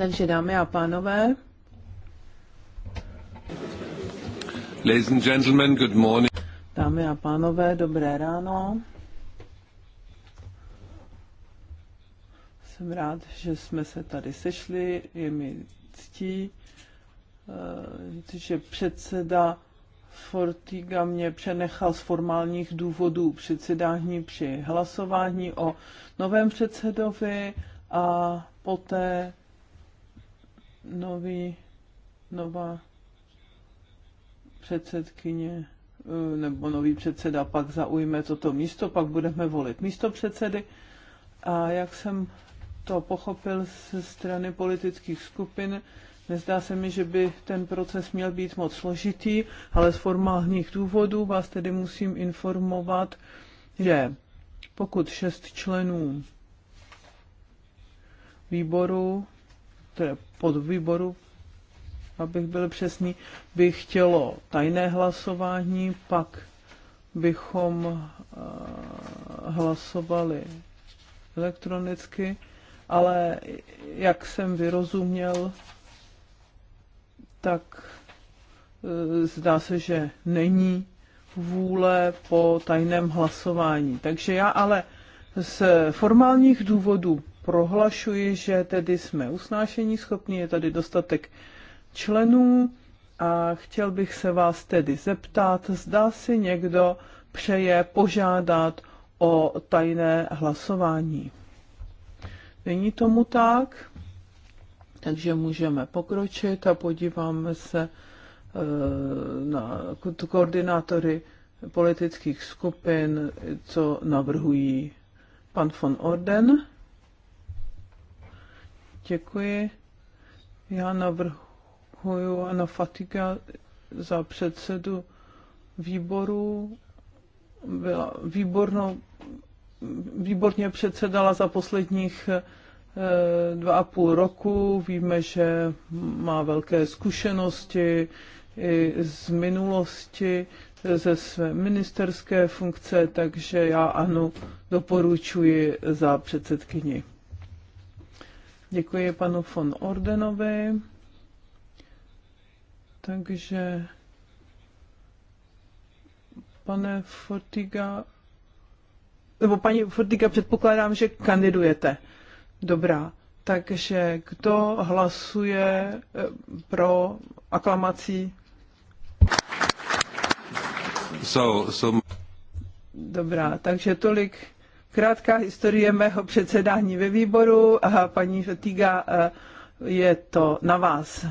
Takže dámy a pánové. Ladies and gentlemen, good morning. Dámy a pánové, dobré ráno. Jsem rád, že jsme se tady sešli. Je mi ctí, eh, že předseda Fortiga mě přenechal z formálních důvodů předsedání při hlasování o novém předsedovi a poté nový, nová předsedkyně eh, nebo nový předseda pak zaujme toto místo, pak budeme volit místo předsedy. A jak jsem to pochopil ze strany politických skupin, nezdá se mi, že by ten proces měl být moc složitý, ale z formálních důvodů vás tedy musím informovat, že pokud šest členů výboru E, pod výboru, abych byl přesný, by chtělo tajné hlasování, pak bychom e, hlasovali elektronicky, ale jak jsem vyrozuměl, tak e, zdá se, že není vůle po tajném hlasování. Takže já ale z formálních důvodů prohlašuji, že tedy jsme usnášení schopni, je tady dostatek členů a chtěl bych se vás tedy zeptat, zda si někdo přeje požádat o tajné hlasování. Není tomu tak, takže můžeme pokročit a podíváme se eh, na koordinátory politických skupin, co navrhují pan von Orden. Děkuji. Já navrhuju Ana Fatiga za předsedu výboru. Byla výborno, výborně předsedala za posledních eh, dva a půl roku. Víme, že má velké zkušenosti i z minulosti, ze své ministerské funkce, takže já Anu doporučuji za předsedkyni. Děkuji panu von Ordenovi. Takže pane Fortiga, nebo paní Fortiga, předpokládám, že kandidujete. Dobrá. Takže kdo hlasuje eh, pro aklamací? So, so... Dobrá, takže tolik krátká historie mého předsedání ve výboru a paní Fatiga, eh, je to na vás.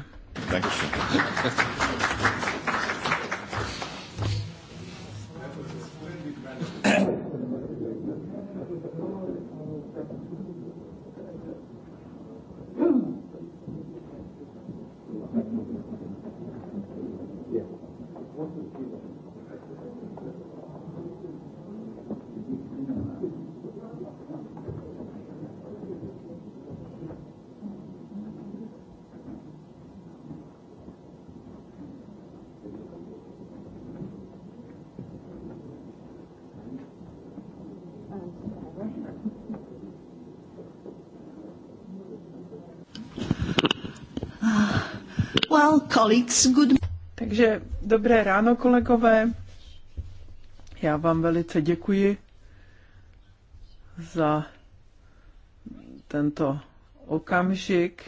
colleagues, good... Takže dobré ráno, kolegové. Já vám velice děkuji za tento okamžik.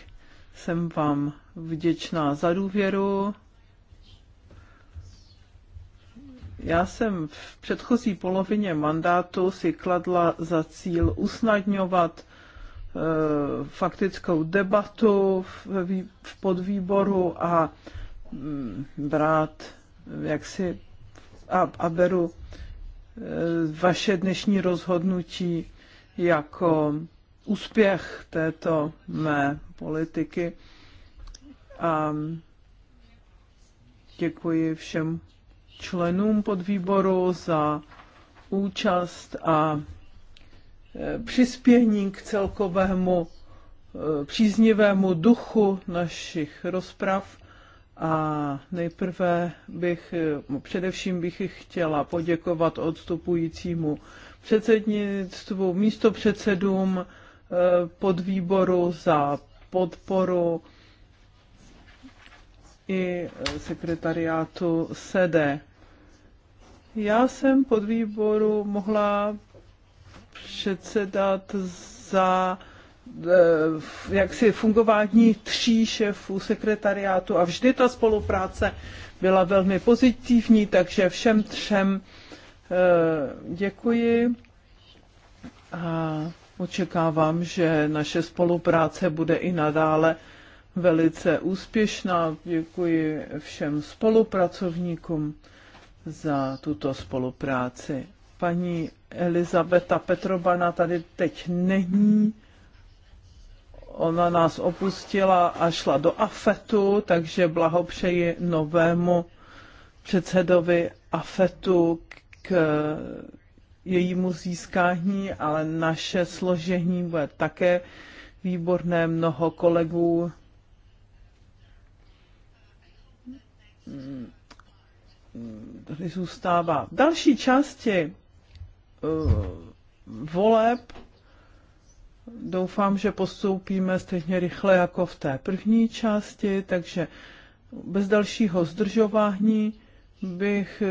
Jsem vám vděčná za důvěru. Já jsem v předchozí polovině mandátu si kladla za cíl usnadňovat Eh, faktickou debatu v podvýboru a mm, brát jak si a, a beru eh, vaše dnešní rozhodnutí jako úspěch této mé politiky a děkuji všem členům podvýboru za účast a Eh, přispění k celkovému eh, příznivému duchu našich rozprav. A nejprve bych, eh, především bych chtěla poděkovat odstupujícímu předsednictvu, místopředsedům podvýboru za podporu i sekretariátu SEDE. Já jsem pod výboru mohla předsedat za e, jaksi fungování tří šéfů sekretariátu a vždy ta spolupráce byla velmi pozitivní, takže všem třem e, děkuji a očekávám, že naše spolupráce bude i nadále velice úspěšná. Děkuji všem spolupracovníkům za tuto spolupráci. Paní Elizabeta Petrobana tady teď není. Ona nás opustila a šla do AFETu, takže blahopřeji novému předsedovi AFETu k jejímu získání, ale naše složení bude také výborné, mnoho kolegů. Tady zůstává. V další části Eh, voleb. Doufám, že postoupíme stejně rychle jako v té první části, takže bez dalšího zdržování bych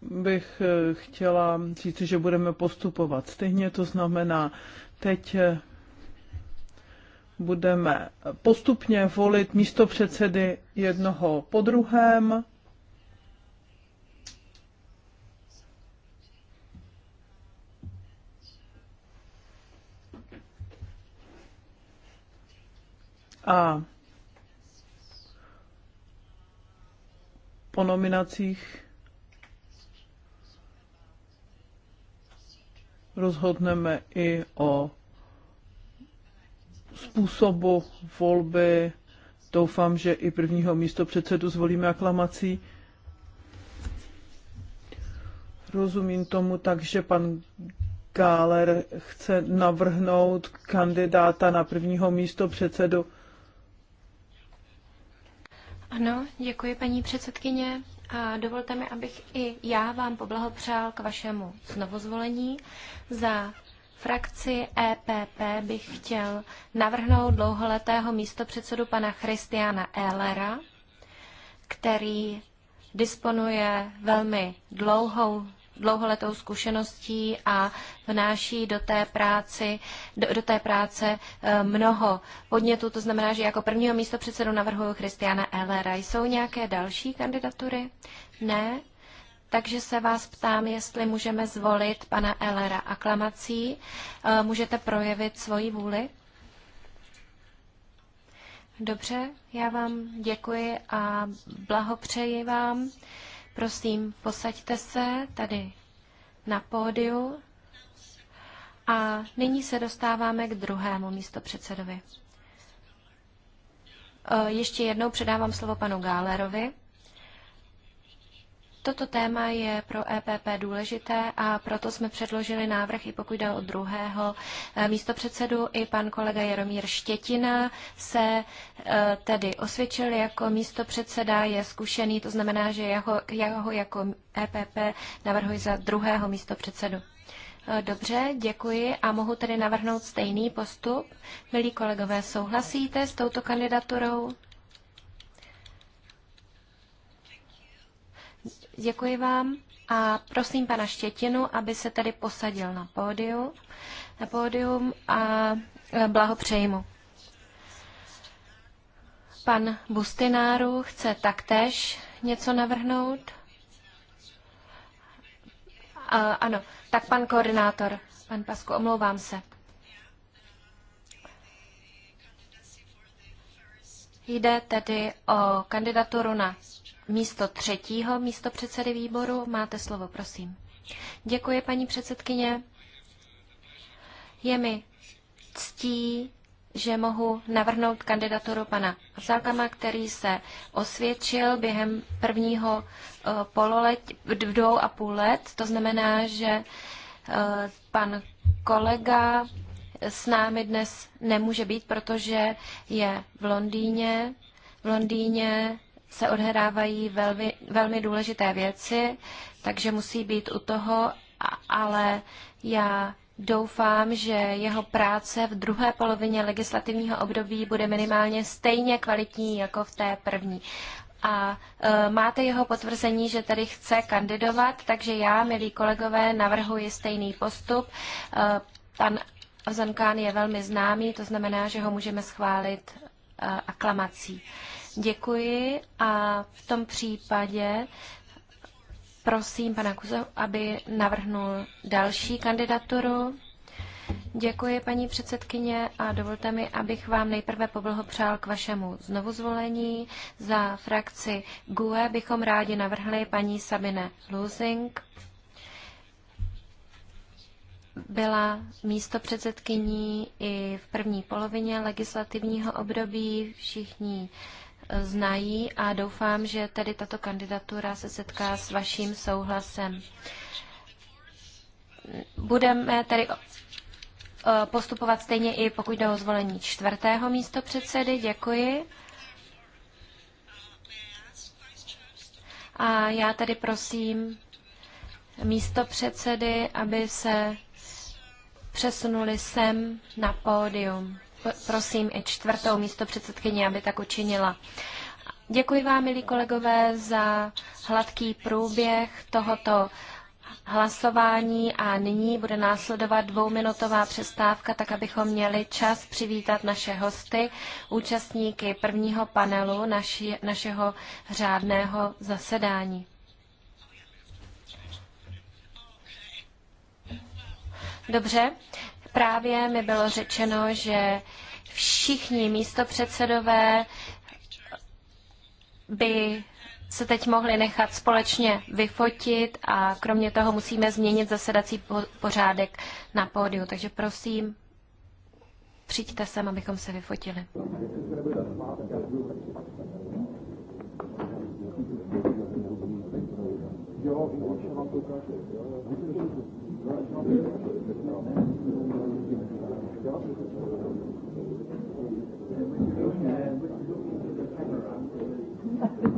bych eh, chtěla říct, že budeme postupovat stejně, to znamená, teď eh, budeme postupně volit místo předsedy jednoho po druhém. A po nominacích rozhodneme i o způsobu volby. Doufám, že i prvního místo předsedu zvolíme aklamací. Rozumím tomu tak, že pan Gáler chce navrhnout kandidáta na prvního místo předsedu ano, děkuji paní předsedkyně. A dovolte mi, abych i já vám poblahopřál k vašemu znovuzvolení. Za frakci EPP bych chtěl navrhnout dlouholetého místopředsedu pana Christiana Ehlera, který disponuje velmi dlouhou dlouholetou zkušeností a vnáší do té, práci, do, do té práce eh, mnoho podnětů. To znamená, že jako prvního místo předsedu navrhuji Christiana Ellera. Jsou nějaké další kandidatury? Ne? Takže se vás ptám, jestli můžeme zvolit pana Ellera. aklamací. Eh, můžete projevit svoji vůli? Dobře, já vám děkuji a blahopřeji vám. Prosím, posaďte se tady na pódiu. A nyní se dostáváme k druhému místopředsedovi. E, ještě jednou předávám slovo panu Gálerovi. Toto téma je pro EPP důležité a proto jsme předložili návrh, i pokud jde o druhého eh, místopředsedu, i pan kolega Jaromír Štětina se eh, tedy osvědčil jako místopředseda, je zkušený, to znamená, že já ho, jako EPP navrhuji za druhého místopředsedu. Eh, dobře, děkuji a mohu tedy navrhnout stejný postup. Milí kolegové, souhlasíte s touto kandidaturou? Děkuji vám a prosím pana Štětinu, aby se tady posadil na pódium, na pódium a e, blahopřeji mu. Pan Bustináru chce taktéž něco navrhnout? A, ano, tak pan koordinátor, pan Pasku, omlouvám se. Jde tedy o kandidaturu na místo třetího místo předsedy výboru. Máte slovo, prosím. Děkuji, paní předsedkyně. Je mi ctí, že mohu navrhnout kandidaturu pana Zákama, který se osvědčil během prvního eh, pololet, dvou a půl let. To znamená, že eh, pan kolega s námi dnes nemůže být, protože je v Londýně. V Londýně se odhrávají velmi, velmi důležité věci, takže musí být u toho, ale já doufám, že jeho práce v druhé polovině legislativního období bude minimálně stejně kvalitní jako v té první. A e, máte jeho potvrzení, že tedy chce kandidovat, takže já, milí kolegové, navrhuji stejný postup. E, pan Zankán je velmi známý, to znamená, že ho můžeme schválit e, aklamací. E, Děkuji a v tom případě prosím pana Kuzo, aby navrhnul další kandidaturu. Děkuji, paní předsedkyně, a dovolte mi, abych vám nejprve poblhopřál k vašemu znovuzvolení. Za frakci GUE bychom rádi navrhli paní Sabine Lusing. Byla místo předsedkyní i v první polovině legislativního období. Všichni znají a doufám, že tedy tato kandidatura se setká s vaším souhlasem. Budeme tedy postupovat stejně i pokud jde o zvolení čtvrtého místo předsedy. Děkuji. A já tedy prosím místo předsedy, aby se přesunuli sem na pódium prosím i čtvrtou místo předsedkyně, aby tak učinila. Děkuji vám, milí kolegové, za hladký průběh tohoto hlasování a nyní bude následovat dvouminutová přestávka, tak abychom měli čas přivítat naše hosty, účastníky prvního panelu naši, našeho řádného zasedání. Dobře, Právě mi bylo řečeno, že všichni místopředsedové by se teď mohli nechat společně vyfotit a kromě toho musíme změnit zasedací pořádek na pódiu. Takže prosím, přijďte sem, abychom se vyfotili. Jo, určitě vám to ukážu. Thank you.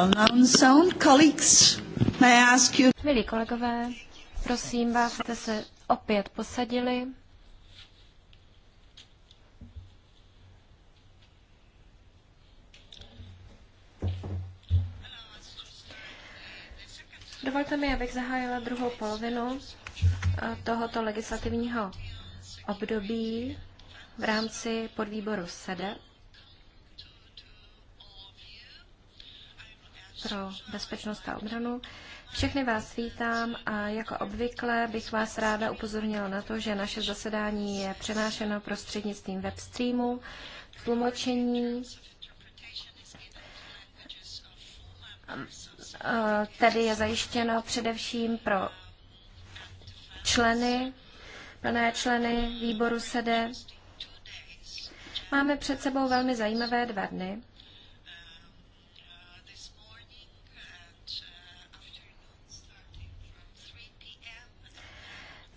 well-known Colleagues, may I ask you... Milí kolegové, prosím vás, jste se opět posadili. Dovolte mi, abych zahájila druhou polovinu eh, tohoto legislativního období v rámci podvýboru SEDEP. pro bezpečnost a obranu. Všechny vás vítám a jako obvykle bych vás ráda upozornila na to, že naše zasedání je přenášeno prostřednictvím webstreamu, tlumočení, tedy je zajištěno především pro členy, plné členy výboru SEDE. Máme před sebou velmi zajímavé dva dny.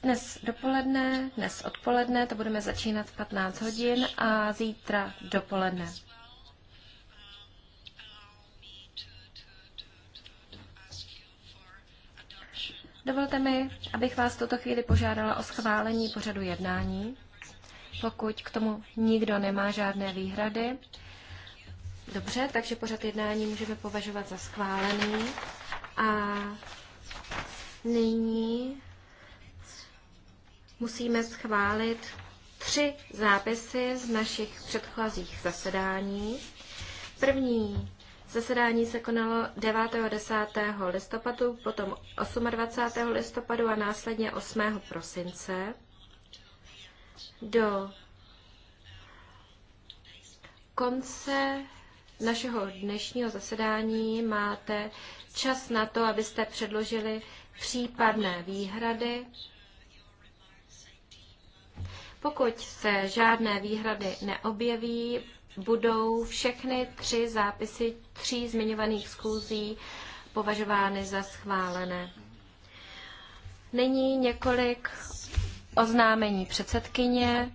Dnes dopoledne, dnes odpoledne, to budeme začínat v 15 hodin a zítra dopoledne. Dovolte mi, abych vás tuto chvíli požádala o schválení pořadu jednání. Pokud k tomu nikdo nemá žádné výhrady, dobře, takže pořad jednání můžeme považovat za schválený. A nyní musíme schválit tři zápisy z našich předchozích zasedání. První zasedání se konalo 9. 10. listopadu, potom 28. listopadu a následně 8. prosince. Do konce našeho dnešního zasedání máte čas na to, abyste předložili případné výhrady pokud se žádné výhrady neobjeví, budou všechny tři zápisy tří zmiňovaných schůzí považovány za schválené. Nyní několik oznámení předsedkyně.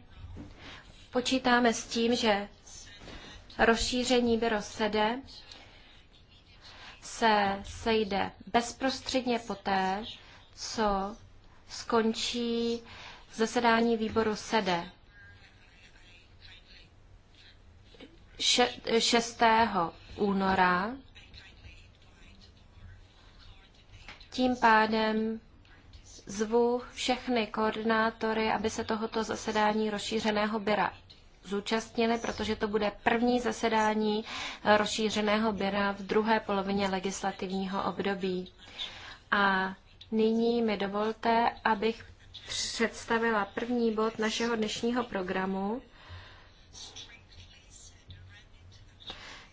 Počítáme s tím, že rozšíření byro sede se sejde bezprostředně poté, co skončí zasedání výboru SEDE 6. února. Tím pádem zvu všechny koordinátory, aby se tohoto zasedání rozšířeného byra zúčastnili, protože to bude první zasedání rozšířeného byra v druhé polovině legislativního období. A nyní mi dovolte, abych představila první bod našeho dnešního programu.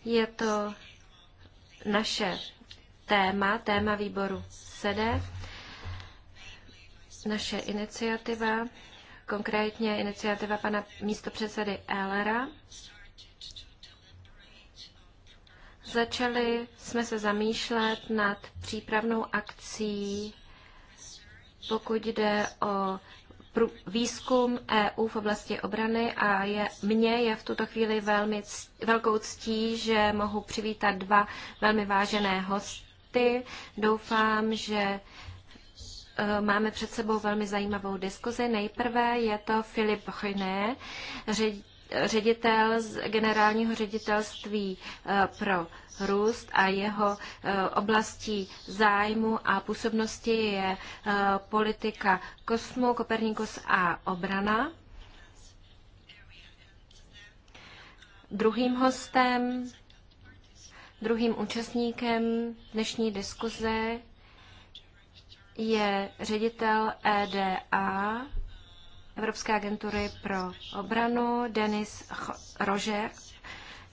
Je to naše téma, téma výboru SEDE, naše iniciativa, konkrétně iniciativa pana místopředsedy Ellera. Začali jsme se zamýšlet nad přípravnou akcí pokud jde o výzkum EU v oblasti obrany a je, mně je v tuto chvíli velmi c, velkou ctí, že mohu přivítat dva velmi vážené hosty. Doufám, že eh, máme před sebou velmi zajímavou diskuzi. Nejprve je to Filip Hojné, ředitel ředitel z generálního ředitelství eh, pro růst a jeho eh, oblastí zájmu a působnosti je eh, politika kosmu, Kopernikus a obrana. Druhým hostem, druhým účastníkem dnešní diskuze je ředitel EDA Evropské agentury pro obranu Denis Rožer.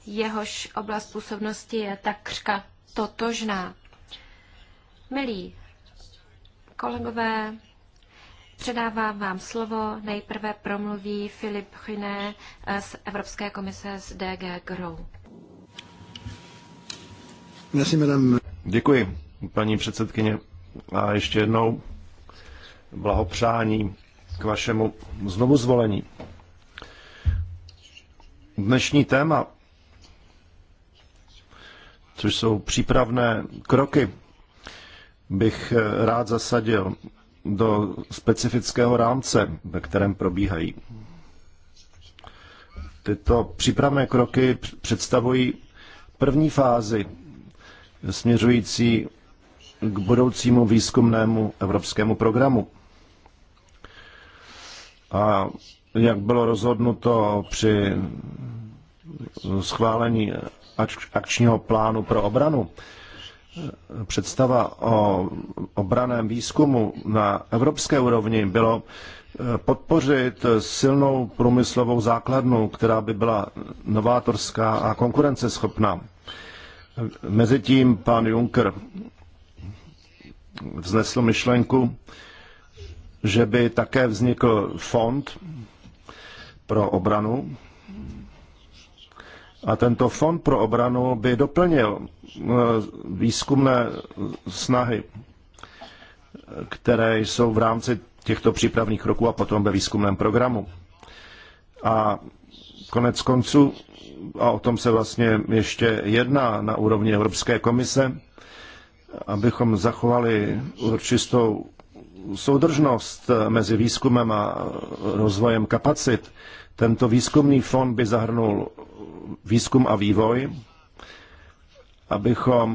Jehož oblast působnosti je takřka totožná. Milí kolegové, Předávám vám slovo. Nejprve promluví Filip Chyné eh, z Evropské komise z DG GROU. Děkuji, paní předsedkyně. A ještě jednou blahopřání k vašemu znovu zvolení. Dnešní téma, což jsou přípravné kroky, bych rád zasadil do specifického rámce, ve kterém probíhají. Tyto přípravné kroky představují první fázi směřující k budoucímu výzkumnému evropskému programu. A jak bylo rozhodnuto při schválení akčního plánu pro obranu, představa o obraném výzkumu na evropské úrovni bylo eh, podpořit silnou průmyslovou základnu, která by byla novátorská a konkurenceschopná. Mezitím pan Juncker vznesl myšlenku, že by také vznikl fond pro obranu. A tento fond pro obranu by doplnil eh, výzkumné snahy, které jsou v rámci těchto přípravných kroků a potom ve výzkumném programu. A konec konců, a o tom se vlastně ještě jedná na úrovni Evropské komise, abychom zachovali určitou soudržnost eh, mezi výzkumem a eh, rozvojem kapacit. Tento výzkumný fond by zahrnul eh, výzkum a vývoj, abychom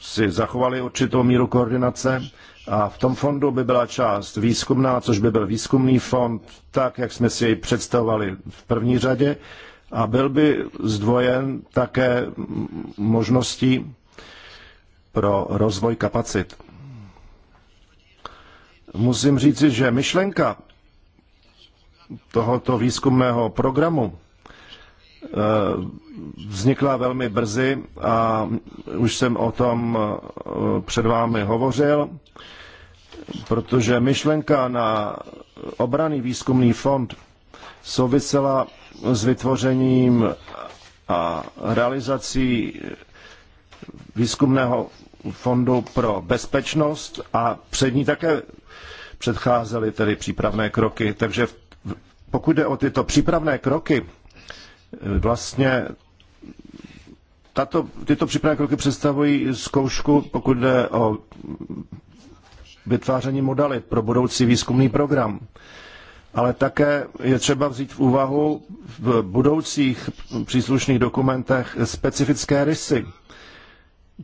si zachovali určitou míru koordinace a v tom fondu by byla část výzkumná, což by byl výzkumný fond, tak, jak jsme si jej představovali v první řadě a byl by zdvojen také možností pro rozvoj kapacit. Musím říci, že myšlenka tohoto výzkumného programu eh, vznikla velmi brzy a už jsem o tom eh, před vámi hovořil, protože myšlenka na obraný výzkumný fond souvisela s vytvořením a realizací výzkumného fondu pro bezpečnost a před ní také předcházely tedy přípravné kroky. Takže pokud jde o tyto přípravné kroky, eh, vlastně tato, tyto přípravné kroky představují zkoušku, pokud jde o vytváření modalit pro budoucí výzkumný program. Ale také je třeba vzít v úvahu v budoucích příslušných dokumentech specifické rysy,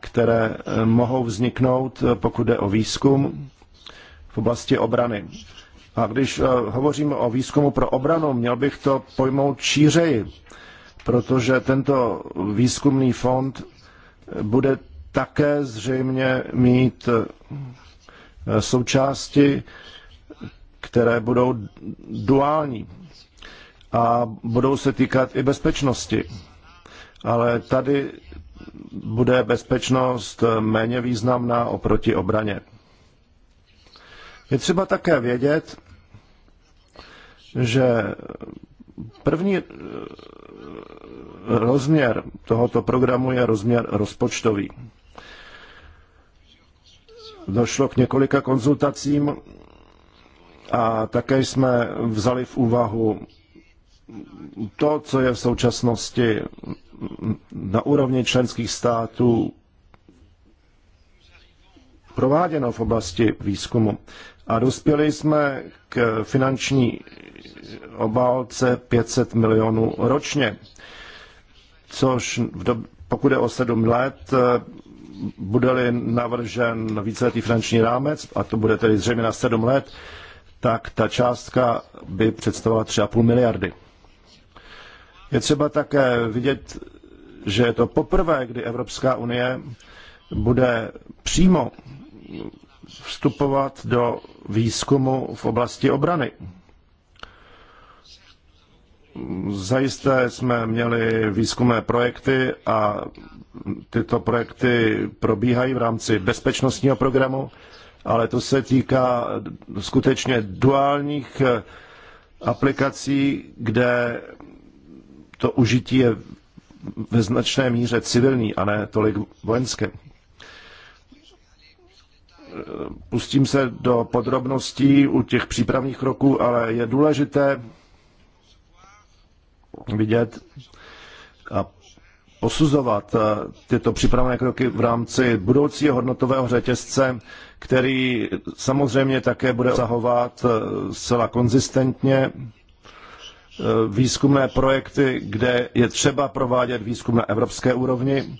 které eh, mohou vzniknout, eh, pokud jde o výzkum, v oblasti obrany. A když eh, hovořím o výzkumu pro obranu, měl bych to pojmout šířeji, protože tento výzkumný fond bude také zřejmě mít eh, součásti, které budou duální a budou se týkat i bezpečnosti. Ale tady bude bezpečnost eh, méně významná oproti obraně. Je třeba také vědět, že první eh, rozměr tohoto programu je rozměr rozpočtový. Došlo k několika konzultacím a také jsme vzali v úvahu to, co je v současnosti na úrovni členských států prováděno v oblasti výzkumu. A dospěli jsme k finanční obálce 500 milionů ročně, což v dob- pokud je o sedm let, bude-li navržen víceletý finanční rámec, a to bude tedy zřejmě na sedm let, tak ta částka by představovala 3,5 miliardy. Je třeba také vidět, že je to poprvé, kdy Evropská unie bude přímo vstupovat do výzkumu v oblasti obrany. Zajisté jsme měli výzkumné projekty a tyto projekty probíhají v rámci bezpečnostního programu, ale to se týká skutečně duálních eh, aplikací, kde to užití je ve značné míře civilní a ne tolik vojenské pustím se do podrobností u těch přípravných kroků, ale je důležité vidět a posuzovat eh, tyto přípravné kroky v rámci budoucího hodnotového řetězce, který samozřejmě také bude zahovat eh, zcela konzistentně eh, výzkumné projekty, kde je třeba provádět výzkum na evropské úrovni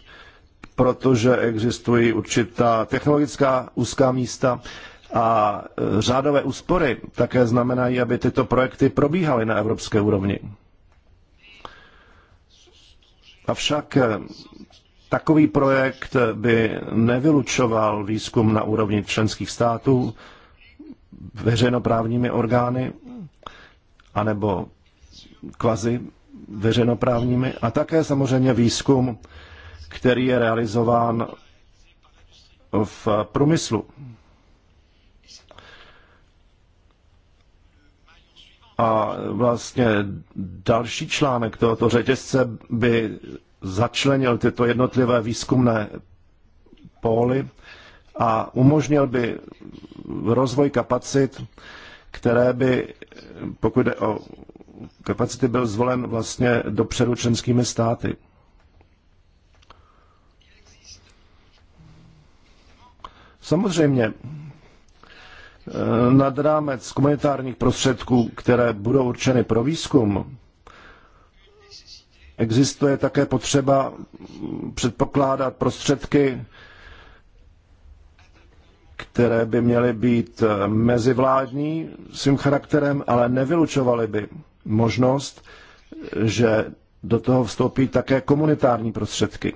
protože existují určitá technologická úzká místa a e, řádové úspory také znamenají, aby tyto projekty probíhaly na evropské úrovni. Avšak e, takový projekt by nevylučoval výzkum na úrovni členských států, veřejnoprávními orgány, anebo kvazi veřejnoprávními, a také samozřejmě výzkum který je realizován v průmyslu. A vlastně další článek tohoto řetězce by začlenil tyto jednotlivé výzkumné póly a umožnil by rozvoj kapacit, které by, pokud jde o kapacity, byl zvolen vlastně dopředu členskými státy. Samozřejmě eh, nad rámec komunitárních prostředků, které budou určeny pro výzkum, existuje také potřeba předpokládat prostředky, které by měly být eh, mezivládní svým charakterem, ale nevylučovaly by možnost, že do toho vstoupí také komunitární prostředky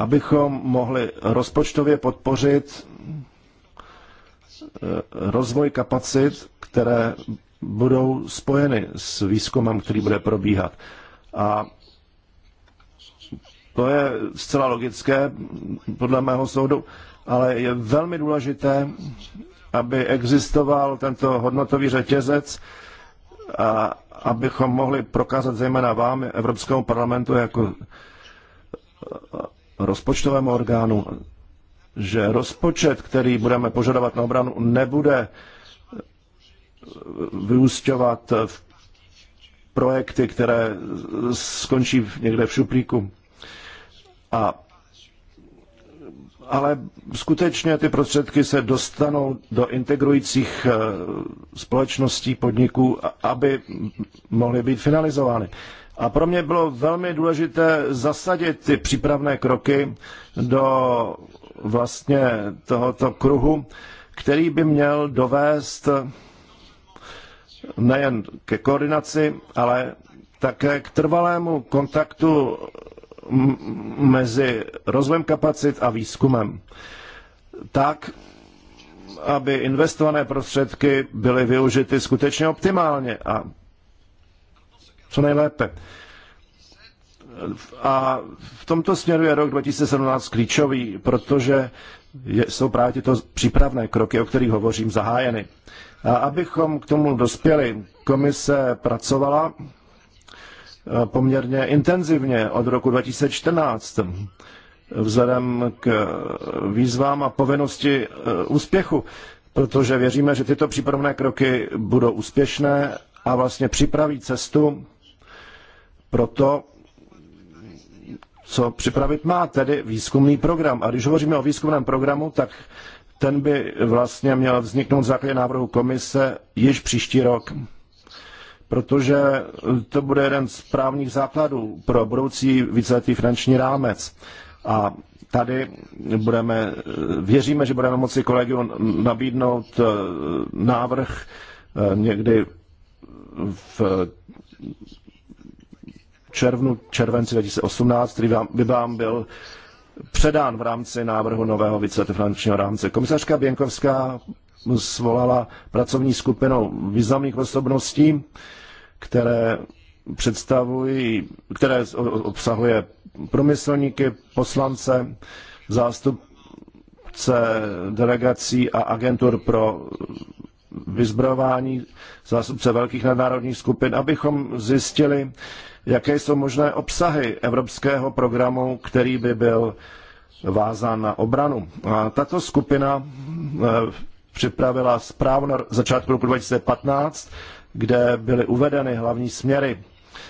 abychom mohli rozpočtově podpořit eh, rozvoj kapacit, které budou spojeny s výzkumem, který bude probíhat. A to je zcela logické, podle mého soudu, ale je velmi důležité, aby existoval tento hodnotový řetězec a abychom mohli prokázat zejména vám, Evropskému parlamentu, jako rozpočtovému orgánu, že rozpočet, který budeme požadovat na obranu, nebude vyústěvat v projekty, které skončí někde v šuplíku. A, ale skutečně ty prostředky se dostanou do integrujících eh, společností, podniků, aby mohly být finalizovány. A pro mě bylo velmi důležité zasadit ty přípravné kroky do vlastně tohoto kruhu, který by měl dovést nejen ke koordinaci, ale také k trvalému kontaktu mezi rozvojem kapacit a výzkumem. Tak, aby investované prostředky byly využity skutečně optimálně. A co nejlépe. A v tomto směru je rok 2017 klíčový, protože jsou právě tyto přípravné kroky, o kterých hovořím, zahájeny. A abychom k tomu dospěli, komise pracovala e, poměrně intenzivně od roku 2014 vzhledem k výzvám a povinnosti e, úspěchu, protože věříme, že tyto přípravné kroky budou úspěšné a vlastně připraví cestu pro to, co připravit má, tedy výzkumný program. A když hovoříme o výzkumném programu, tak ten by vlastně měl vzniknout v základě návrhu komise již příští rok. Protože to bude jeden z právních základů pro budoucí víceletý finanční rámec. A tady budeme, věříme, že budeme moci kolegiu nabídnout eh, návrh eh, někdy v červnu, červenci 2018, který by vám byl předán v rámci návrhu nového víceletého finančního rámce. Komisařka Běnkovská svolala pracovní skupinu významných osobností, které představují, které obsahuje promyslníky, poslance, zástupce delegací a agentur pro vyzbrojování, zástupce velkých nadnárodních skupin, abychom zjistili, jaké jsou možné obsahy evropského programu, který by byl vázán na obranu. A tato skupina eh, připravila zprávu na začátku roku 2015, kde byly uvedeny hlavní směry,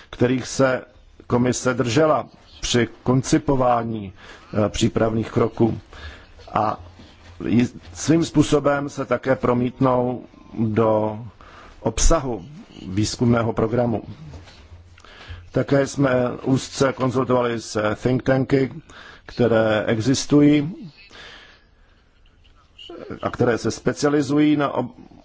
kterých se komise držela při koncipování eh, přípravných kroků. A svým způsobem se také promítnou do obsahu výzkumného programu. Také jsme úzce konzultovali s think tanky, které existují a které se specializují na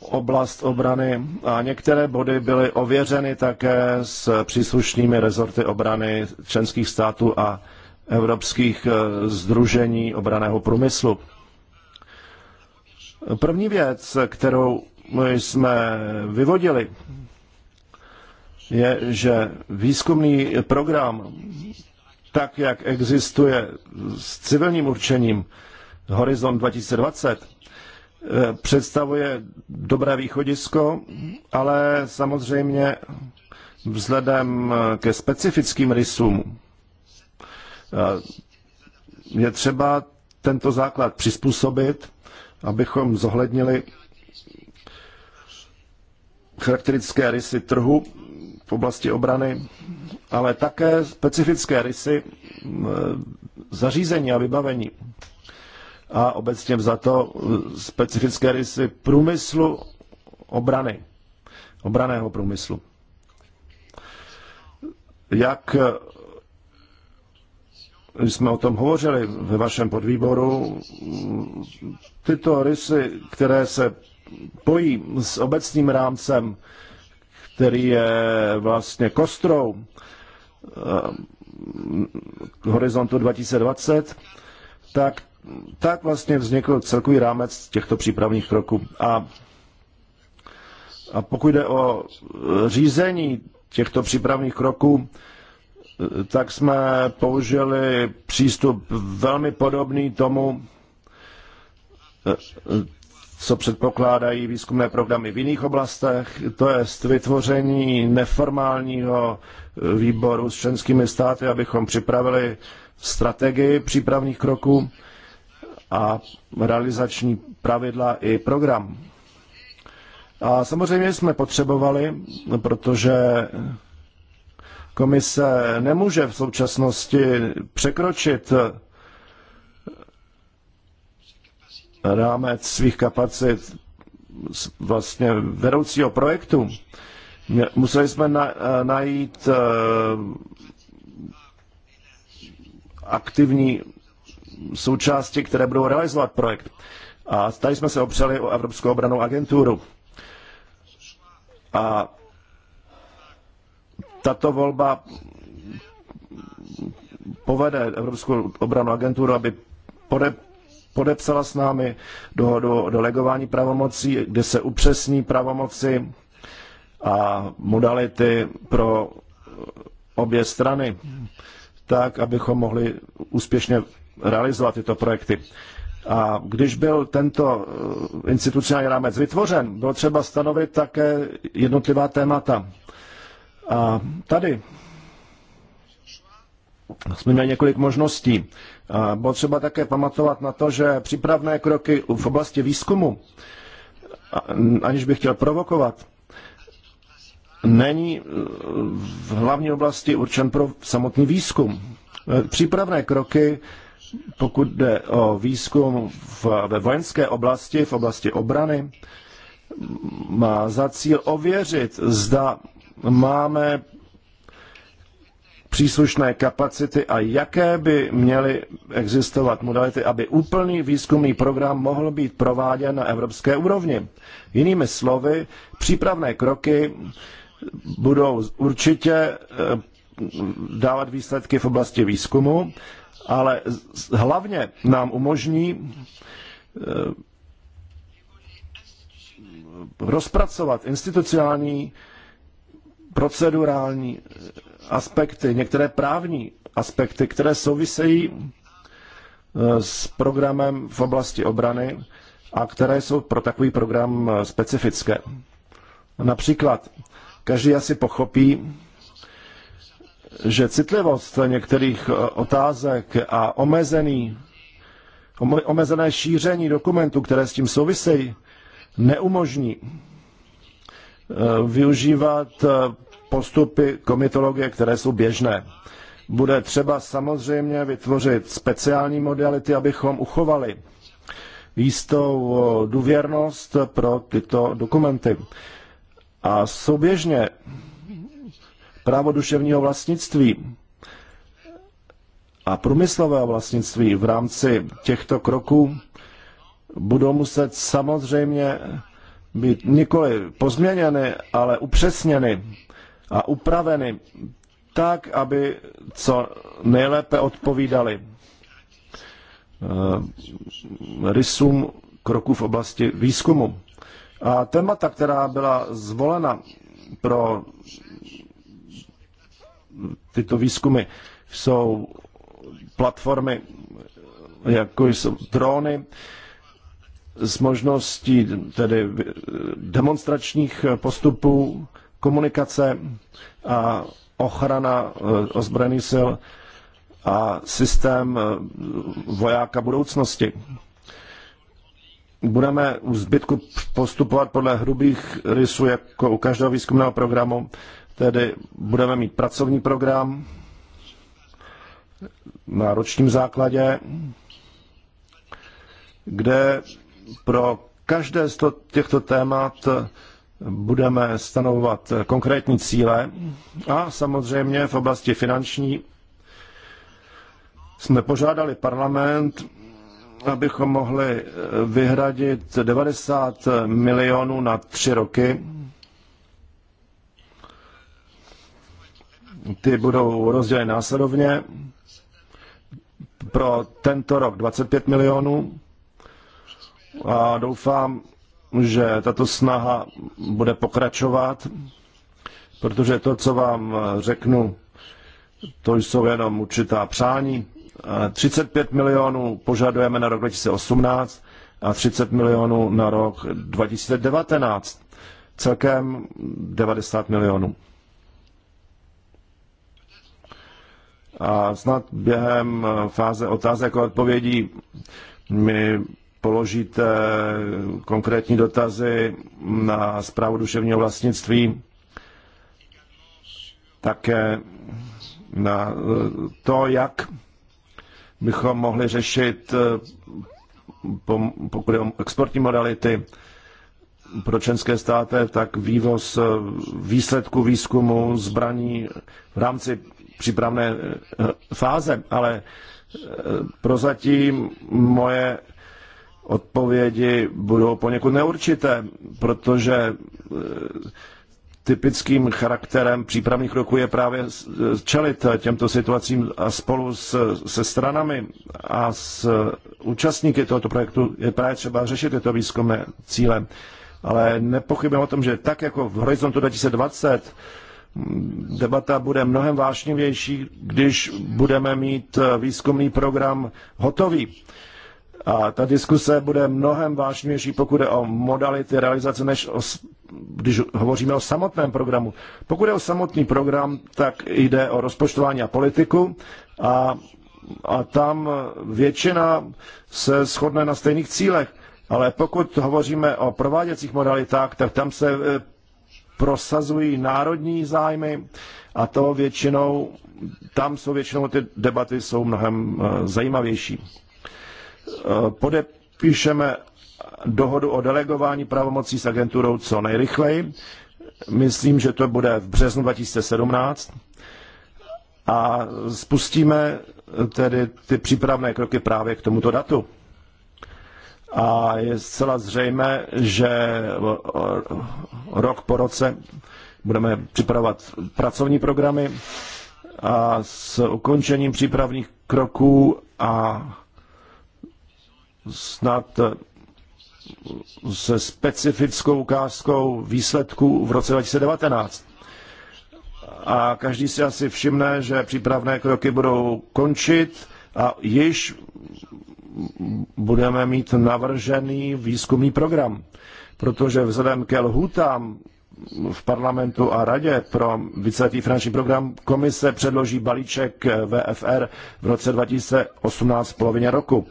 oblast obrany a některé body byly ověřeny také s příslušnými rezorty obrany členských států a evropských združení eh, obraného průmyslu. První věc, kterou jsme vyvodili je, že výzkumný program, tak jak existuje s civilním určením Horizont 2020, eh, představuje dobré východisko, ale samozřejmě vzhledem ke specifickým rysům eh, je třeba tento základ přizpůsobit, abychom zohlednili charakteristické rysy trhu v oblasti obrany, ale také specifické rysy zařízení a vybavení a obecně za to specifické rysy průmyslu obrany, obraného průmyslu. Jak jsme o tom hovořili ve vašem podvýboru, tyto rysy, které se pojí s obecným rámcem který je vlastně kostrou eh, horizontu 2020, tak, tak vlastně vznikl celkový rámec těchto přípravných kroků. A, a pokud jde o řízení těchto přípravných kroků, eh, tak jsme použili přístup velmi podobný tomu, eh, co předpokládají výzkumné programy v jiných oblastech, to je vytvoření neformálního eh, výboru s členskými státy, abychom připravili strategii přípravných kroků a realizační pravidla i program. A samozřejmě jsme potřebovali, protože komise nemůže v současnosti překročit rámec svých kapacit vlastně vedoucího projektu, museli jsme na, eh, najít eh, aktivní součásti, které budou realizovat projekt. A tady jsme se opřeli o Evropskou obranou agenturu. A tato volba povede Evropskou obranu agenturu, aby podepsala s námi dohodu o delegování pravomocí, kde se upřesní pravomoci a modality pro obě strany, tak, abychom mohli úspěšně realizovat tyto projekty. A když byl tento eh, institucionální rámec vytvořen, bylo třeba stanovit také jednotlivá témata. A tady jsme měli několik možností. A bylo třeba také pamatovat na to, že přípravné kroky v oblasti výzkumu, aniž bych chtěl provokovat, není v hlavní oblasti určen pro samotný výzkum. E, přípravné kroky, pokud jde o výzkum v, ve vojenské oblasti, v oblasti obrany, má za cíl ověřit, zda máme příslušné kapacity a jaké by měly existovat modality, aby úplný výzkumný program mohl být prováděn na evropské úrovni. Jinými slovy, přípravné kroky budou určitě eh, dávat výsledky v oblasti výzkumu, ale hlavně nám umožní eh, rozpracovat institucionální procedurální aspekty, některé právní aspekty, které souvisejí eh, s programem v oblasti obrany a které jsou pro takový program eh, specifické. Například, každý asi pochopí, že citlivost některých eh, otázek a omezený, omezené šíření dokumentů, které s tím souvisejí, neumožní využívat postupy komitologie, které jsou běžné. Bude třeba samozřejmě vytvořit speciální modality, abychom uchovali jistou důvěrnost pro tyto dokumenty. A souběžně právo duševního vlastnictví a průmyslového vlastnictví v rámci těchto kroků budou muset samozřejmě být nikoli pozměněny, ale upřesněny a upraveny tak, aby co nejlépe odpovídali eh, rysům kroků v oblasti výzkumu. A témata, která byla zvolena pro tyto výzkumy, jsou platformy, jako jsou drony, s možností tedy demonstračních postupů, komunikace a ochrana eh, ozbrojených sil a systém eh, vojáka budoucnosti. Budeme u zbytku postupovat podle hrubých rysů, jako u každého výzkumného programu, tedy budeme mít pracovní program na ročním základě, kde pro každé z těchto témat budeme stanovovat konkrétní cíle a samozřejmě v oblasti finanční jsme požádali parlament, abychom mohli vyhradit 90 milionů na tři roky. Ty budou rozděleny následovně. Pro tento rok 25 milionů a doufám, že tato snaha bude pokračovat, protože to, co vám řeknu, to jsou jenom určitá přání. 35 milionů požadujeme na rok 2018 a 30 milionů na rok 2019. Celkem 90 milionů. A snad během fáze otázek a odpovědí mi položit eh, konkrétní dotazy na zprávu duševního vlastnictví, také na eh, to, jak bychom mohli řešit, eh, pokud je o exportní modality pro členské státy, tak vývoz výsledku výzkumu zbraní v rámci přípravné fáze, ale prozatím moje odpovědi budou poněkud neurčité, protože e, typickým charakterem přípravných kroků je právě e, čelit těmto situacím a spolu s, se stranami a s účastníky tohoto projektu je právě třeba řešit tyto výzkumné cíle. Ale nepochybuji o tom, že tak jako v Horizontu 2020 mm, debata bude mnohem vášnivější, když budeme mít e, výzkumný program hotový. A ta diskuse bude mnohem vážnější, pokud je o modality realizace, než o, když hovoříme o samotném programu. Pokud je o samotný program, tak jde o rozpočtování a politiku a, a tam většina se shodne na stejných cílech. Ale pokud hovoříme o prováděcích modalitách, tak tam se e, prosazují národní zájmy a to většinou, tam jsou většinou ty debaty jsou mnohem e, zajímavější podepíšeme dohodu o delegování pravomocí s agenturou co nejrychleji. Myslím, že to bude v březnu 2017. A spustíme tedy ty přípravné kroky právě k tomuto datu. A je zcela zřejmé, že rok po roce budeme připravovat pracovní programy a s ukončením přípravných kroků a snad eh, se specifickou ukázkou výsledků v roce 2019. A každý si asi všimne, že přípravné kroky budou končit a již budeme mít navržený výzkumný program. Protože vzhledem ke lhůtám v parlamentu a radě pro víceletý finanční program komise předloží balíček VFR v roce 2018 v polovině roku.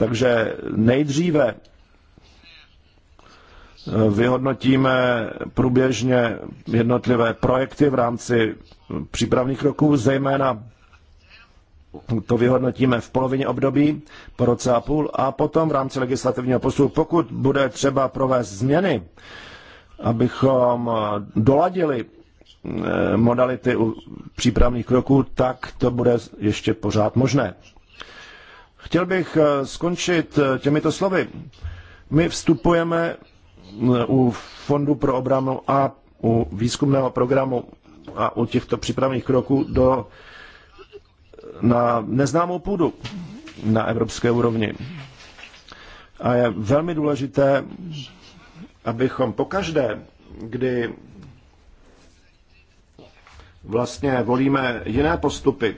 Takže nejdříve eh, vyhodnotíme průběžně jednotlivé projekty v rámci přípravných kroků, zejména to vyhodnotíme v polovině období po roce a půl a potom v rámci legislativního postupu, pokud bude třeba provést změny, abychom eh, doladili eh, modality u přípravných kroků, tak to bude ještě pořád možné. Chtěl bych eh, skončit eh, těmito slovy. My vstupujeme eh, u Fondu pro obranu a u výzkumného programu a u těchto přípravných kroků do, na neznámou půdu na evropské úrovni. A je velmi důležité, abychom pokaždé, kdy vlastně volíme jiné postupy,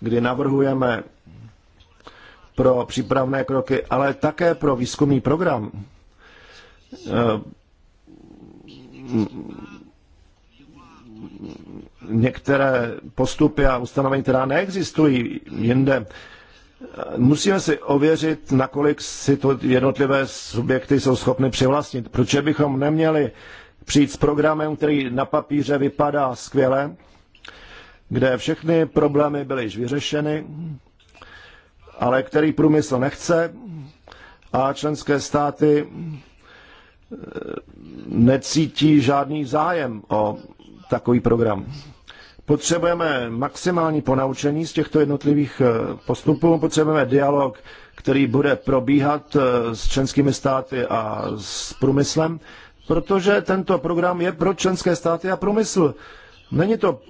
kdy navrhujeme pro přípravné kroky, ale také pro výzkumný program. Eh, některé postupy a ustanovení, která neexistují jinde, musíme si ověřit, nakolik si to jednotlivé subjekty jsou schopny přivlastnit. Proč bychom neměli přijít s programem, který na papíře vypadá skvěle, kde všechny problémy byly již vyřešeny, ale který průmysl nechce a členské státy eh, necítí žádný zájem o takový program. Potřebujeme maximální ponaučení z těchto jednotlivých eh, postupů, potřebujeme dialog, který bude probíhat eh, s členskými státy a s průmyslem, protože tento program je pro členské státy a průmysl. Není to,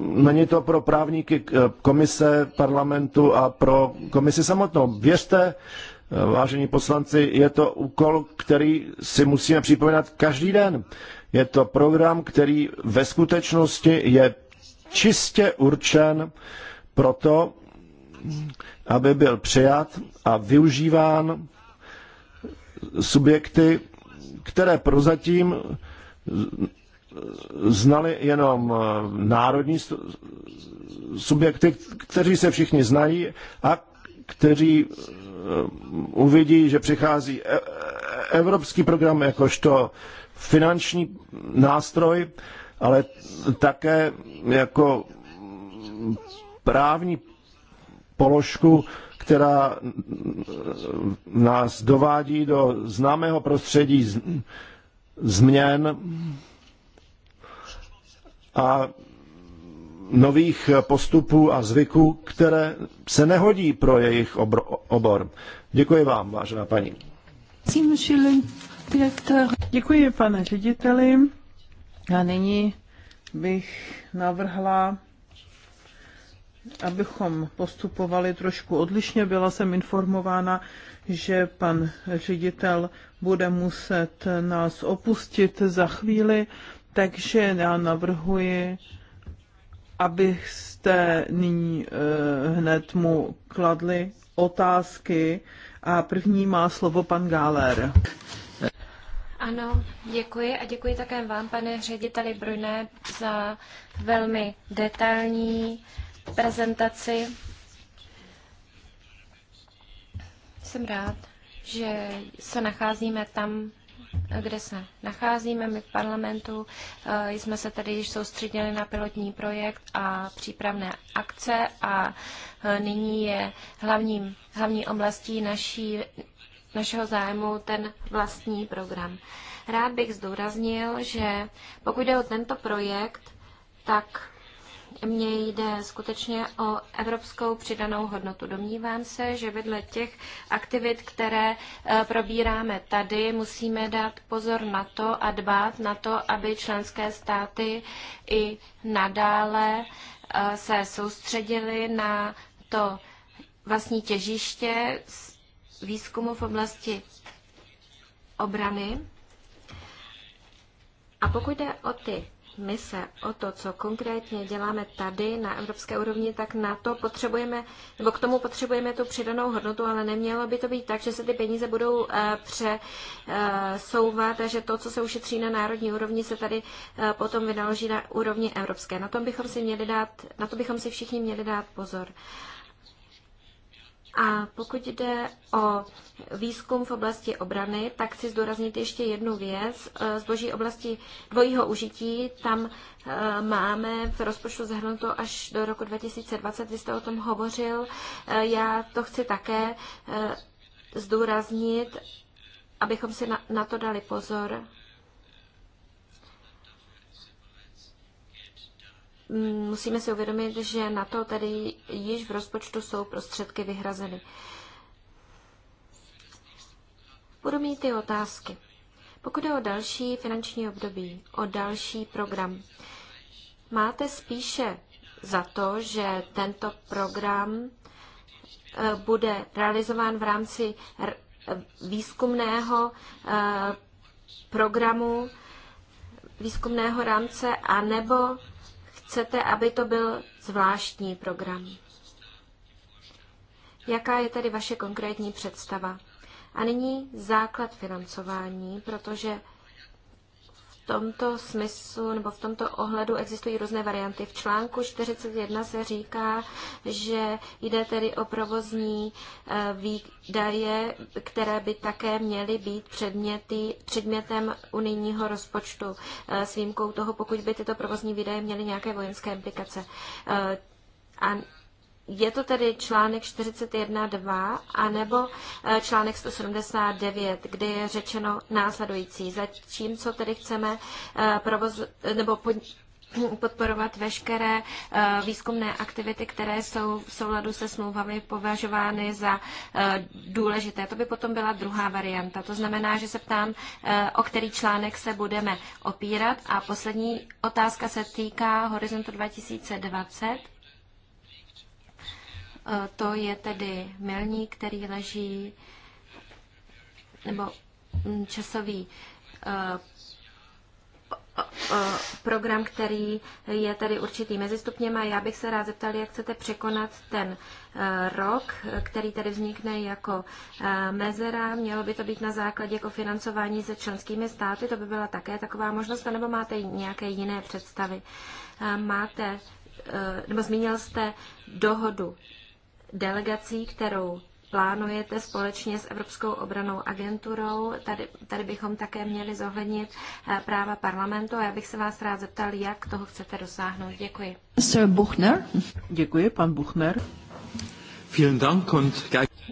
není to pro právníky eh, komise parlamentu a pro komisi samotnou. Věřte, eh, vážení poslanci, je to úkol, který si musíme připomínat každý den. Je to program, který ve skutečnosti je čistě určen pro to, aby byl přijat a využíván subjekty, které prozatím znali jenom eh, národní subjekty, kteří se všichni znají a kteří eh, uvidí, že přichází e- e- evropský program jakožto finanční nástroj, ale také jako právní položku, která eh, nás dovádí do známého prostředí změn, a nových postupů a zvyků, které se nehodí pro jejich obor. Děkuji vám, vážená paní. Děkuji, pane řediteli. A nyní bych navrhla, abychom postupovali trošku odlišně. Byla jsem informována, že pan ředitel bude muset nás opustit za chvíli, takže já navrhuji, abyste nyní eh, hned mu kladli otázky a první má slovo pan Gáler. Ano, děkuji a děkuji také vám, pane řediteli Brune, za velmi detailní prezentaci. Jsem rád, že se nacházíme tam, kde se nacházíme. My v parlamentu eh, jsme se tady již soustředili na pilotní projekt a přípravné akce a eh, nyní je hlavním, hlavní oblastí naší, našeho zájmu ten vlastní program. Rád bych zdůraznil, že pokud jde o tento projekt, tak mně jde skutečně o evropskou přidanou hodnotu. Domnívám se, že vedle těch aktivit, které eh, probíráme tady, musíme dát pozor na to a dbát na to, aby členské státy i nadále eh, se soustředili na to vlastní těžiště výzkumu v oblasti obrany. A pokud jde o ty my se o to, co konkrétně děláme tady na evropské úrovni, tak na to potřebujeme, nebo k tomu potřebujeme tu přidanou hodnotu, ale nemělo by to být tak, že se ty peníze budou eh, přesouvat a že to, co se ušetří na národní úrovni, se tady eh, potom vynaloží na úrovni evropské. Na, tom bychom si měli dát, na to bychom si všichni měli dát pozor. A pokud jde o výzkum v oblasti obrany, tak chci zdůraznit ještě jednu věc. E, zboží oblasti dvojího užití, tam e, máme v rozpočtu zahrnuto až do roku 2020. Vy jste o tom hovořil. E, já to chci také zdůraznit, abychom si na, na to dali pozor. Mm, musíme si uvědomit, že na to tedy již v rozpočtu jsou prostředky vyhrazeny. Budu mít ty otázky. Pokud je o další finanční období, o další program, máte spíše za to, že tento program eh, bude realizován v rámci výzkumného eh, programu, výzkumného rámce, anebo chcete, aby to byl zvláštní program. Jaká je tedy vaše konkrétní představa? A nyní základ financování, protože tomto smyslu nebo v tomto ohledu existují různé varianty. V článku 41 se říká, že jde tedy o provozní eh, výdaje, které by také měly být předměty, předmětem unijního rozpočtu eh, s výjimkou toho, pokud by tyto provozní výdaje měly nějaké vojenské implikace. Eh, a je to tedy článek 41.2 anebo eh, článek 179, kde je řečeno následující, zatímco tedy chceme eh, provoz, nebo pod, podporovat veškeré eh, výzkumné aktivity, které jsou v souladu se smlouvami považovány za důležité. To by potom byla druhá varianta. To znamená, že se ptám, o který článek se budeme opírat. A poslední otázka se týká horizontu 2020. To je tedy milník, který leží, nebo mm, časový eh, eh, eh, program, který je tady určitý mezi stupněma. já bych se rád zeptal, jak chcete překonat ten rok, který tady vznikne jako mezera. Mělo by to být na základě jako financování se členskými státy, to by byla také taková možnost, nebo máte nějaké jiné představy? Máte, nebo zmínil jste dohodu delegací, kterou plánujete společně s Evropskou obranou agenturou. Tady, tady bychom také měli zohlednit eh, práva parlamentu a já bych se vás rád zeptal, jak toho chcete dosáhnout. Děkuji. Sir Buchner. Děkuji, pan Buchner. Vielen Dank und...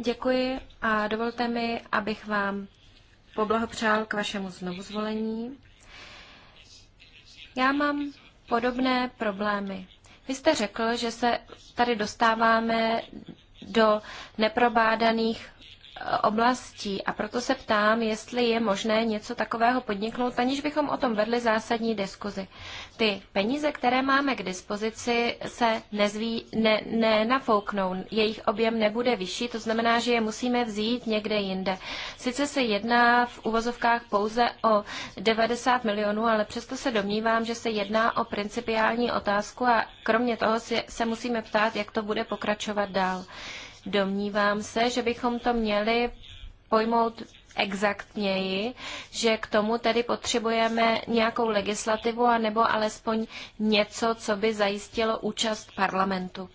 Děkuji a dovolte mi, abych vám poblahopřál k vašemu znovuzvolení. Já mám podobné problémy vy jste řekl, že se tady dostáváme do neprobádaných oblastí. A proto se ptám, jestli je možné něco takového podniknout, aniž bychom o tom vedli zásadní diskuzi. Ty peníze, které máme k dispozici, se nezví, ne, nenafouknou. Jejich objem nebude vyšší, to znamená, že je musíme vzít někde jinde. Sice se jedná v uvozovkách pouze o 90 milionů, ale přesto se domnívám, že se jedná o principiální otázku a kromě toho se, se musíme ptát, jak to bude pokračovat dál. Domnívám se, že bychom to měli pojmout exaktněji, že k tomu tedy potřebujeme nějakou legislativu a nebo alespoň něco, co by zajistilo účast parlamentu.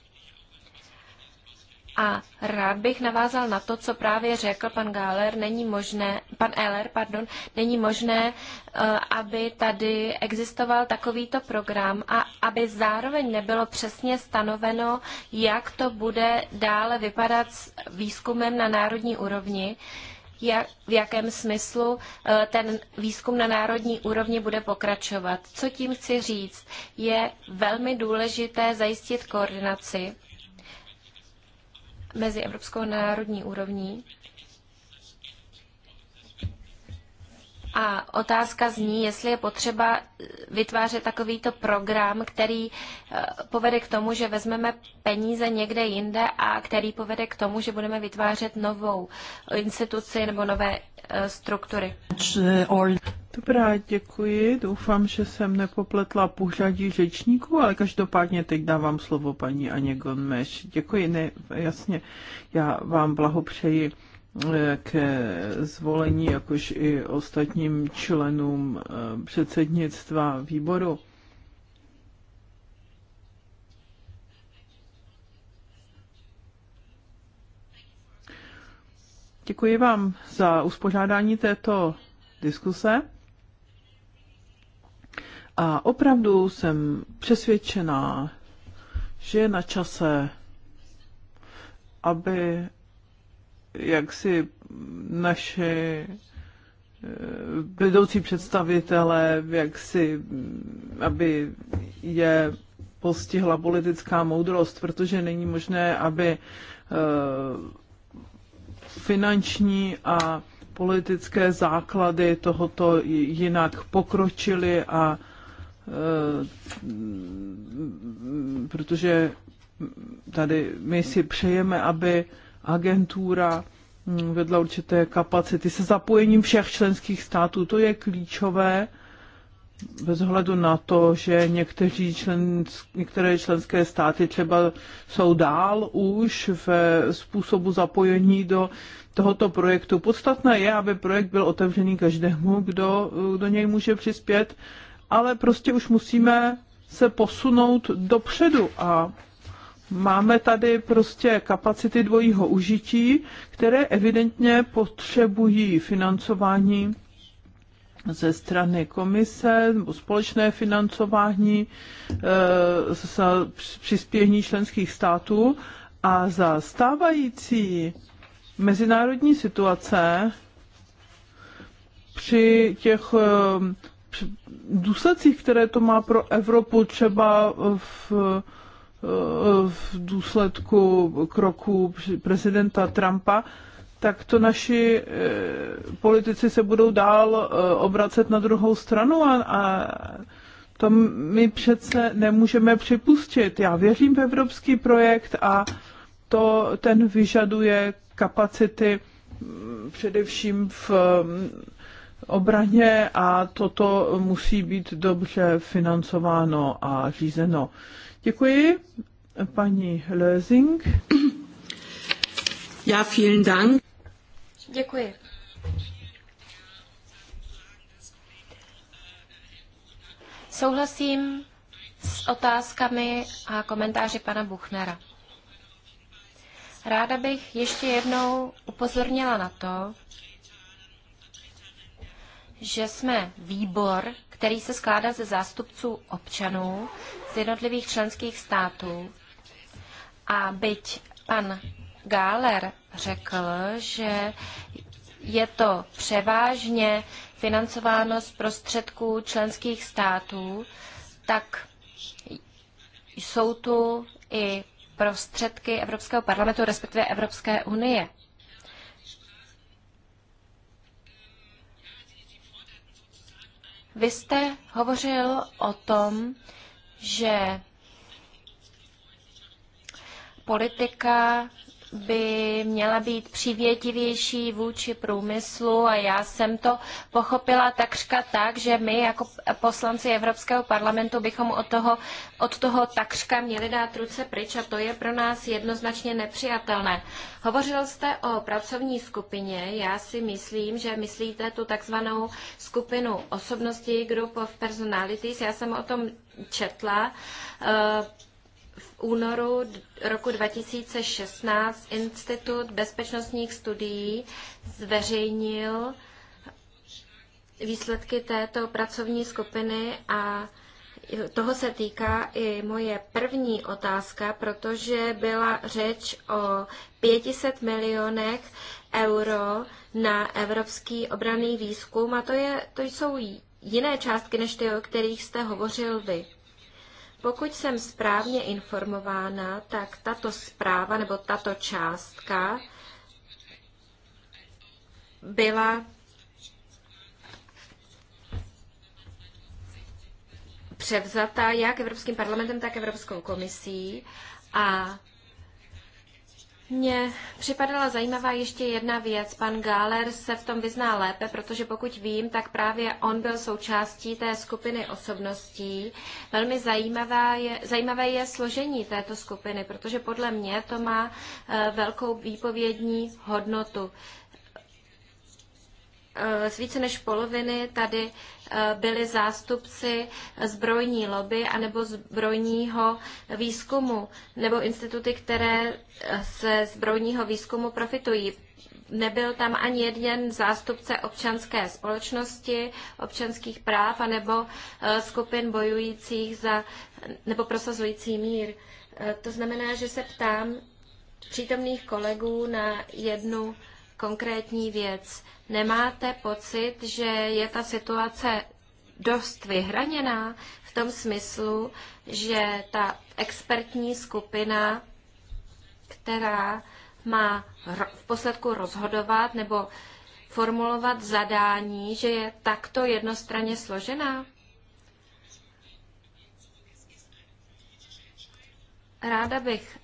A rád bych navázal na to, co právě řekl pan Gáler, není možné, pan Eller, pardon, není možné, eh, aby tady existoval takovýto program a aby zároveň nebylo přesně stanoveno, jak to bude dále vypadat s výzkumem na národní úrovni, jak, v jakém smyslu eh, ten výzkum na národní úrovni bude pokračovat. Co tím chci říct? Je velmi důležité zajistit koordinaci mezi evropskou národní úrovní A otázka zní, jestli je potřeba vytvářet takovýto program, který eh, povede k tomu, že vezmeme peníze někde jinde a který povede k tomu, že budeme vytvářet novou instituci nebo nové eh, struktury. Dobrá, děkuji. Doufám, že jsem nepopletla pořadí řečníků, ale každopádně teď dávám slovo paní Aně Gonmeš. Děkuji, ne, jasně, já vám blahopřeji ke zvolení, jakož i ostatním členům eh, předsednictva výboru. Děkuji vám za uspořádání této diskuse. A opravdu jsem přesvědčená, že je na čase, aby jak si naše eh, vedoucí představitele, jak si, aby je postihla politická moudrost, protože není možné, aby eh, finanční a politické základy tohoto jinak pokročily a eh, protože tady my si přejeme, aby agentura mm, vedla určité kapacity se zapojením všech členských států. To je klíčové bez ohledu na to, že někteří člen, některé členské státy třeba jsou dál už v způsobu zapojení do tohoto projektu. Podstatné je, aby projekt byl otevřený každému, kdo do něj může přispět, ale prostě už musíme se posunout dopředu a Máme tady prostě kapacity dvojího užití, které evidentně potřebují financování ze strany komise nebo společné financování eh, z přispění členských států a za stávající mezinárodní situace při těch eh, důsledcích, které to má pro Evropu třeba v v důsledku kroků prezidenta Trumpa, tak to naši eh, politici se budou dál eh, obracet na druhou stranu a, a to my přece nemůžeme připustit. Já věřím v evropský projekt a to ten vyžaduje kapacity mm, především v mm, obraně a toto musí být dobře financováno a řízeno. Děkuji. Paní Lösing. Já vielen Dank. Děkuji. Souhlasím s otázkami a komentáři pana Buchnera. Ráda bych ještě jednou upozornila na to, že jsme výbor, který se skládá ze zástupců občanů z jednotlivých členských států. A byť pan Gáler řekl, že je to převážně financováno z prostředků členských států, tak jsou tu i prostředky Evropského parlamentu, respektive Evropské unie. Vy jste hovořil o tom, že politika by měla být přivětivější vůči průmyslu a já jsem to pochopila takřka tak, že my jako poslanci Evropského parlamentu bychom od toho, od toho takřka měli dát ruce pryč a to je pro nás jednoznačně nepřijatelné. Hovořil jste o pracovní skupině, já si myslím, že myslíte tu takzvanou skupinu osobností Group of Personalities, já jsem o tom četla. Uh, únoru roku 2016 Institut bezpečnostních studií zveřejnil výsledky této pracovní skupiny a toho se týká i moje první otázka, protože byla řeč o 500 milionech euro na evropský obraný výzkum a to, je, to jsou jiné částky než ty, o kterých jste hovořil vy. Pokud jsem správně informována, tak tato zpráva nebo tato částka byla převzata jak Evropským parlamentem, tak Evropskou komisí a mně připadala zajímavá ještě jedna věc. Pan Gáler se v tom vyzná lépe, protože pokud vím, tak právě on byl součástí té skupiny osobností. Velmi zajímavá je, zajímavé je složení této skupiny, protože podle mě to má eh, velkou výpovědní hodnotu. Eh, z více než poloviny tady eh, byli zástupci zbrojní lobby anebo zbrojního výzkumu, nebo instituty, které se eh, zbrojního výzkumu profitují. Nebyl tam ani jeden zástupce občanské společnosti, občanských práv anebo skupin bojujících za nebo prosazující mír. To znamená, že se ptám přítomných kolegů na jednu konkrétní věc. Nemáte pocit, že je ta situace dost vyhraněná v tom smyslu, že ta expertní skupina, která má v posledku rozhodovat nebo formulovat zadání, že je takto jednostranně složená? Ráda bych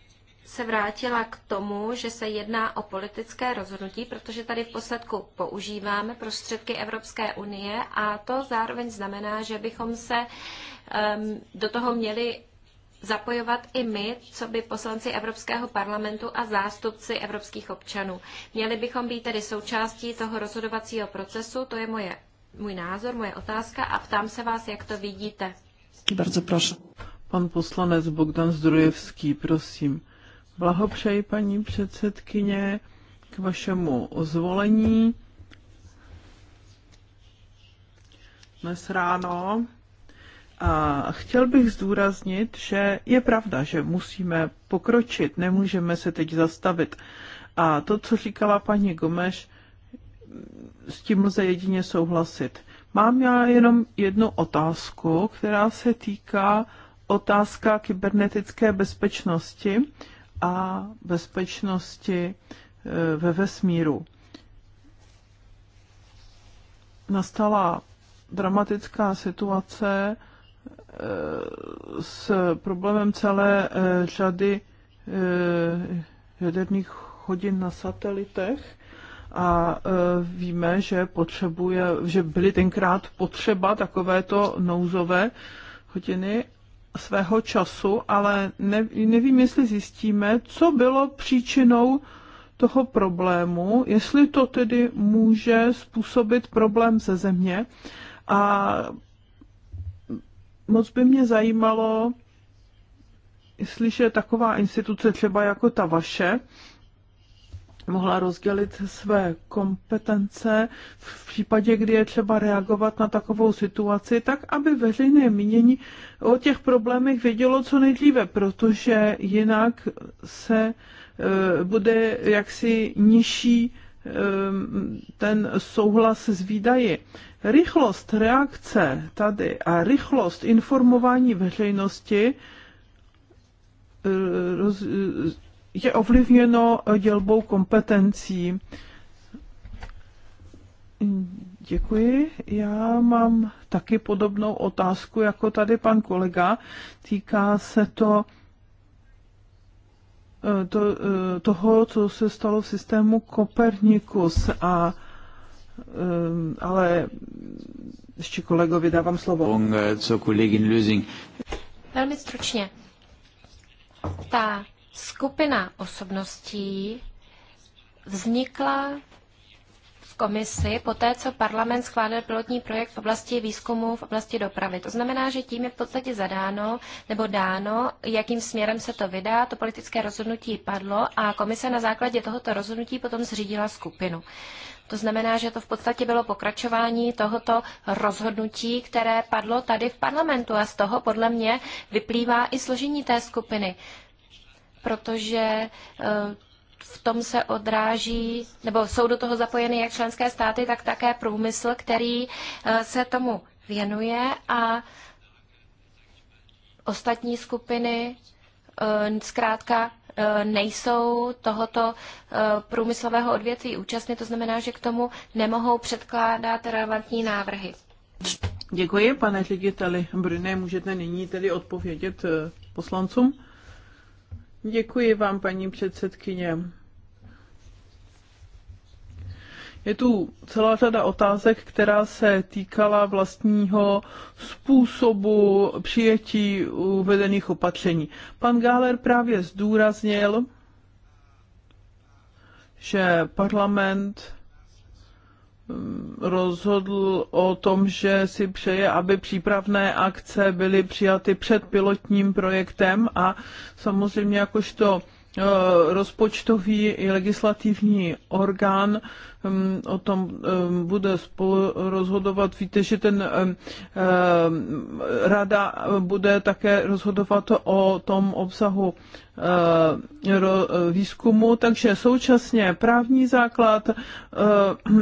se vrátila k tomu, že se jedná o politické rozhodnutí, protože tady v posledku používáme prostředky Evropské unie a to zároveň znamená, že bychom se um, do toho měli zapojovat i my, co by poslanci Evropského parlamentu a zástupci evropských občanů. Měli bychom být tedy součástí toho rozhodovacího procesu, to je moje, můj názor, moje otázka a ptám se vás, jak to vidíte. Bardzo proszę. Pan poslanec Bogdan Zdrojevský, prosím. Blahopřeji, paní předsedkyně, k vašemu zvolení. Dnes ráno. A chtěl bych zdůraznit, že je pravda, že musíme pokročit, nemůžeme se teď zastavit. A to, co říkala paní Gomeš, s tím lze jedině souhlasit. Mám já jenom jednu otázku, která se týká otázka kybernetické bezpečnosti a bezpečnosti e, ve vesmíru. Nastala dramatická situace e, s problémem celé e, řady jaderných hodin na satelitech a víme, že potřebuje, že byly tenkrát potřeba takovéto nouzové hodiny svého času, ale ne, nevím, jestli zjistíme, co bylo příčinou toho problému, jestli to tedy může způsobit problém ze země. A moc by mě zajímalo, jestliže taková instituce třeba jako ta vaše, mohla rozdělit své kompetence v případě, kdy je třeba reagovat na takovou situaci, tak aby veřejné mínění o těch problémech vědělo co nejdříve, protože jinak se eh, bude jaksi nižší eh, ten souhlas s výdaji. Rychlost reakce tady a rychlost informování veřejnosti eh, roz, je ovlivněno eh, dělbou kompetencí. Děkuji. Já mám taky podobnou otázku jako tady pan kolega. Týká se to, eh, to eh, toho, co se stalo v systému Kopernikus. A, ale ještě kolegovi dávám slovo. Velmi stručně. Ta skupina osobností vznikla v komisi po té, co parlament schválil pilotní projekt v oblasti výzkumu v oblasti dopravy. To znamená, že tím je v podstatě zadáno nebo dáno, jakým směrem se to vydá. To politické rozhodnutí padlo a komise na základě tohoto rozhodnutí potom zřídila skupinu. To znamená, že to v podstatě bylo pokračování tohoto rozhodnutí, které padlo tady v parlamentu a z toho podle mě vyplývá i složení té skupiny protože eh, v tom se odráží, nebo jsou do toho zapojeny jak členské státy, tak také průmysl, který eh, se tomu věnuje a ostatní skupiny eh, zkrátka nejsou tohoto průmyslového odvětví účastny, to znamená, že k tomu nemohou předkládat relevantní návrhy. Děkuji, pane řediteli Brune, můžete nyní tedy odpovědět poslancům? Děkuji vám, paní předsedkyně. Je tu celá řada otázek, která se týkala vlastního způsobu přijetí uvedených opatření. Pan Gáler právě zdůraznil, že parlament rozhodl o tom, že si přeje, aby přípravné akce byly přijaty před pilotním projektem a samozřejmě jakožto Eh, rozpočtový i legislativní orgán mm, o tom mm, bude spolu rozhodovat. Víte, že ten mm, rada bude také rozhodovat o tom obsahu eh, výzkumu, takže současně právní základ, eh,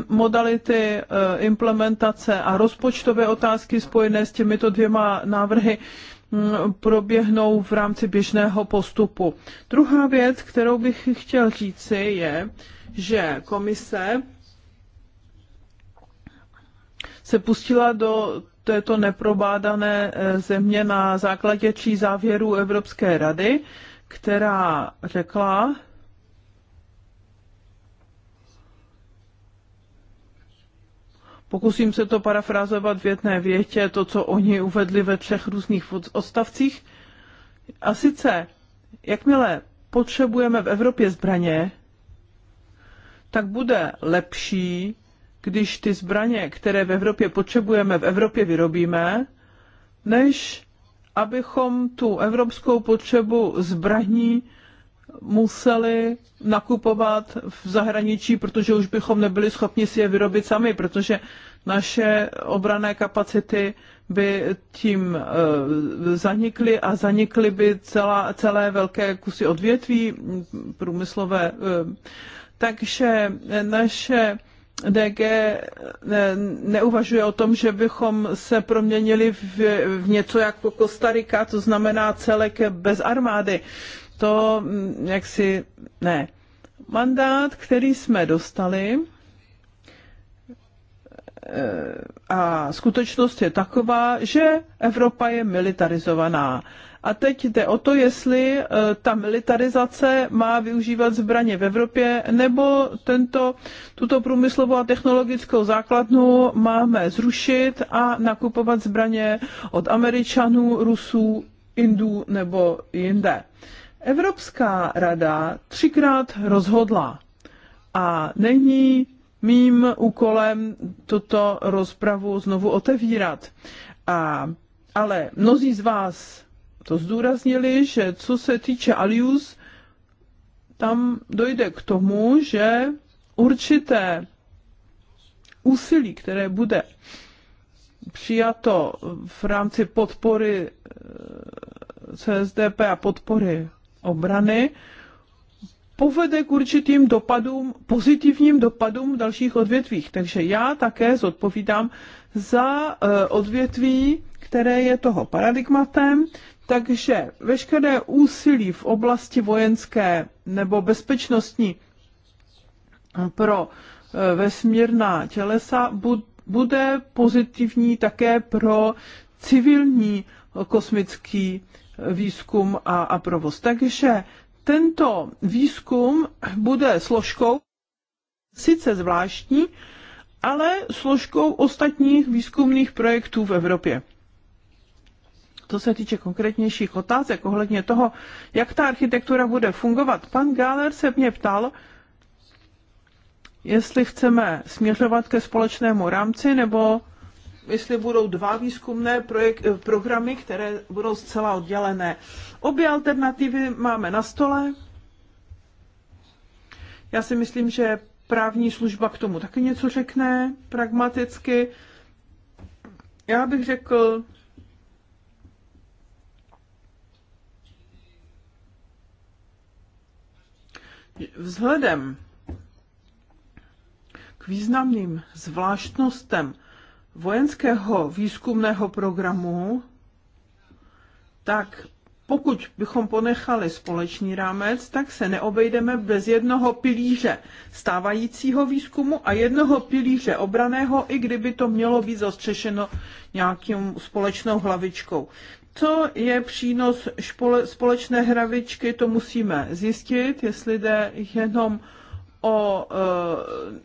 modality implementace a rozpočtové otázky spojené s těmito dvěma návrhy proběhnou v rámci běžného postupu. Druhá věc, kterou bych chtěl říci, je, že komise se pustila do této neprobádané e, země na základě tří závěrů Evropské rady, která řekla, Pokusím se to parafrázovat v jedné větě, to, co oni uvedli ve třech různých odstavcích. A sice, jakmile potřebujeme v Evropě zbraně, tak bude lepší, když ty zbraně, které v Evropě potřebujeme, v Evropě vyrobíme, než abychom tu evropskou potřebu zbraní museli nakupovat v zahraničí, protože už bychom nebyli schopni si je vyrobit sami, protože naše obrané kapacity by tím eh, zanikly a zanikly by celá, celé velké kusy odvětví mm, průmyslové. Eh. Takže naše DG eh, neuvažuje o tom, že bychom se proměnili v, v něco jako Kostarika, to znamená celek bez armády to mm, jaksi ne. Mandát, který jsme dostali, eh, a skutečnost je taková, že Evropa je militarizovaná. A teď jde o to, jestli eh, ta militarizace má využívat zbraně v Evropě, nebo tento, tuto průmyslovou a technologickou základnu máme zrušit a nakupovat zbraně od Američanů, Rusů, Indů nebo jinde. Evropská rada třikrát rozhodla a není mým úkolem tuto rozpravu znovu otevírat. A, ale mnozí z vás to zdůraznili, že co se týče Alius, tam dojde k tomu, že určité úsilí, které bude přijato v rámci podpory eh, CSDP a podpory obrany povede k určitým dopadům, pozitivním dopadům v dalších odvětvích. Takže já také zodpovídám za eh, odvětví, které je toho paradigmatem, takže veškeré úsilí v oblasti vojenské nebo bezpečnostní eh, pro eh, vesmírná tělesa bude pozitivní také pro civilní kosmický výzkum a, a provoz. Takže tento výzkum bude složkou sice zvláštní, ale složkou ostatních výzkumných projektů v Evropě. To se týče konkrétnějších otázek ohledně toho, jak ta architektura bude fungovat, pan Gáler se mě ptal, jestli chceme směřovat ke společnému rámci nebo jestli budou dva výzkumné projekt, eh, programy, které budou zcela oddělené. Obě alternativy máme na stole. Já si myslím, že právní služba k tomu taky něco řekne pragmaticky. Já bych řekl, vzhledem k významným zvláštnostem vojenského výzkumného programu, tak pokud bychom ponechali společný rámec, tak se neobejdeme bez jednoho pilíře stávajícího výzkumu a jednoho pilíře obraného, i kdyby to mělo být zastřešeno nějakým společnou hlavičkou. Co je přínos špole, společné hravičky, to musíme zjistit, jestli jde jenom o e,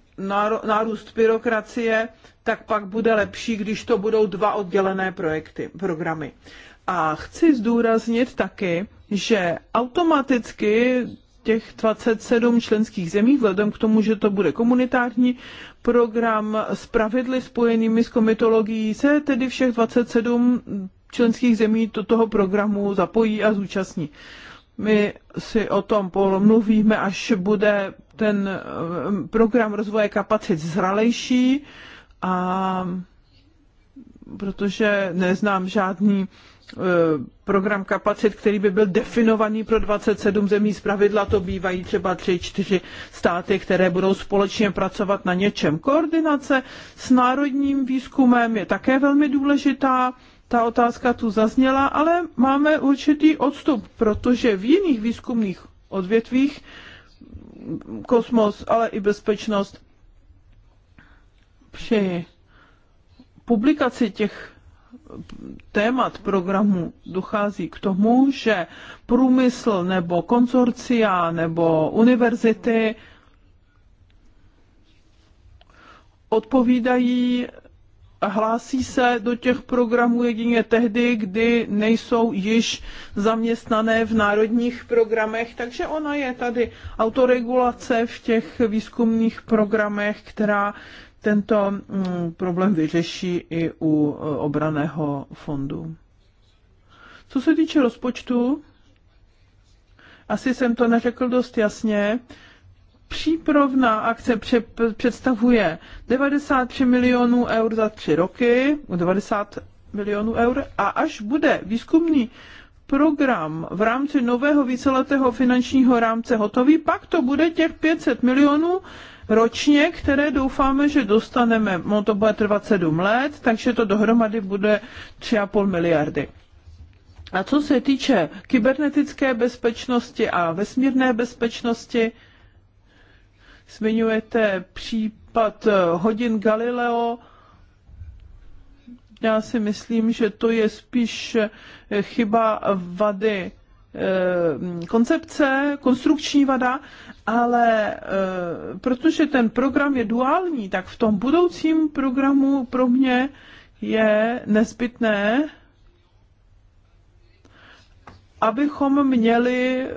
nárůst byrokracie, tak pak bude lepší, když to budou dva oddělené projekty, programy. A chci zdůraznit taky, že automaticky těch 27 členských zemí, vzhledem k tomu, že to bude komunitární program s pravidly spojenými s komitologií, se tedy všech 27 členských zemí do toho programu zapojí a zúčastní. My si o tom pomluvíme, až bude ten eh, program rozvoje kapacit zralejší a protože neznám žádný eh, program kapacit, který by byl definovaný pro 27 zemí. Z pravidla to bývají třeba 3-4 státy, které budou společně pracovat na něčem. Koordinace s národním výzkumem je také velmi důležitá. Ta otázka tu zazněla, ale máme určitý odstup, protože v jiných výzkumných odvětvích kosmos, ale i bezpečnost. Při publikaci těch témat programu dochází k tomu, že průmysl nebo konzorcia nebo univerzity odpovídají hlásí se do těch programů jedině tehdy, kdy nejsou již zaměstnané v národních programech, takže ona je tady autoregulace v těch výzkumných programech, která tento mm, problém vyřeší i u e, obraného fondu. Co se týče rozpočtu, asi jsem to neřekl dost jasně, Přípravná akce představuje 93 milionů eur za tři roky, 90 milionů eur a až bude výzkumný program v rámci nového víceletého finančního rámce hotový, pak to bude těch 500 milionů ročně, které doufáme, že dostaneme. No to bude trvat 7 let, takže to dohromady bude 3,5 miliardy. A co se týče kybernetické bezpečnosti a vesmírné bezpečnosti, zmiňujete případ eh, hodin Galileo. Já si myslím, že to je spíš eh, chyba vady eh, koncepce, konstrukční vada, ale protože ten program je duální, tak v tom budoucím programu pro mě je nezbytné abychom měli eh,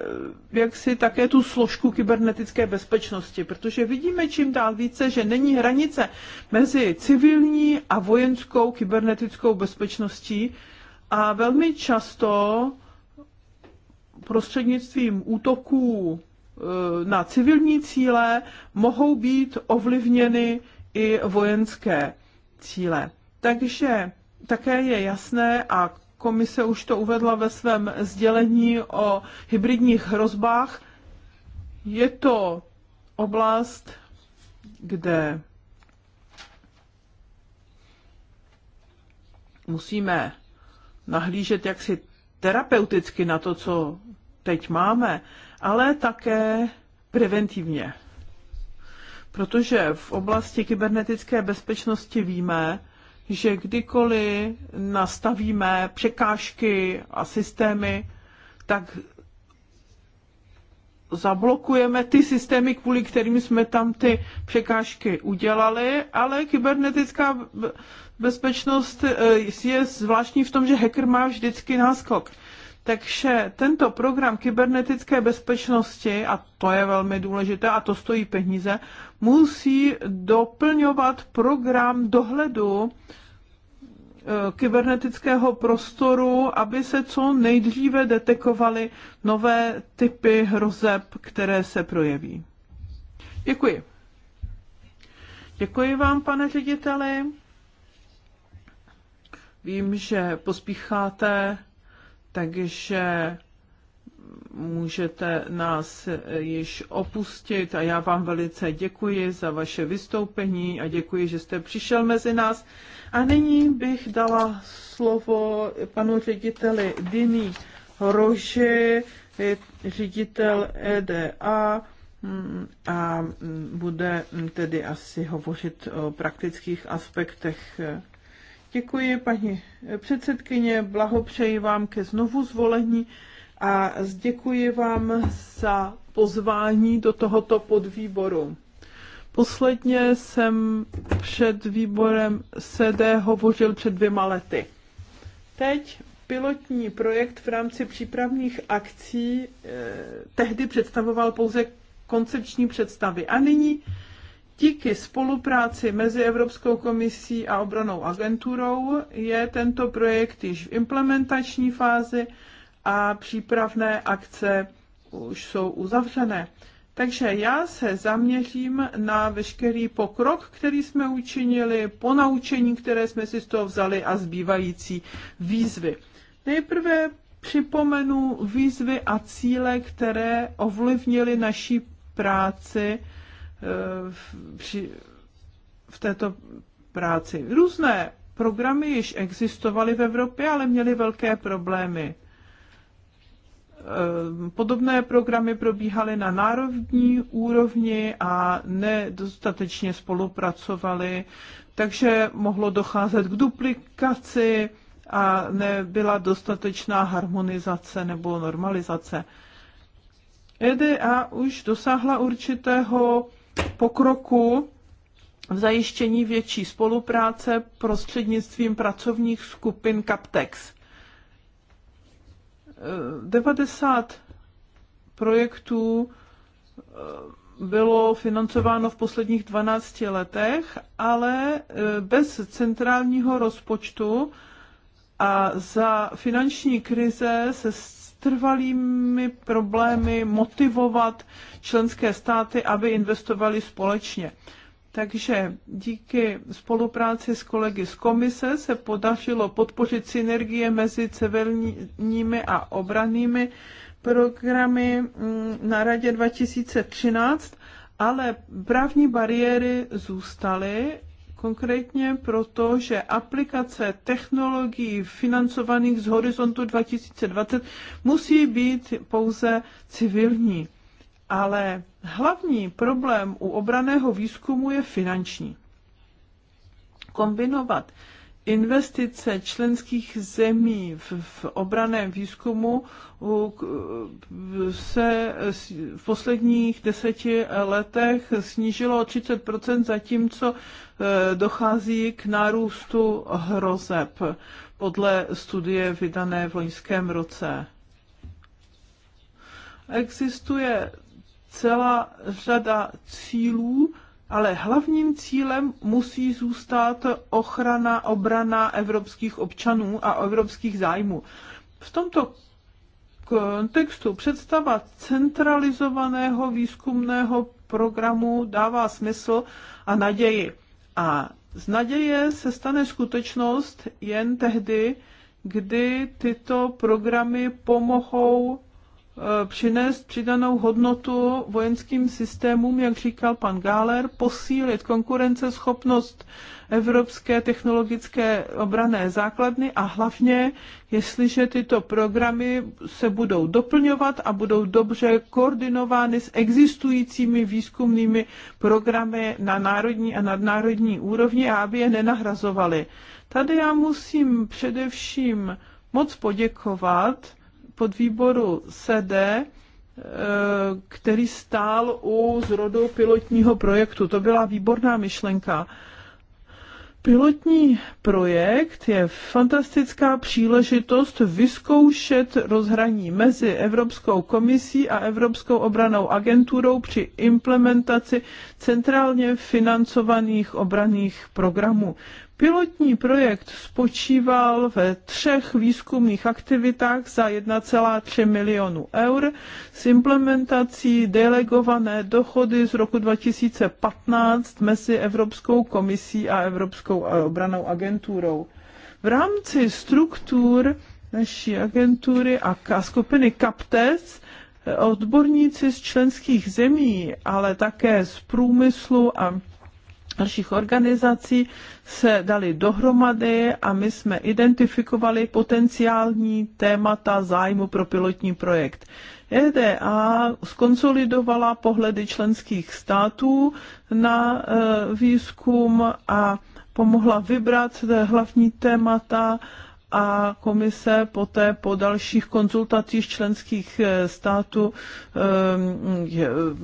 jaksi také tu složku kybernetické bezpečnosti, protože vidíme čím dál více, že není hranice mezi civilní a vojenskou kybernetickou bezpečností a velmi často prostřednictvím útoků eh, na civilní cíle mohou být ovlivněny i vojenské cíle. Takže také je jasné a komise už to uvedla ve svém sdělení o hybridních hrozbách. Je to oblast, kde musíme nahlížet jaksi terapeuticky na to, co teď máme, ale také preventivně. Protože v oblasti kybernetické bezpečnosti víme, že kdykoliv nastavíme překážky a systémy, tak zablokujeme ty systémy, kvůli kterým jsme tam ty překážky udělali, ale kybernetická bezpečnost eh, je zvláštní v tom, že hacker má vždycky náskok. Takže tento program kybernetické bezpečnosti, a to je velmi důležité a to stojí peníze, musí doplňovat program dohledu e, kybernetického prostoru, aby se co nejdříve detekovaly nové typy hrozeb, které se projeví. Děkuji. Děkuji vám, pane řediteli. Vím, že pospícháte takže můžete nás již opustit a já vám velice děkuji za vaše vystoupení a děkuji, že jste přišel mezi nás. A nyní bych dala slovo panu řediteli Diny Roži, ředitel EDA a bude tedy asi hovořit o praktických aspektech Děkuji, paní předsedkyně, blahopřeji vám ke znovu zvolení a děkuji vám za pozvání do tohoto podvýboru. Posledně jsem před výborem SED hovořil před dvěma lety. Teď pilotní projekt v rámci přípravných akcí eh, tehdy představoval pouze koncepční představy. A nyní Díky spolupráci mezi Evropskou komisí a obranou agenturou je tento projekt již v implementační fázi a přípravné akce už jsou uzavřené. Takže já se zaměřím na veškerý pokrok, který jsme učinili, naučení, které jsme si z toho vzali a zbývající výzvy. Nejprve připomenu výzvy a cíle, které ovlivnily naší práci Eh, při, v této práci. Různé programy již existovaly v Evropě, ale měly velké problémy. Eh, podobné programy probíhaly na národní úrovni a nedostatečně spolupracovaly, takže mohlo docházet k duplikaci a nebyla dostatečná harmonizace nebo normalizace. EDA už dosáhla určitého pokroku v zajištění větší spolupráce prostřednictvím pracovních skupin CAPTEX. 90 eh, projektů eh, bylo financováno v posledních 12 letech, ale eh, bez centrálního rozpočtu a za finanční krize se trvalými problémy motivovat členské státy, aby investovali společně. Takže díky spolupráci s kolegy z komise se podařilo podpořit synergie mezi civilními a obranými programy mm, na radě 2013, ale právní bariéry zůstaly Konkrétně proto, že aplikace technologií financovaných z horizontu 2020 musí být pouze civilní. Ale hlavní problém u obraného výzkumu je finanční. Kombinovat investice členských zemí v, v obraném výzkumu se v posledních deseti letech snížilo o 30 zatímco e, dochází k nárůstu hrozeb podle studie vydané v loňském roce. Existuje celá řada cílů, ale hlavním cílem musí zůstat ochrana, obrana evropských občanů a evropských zájmů. V tomto kontextu představa centralizovaného výzkumného programu dává smysl a naději. A z naděje se stane skutečnost jen tehdy, kdy tyto programy pomohou Eh, přinést přidanou hodnotu vojenským systémům, jak říkal pan Gáler, posílit konkurenceschopnost evropské technologické obrané základny a hlavně, jestliže tyto programy se budou doplňovat a budou dobře koordinovány s existujícími výzkumnými programy na národní a nadnárodní úrovni a aby je nenahrazovaly. Tady já musím především moc poděkovat podvýboru CD, eh, který stál u zrodu pilotního projektu. To byla výborná myšlenka. Pilotní projekt je fantastická příležitost vyzkoušet rozhraní mezi Evropskou komisí a Evropskou obranou agenturou při implementaci centrálně financovaných obraných programů. Pilotní projekt spočíval ve třech výzkumných aktivitách za 1,3 milionu eur s implementací delegované dohody z roku 2015 mezi Evropskou komisí a Evropskou obranou agenturou. V rámci struktur naší agentury a skupiny CAPTES eh, odborníci z členských zemí, ale také z průmyslu a našich organizací se dali dohromady a my jsme identifikovali potenciální témata zájmu pro pilotní projekt. EDA skonsolidovala pohledy členských států na e, výzkum a pomohla vybrat hlavní témata a komise poté po dalších konzultacích členských e, států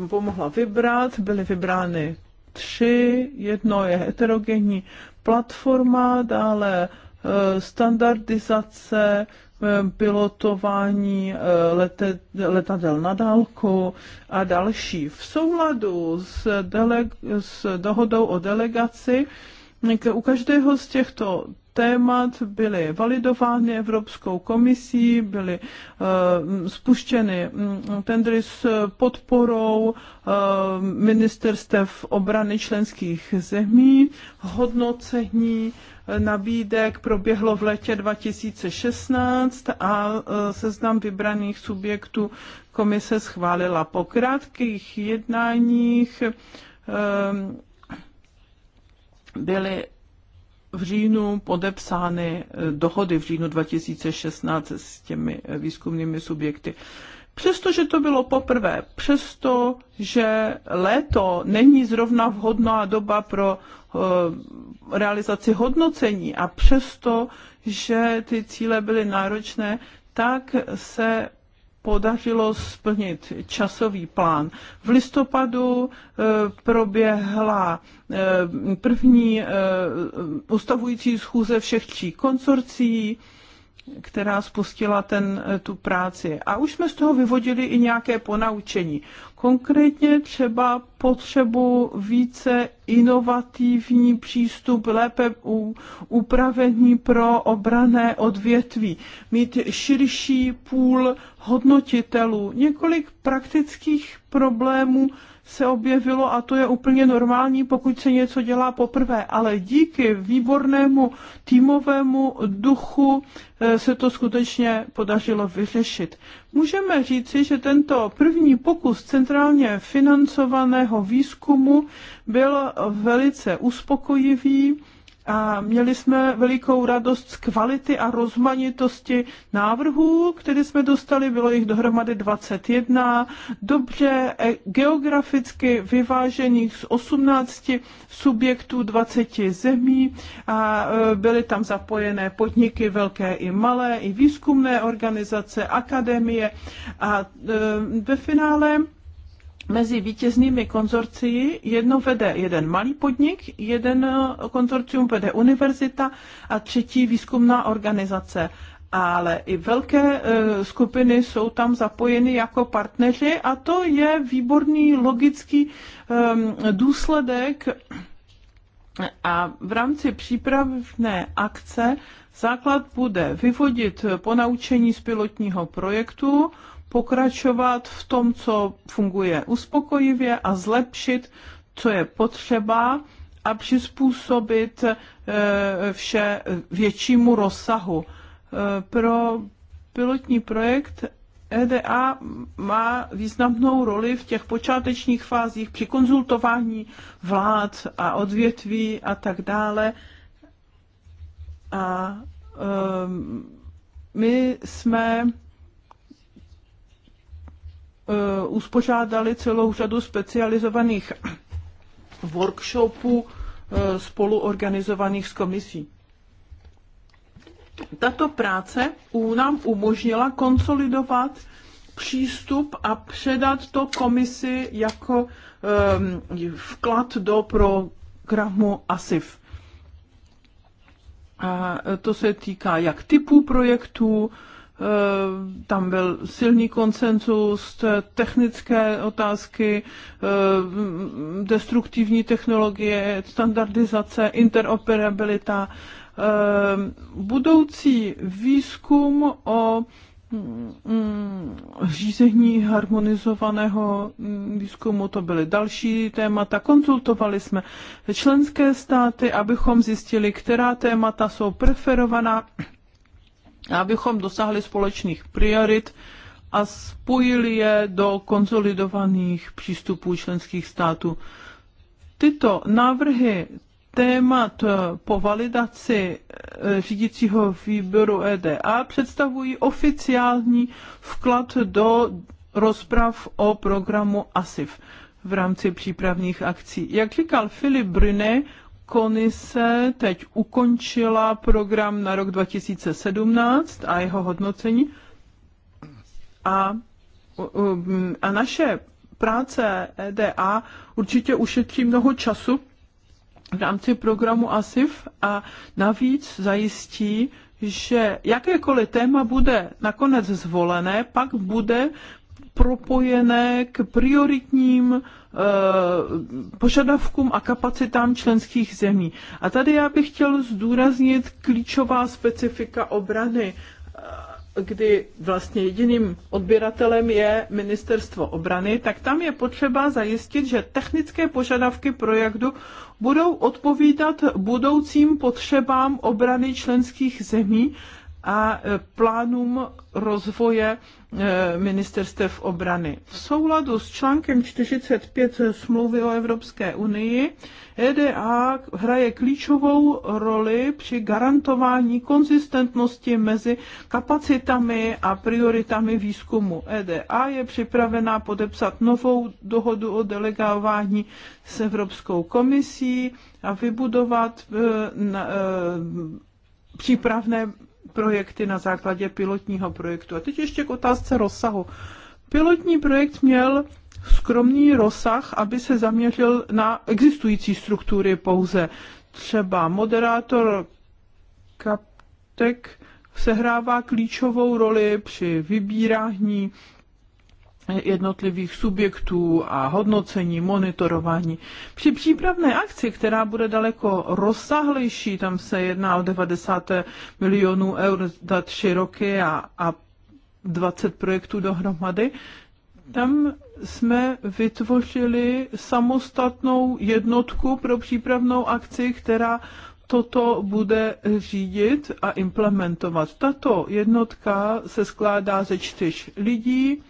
e, pomohla vybrat, byly vybrány tři, jedno je heterogenní platforma, dále e, standardizace, e, pilotování e, lete, letadel na dálku a další. V souladu s, dele, s dohodou o delegaci u každého z těchto témat byly validovány Evropskou komisí, byly uh, spuštěny mm, tendry s podporou uh, ministerstev obrany členských zemí, hodnocení eh, nabídek proběhlo v letě 2016 a seznam vybraných subjektů komise schválila. Po krátkých jednáních byly v říjnu podepsány eh, dohody v říjnu 2016 s těmi eh, výzkumnými subjekty. Přestože to bylo poprvé, přestože že léto není zrovna vhodná doba pro uh, realizaci hodnocení a přesto, že ty cíle byly náročné, tak se podařilo splnit časový plán. V listopadu eh, proběhla eh, první eh, ustavující schůze všech tří konsorcí, která spustila ten, eh, tu práci. A už jsme z toho vyvodili i nějaké ponaučení. Konkrétně třeba potřebu více inovativní přístup, lépe upravení pro obrané odvětví, mít širší půl hodnotitelů, několik praktických problémů, se objevilo a to je úplně normální, pokud se něco dělá poprvé. Ale díky výbornému týmovému duchu eh, se to skutečně podařilo vyřešit. Můžeme říci, že tento první pokus centrálně financovaného výzkumu byl velice uspokojivý a měli jsme velikou radost z kvality a rozmanitosti návrhů, které jsme dostali, bylo jich dohromady 21, dobře e, geograficky vyvážených z 18 subjektů 20 zemí a e, byly tam zapojené podniky velké i malé, i výzkumné organizace, akademie a e, ve finále mezi vítěznými konzorcii. Jedno vede jeden malý podnik, jeden eh, konzorcium vede univerzita a třetí výzkumná organizace. Ale i velké eh, skupiny jsou tam zapojeny jako partneři a to je výborný logický ehm, důsledek a v rámci přípravné akce základ bude vyvodit ponaučení z pilotního projektu, pokračovat v tom, co funguje uspokojivě a zlepšit, co je potřeba a přizpůsobit eh, vše většímu rozsahu. Eh, pro pilotní projekt EDA má významnou roli v těch počátečních fázích při konzultování vlád a odvětví a tak dále. A ehm, my jsme Eh, uspořádali celou řadu specializovaných workshopů eh, spoluorganizovaných s komisí. Tato práce nám umožnila konsolidovat přístup a předat to komisi jako eh, vklad do programu ASIF. A to se týká jak typů projektů, Eh, tam byl silný koncenzus, technické otázky, eh, destruktivní technologie, standardizace, interoperabilita, eh, budoucí výzkum o mm, řízení harmonizovaného mm, výzkumu, to byly další témata. Konzultovali jsme členské státy, abychom zjistili, která témata jsou preferovaná abychom dosáhli společných priorit a spojili je do konsolidovaných přístupů členských států. Tyto návrhy témat po validaci eh, řídícího výboru EDA představují oficiální vklad do rozprav o programu ASIF v rámci přípravných akcí. Jak říkal Filip Brunet Komise teď ukončila program na rok 2017 a jeho hodnocení. A, a naše práce EDA určitě ušetří mnoho času v rámci programu ASIF a navíc zajistí, že jakékoliv téma bude nakonec zvolené, pak bude propojené k prioritním eh, požadavkům a kapacitám členských zemí. A tady já bych chtěl zdůraznit klíčová specifika obrany, eh, kdy vlastně jediným odběratelem je ministerstvo obrany, tak tam je potřeba zajistit, že technické požadavky projektu budou odpovídat budoucím potřebám obrany členských zemí a e, plánům rozvoje e, ministerstev obrany. V souladu s článkem 45 smlouvy o Evropské unii EDA hraje klíčovou roli při garantování konzistentnosti mezi kapacitami a prioritami výzkumu. EDA je připravená podepsat novou dohodu o delegování s Evropskou komisí a vybudovat e, přípravné projekty na základě pilotního projektu. A teď ještě k otázce rozsahu. Pilotní projekt měl skromný rozsah, aby se zaměřil na existující struktury pouze. Třeba moderátor Kaptek sehrává klíčovou roli při vybírání jednotlivých subjektů a hodnocení, monitorování. Při přípravné akci, která bude daleko rozsáhlejší, tam se jedná o 90 milionů eur za tři roky a, a 20 projektů dohromady, tam jsme vytvořili samostatnou jednotku pro přípravnou akci, která toto bude řídit a implementovat. Tato jednotka se skládá ze čtyř lidí,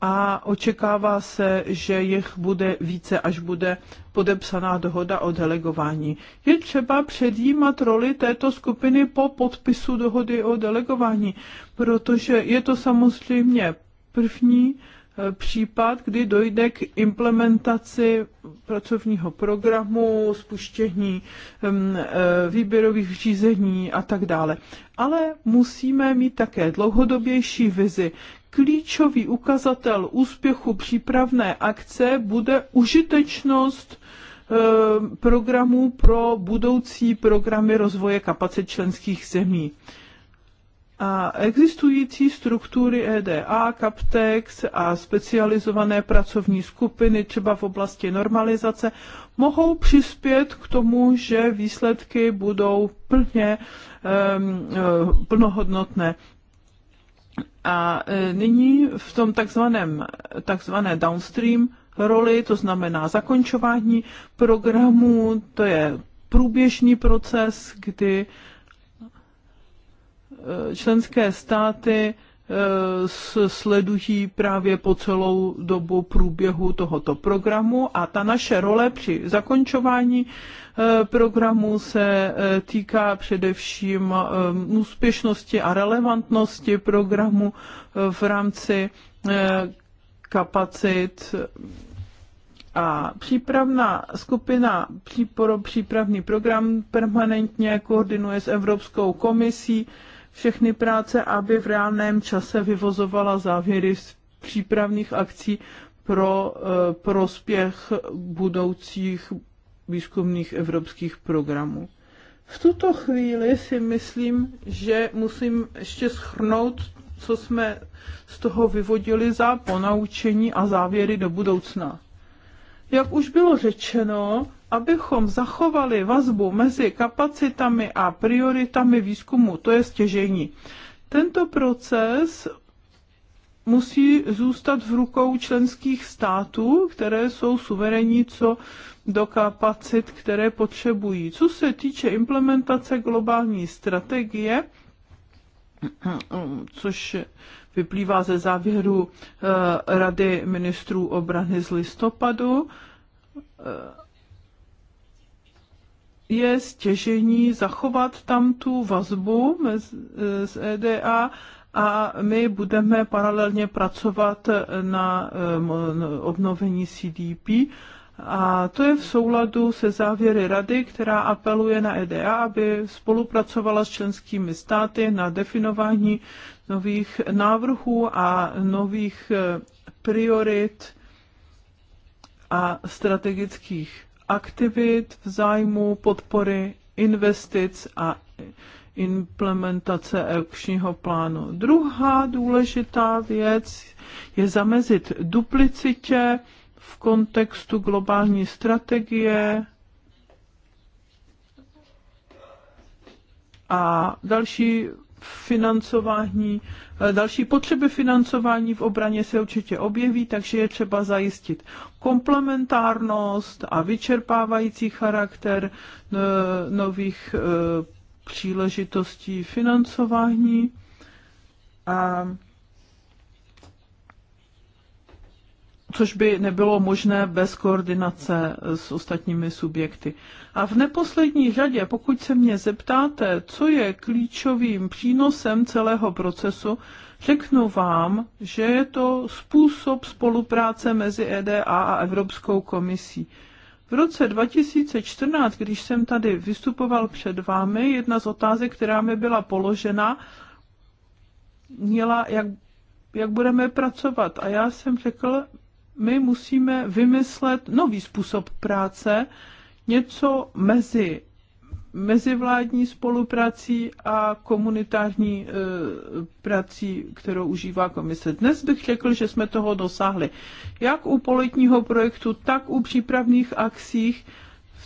a očekává se, že jich bude více, až bude podepsaná dohoda o delegování. Je třeba předjímat roli této skupiny po podpisu dohody o delegování, protože je to samozřejmě první eh, případ, kdy dojde k implementaci pracovního programu, spuštění mm, eh, výběrových řízení a tak dále. Ale musíme mít také dlouhodobější vizi, klíčový ukazatel úspěchu přípravné akce bude užitečnost eh, programů pro budoucí programy rozvoje kapacit členských zemí. A existující struktury EDA, CAPTEX a specializované pracovní skupiny třeba v oblasti normalizace mohou přispět k tomu, že výsledky budou plně eh, plnohodnotné. A e, nyní v tom takzvaném, takzvané downstream roli, to znamená zakončování programu, to je průběžný proces, kdy e, členské státy e, sledují právě po celou dobu průběhu tohoto programu a ta naše role při zakončování Eh, programu se eh, týká především eh, úspěšnosti a relevantnosti programu v rámci kapacit a přípravná skupina pro přípravný program permanentně koordinuje s Evropskou komisí všechny práce, aby v reálném čase vyvozovala závěry z přípravných akcí pro prospěch budoucích výzkumných evropských programů. V tuto chvíli si myslím, že musím ještě schrnout, co jsme z toho vyvodili za ponaučení a závěry do budoucna. Jak už bylo řečeno, abychom zachovali vazbu mezi kapacitami a prioritami výzkumu, to je stěžení. Tento proces musí zůstat v rukou členských států, které jsou suverénní co do kapacit, které potřebují. Co se týče implementace globální strategie, což vyplývá ze závěru eh, Rady ministrů obrany z listopadu, eh, je stěžení zachovat tam tu vazbu eh, z EDA a my budeme paralelně pracovat na obnovení CDP a to je v souladu se závěry Rady, která apeluje na EDA, aby spolupracovala s členskými státy na definování nových návrhů a nových eh, priorit a strategických aktivit v zájmu podpory investic a implementace akčního plánu. Druhá důležitá věc je zamezit duplicitě v kontextu globální strategie a další financování, další potřeby financování v obraně se určitě objeví, takže je třeba zajistit komplementárnost a vyčerpávající charakter e, nových e, příležitostí financování. A což by nebylo možné bez koordinace s ostatními subjekty. A v neposlední řadě, pokud se mě zeptáte, co je klíčovým přínosem celého procesu, řeknu vám, že je to způsob spolupráce mezi EDA a Evropskou komisí. V roce 2014, když jsem tady vystupoval před vámi, jedna z otázek, která mi byla položena, měla, jak, jak budeme pracovat. A já jsem řekl, my musíme vymyslet nový způsob práce, něco mezi mezivládní spoluprací a komunitární e, prací, kterou užívá komise. Dnes bych řekl, že jsme toho dosáhli. Jak u politního projektu, tak u přípravných akcích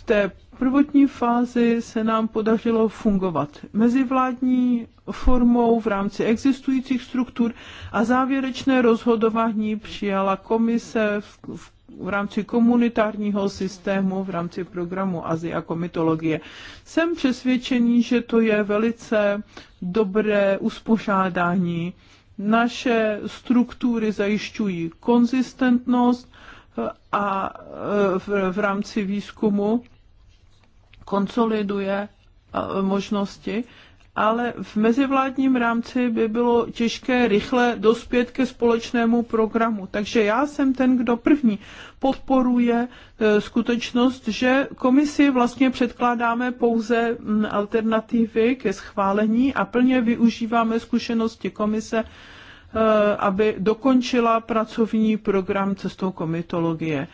té prvotní fázi se nám podařilo fungovat mezivládní formou v rámci existujících struktur a závěrečné rozhodování přijala komise v, v, v rámci komunitárního systému, v rámci programu Azie a komitologie. Jsem přesvědčený, že to je velice dobré uspořádání. Naše struktury zajišťují konzistentnost eh, a eh, v, v rámci výzkumu konsoliduje možnosti, ale v mezivládním rámci by bylo těžké rychle dospět ke společnému programu. Takže já jsem ten, kdo první podporuje e, skutečnost, že komisi vlastně předkládáme pouze alternativy ke schválení a plně využíváme zkušenosti komise, e, aby dokončila pracovní program cestou komitologie.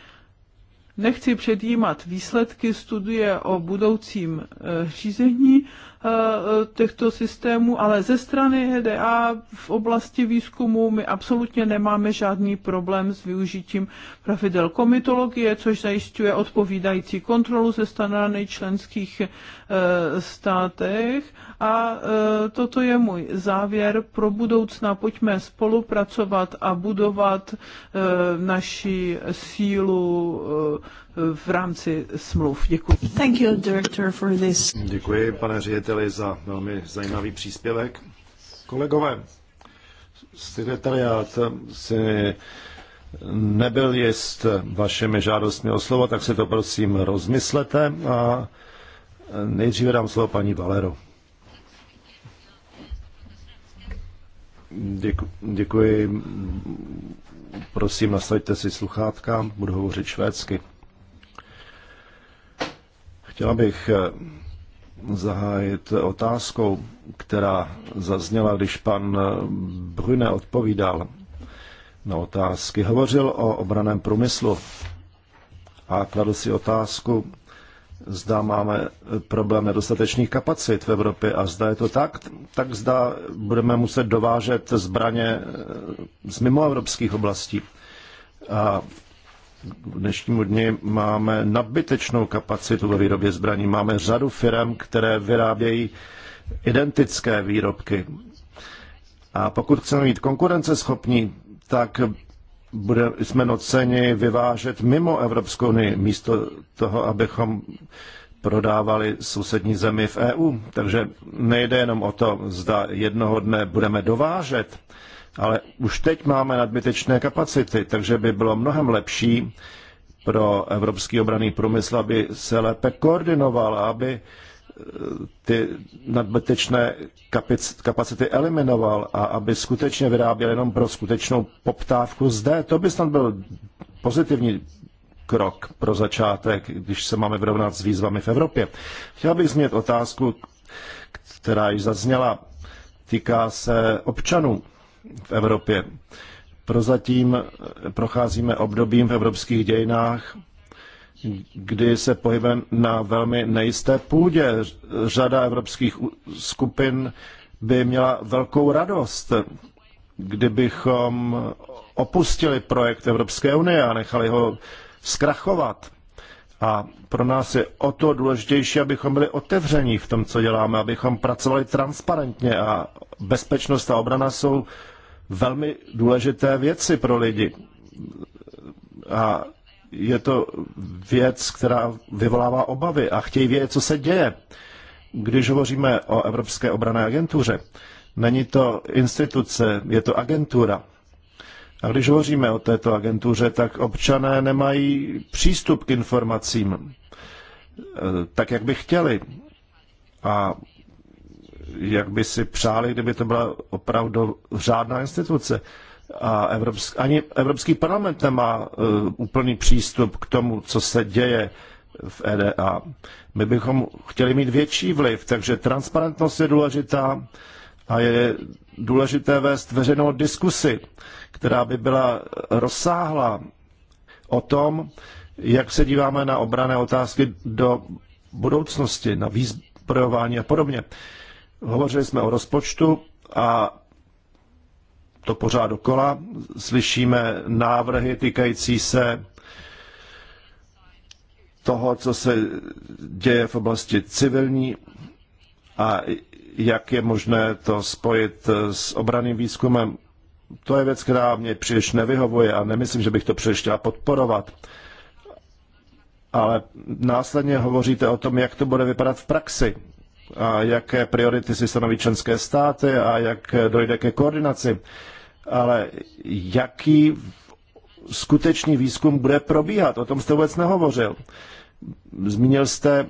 Nechci předjímat výsledky studie o budoucím eh, řízení, Eh, těchto systémů, ale ze strany HDA e v oblasti výzkumu my absolutně nemáme žádný problém s využitím pravidel komitologie, což zajišťuje odpovídající kontrolu ze strany členských eh, státech. A eh, toto je můj závěr. Pro budoucna pojďme spolupracovat a budovat naši sílu v rámci smluv. Děkuji. Thank you, director, for this. Děkuji, pane řediteli, za velmi zajímavý příspěvek. Kolegové, sekretariat si nebyl jist vašimi žádostmi o slovo, tak se to prosím rozmyslete a nejdříve dám slovo paní Valero. Děku, děkuji. Prosím, nastavte si sluchátka, budu hovořit švédsky. Chtěla bych eh, zahájit otázkou, která zazněla, když pan eh, Brune odpovídal na otázky. Hovořil o obraném průmyslu a kladl si otázku, zda máme eh, problém nedostatečných kapacit v Evropě a zda je to tak, tak zda budeme muset dovážet zbraně z mimoevropských oblastí. A k dnešnímu dni máme nabytečnou kapacitu ve výrobě zbraní. Máme řadu firm, které vyrábějí identické výrobky. A pokud chceme být konkurenceschopní, tak bude, jsme noceni vyvážet mimo Evropskou unii, místo toho, abychom prodávali sousední zemi v EU. Takže nejde jenom o to, zda jednoho dne budeme dovážet ale už teď máme nadbytečné kapacity, takže by bylo mnohem lepší pro evropský obraný průmysl, aby se lépe koordinoval, aby eh, ty nadbytečné kapacity eliminoval a aby skutečně vyráběl jenom pro skutečnou poptávku zde. To by snad byl pozitivní krok pro začátek, když se máme vyrovnat s výzvami v Evropě. Chtěl bych změnit otázku, která již zazněla, týká se občanů v Evropě. Prozatím procházíme obdobím v evropských dějinách, kdy se pohybem na velmi nejisté půdě. Řada evropských skupin by měla velkou radost, kdybychom opustili projekt Evropské unie a nechali ho zkrachovat. A pro nás je o to důležitější, abychom byli otevření v tom, co děláme, abychom pracovali transparentně a bezpečnost a obrana jsou velmi důležité věci pro lidi. A je to věc, která vyvolává obavy a chtějí vědět, co se děje. Když hovoříme o Evropské obrané agentuře, není to instituce, je to agentura. A když hovoříme o této agentuře, tak občané nemají přístup k informacím eh, tak, jak by chtěli. A jak by si přáli, kdyby to byla opravdu řádná instituce. A Evropsk, ani Evropský parlament nemá uh, úplný přístup k tomu, co se děje v EDA. My bychom chtěli mít větší vliv, takže transparentnost je důležitá a je důležité vést veřejnou diskusi, která by byla rozsáhlá o tom, jak se díváme na obrané otázky do budoucnosti, na výzbrojování a podobně. Uh, Hovořili jsme o rozpočtu a to pořád dokola. Slyšíme návrhy týkající se toho, co se děje v oblasti civilní a jak je možné to spojit s obraným výzkumem. To je věc, která mě příliš nevyhovuje a nemyslím, že bych to příliš chtěla podporovat. Ale následně hovoříte o tom, jak to bude vypadat v praxi a jaké priority si stanoví členské státy a jak dojde ke koordinaci. Ale jaký skutečný výzkum bude probíhat? O tom jste vůbec nehovořil. Zmínil jste,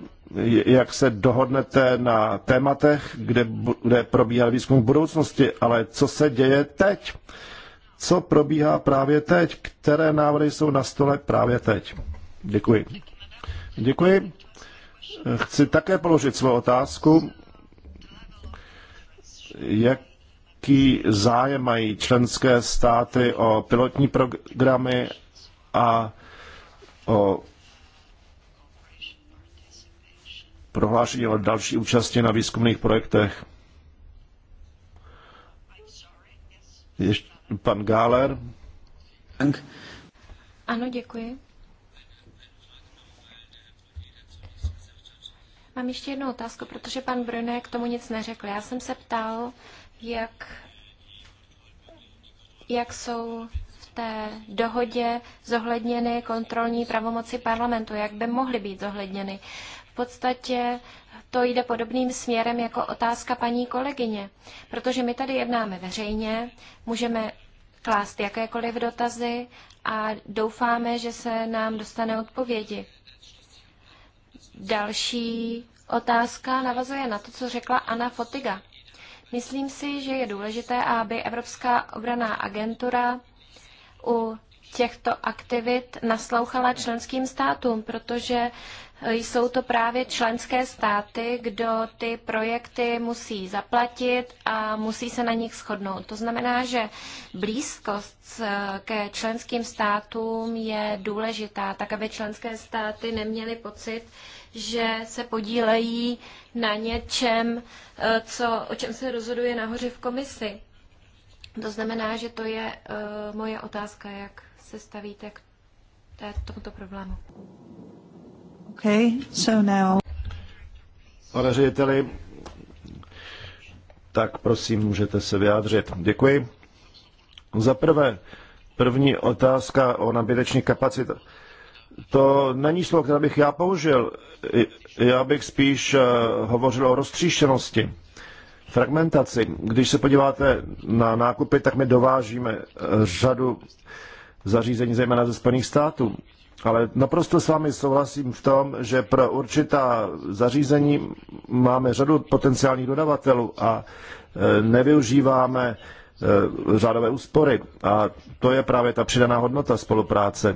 jak se dohodnete na tématech, kde bude probíhat výzkum v budoucnosti, ale co se děje teď? Co probíhá právě teď? Které návrhy jsou na stole právě teď? Děkuji. Děkuji chci také položit svou otázku, jaký zájem mají členské státy o pilotní programy a o prohlášení o další účasti na výzkumných projektech. Ještě pan Gáler. Ano, děkuji. Mám ještě jednu otázku, protože pan Brune k tomu nic neřekl. Já jsem se ptal, jak, jak jsou v té dohodě zohledněny kontrolní pravomoci parlamentu, jak by mohly být zohledněny. V podstatě to jde podobným směrem jako otázka paní kolegyně, protože my tady jednáme veřejně, můžeme klást jakékoliv dotazy a doufáme, že se nám dostane odpovědi. Další otázka navazuje na to, co řekla Anna Fotiga. Myslím si, že je důležité, aby Evropská obraná agentura u těchto aktivit naslouchala členským státům, protože jsou to právě členské státy, kdo ty projekty musí zaplatit a musí se na nich shodnout. To znamená, že blízkost ke členským státům je důležitá, tak aby členské státy neměly pocit, že se podílejí na něčem, eh, co, o čem se rozhoduje nahoře v komisi. To znamená, že to je uh, moje otázka, jak se stavíte k tomuto problému. Okay, so now... Pane řediteli, tak prosím, můžete se vyjádřit. Děkuji. Za prvé, první otázka o nabídečních kapacitách to není slovo, které bych já použil. Já bych spíš eh, hovořil o roztříštěnosti, fragmentaci. Když se podíváte na nákupy, tak my dovážíme eh, řadu zařízení, zejména ze Spojených států. Ale naprosto s vámi souhlasím v tom, že pro určitá zařízení máme řadu potenciálních dodavatelů a eh, nevyužíváme řádové úspory. A to je právě ta přidaná hodnota spolupráce.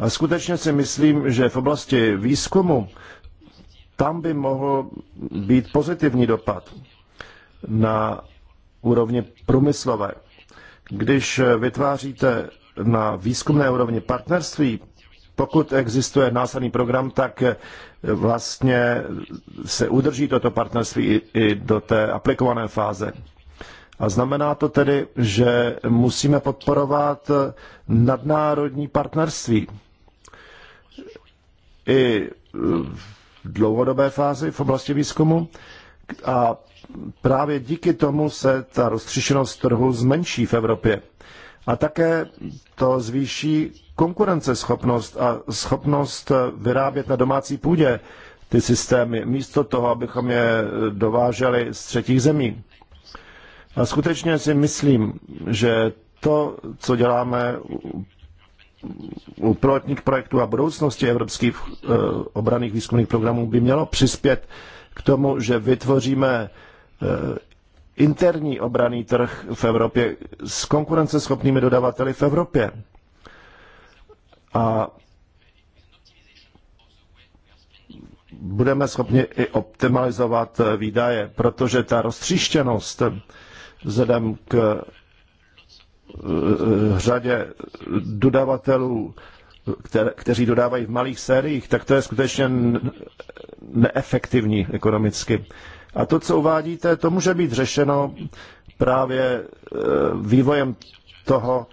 A skutečně si myslím, že v oblasti výzkumu tam by mohl být pozitivní dopad na úrovni průmyslové. Když vytváříte na výzkumné úrovni partnerství, pokud existuje následný program, tak vlastně se udrží toto partnerství i do té aplikované fáze. A znamená to tedy, že musíme podporovat nadnárodní partnerství i v dlouhodobé fázi v oblasti výzkumu a právě díky tomu se ta roztřišenost trhu zmenší v Evropě. A také to zvýší konkurenceschopnost a schopnost vyrábět na domácí půdě ty systémy, místo toho, abychom je dováželi z třetích zemí. A skutečně si myslím, že to, co děláme pilotních projektů a budoucnosti evropských eh, obraných výzkumných programů by mělo přispět k tomu, že vytvoříme eh, interní obraný trh v Evropě s konkurenceschopnými dodavateli v Evropě. A budeme schopni i optimalizovat eh, výdaje, protože ta roztříštěnost vzhledem k Eh, řadě dodavatelů, které, kteří dodávají v malých sériích, tak to je skutečně neefektivní ekonomicky. A to, co uvádíte, to může být řešeno právě eh, vývojem toho,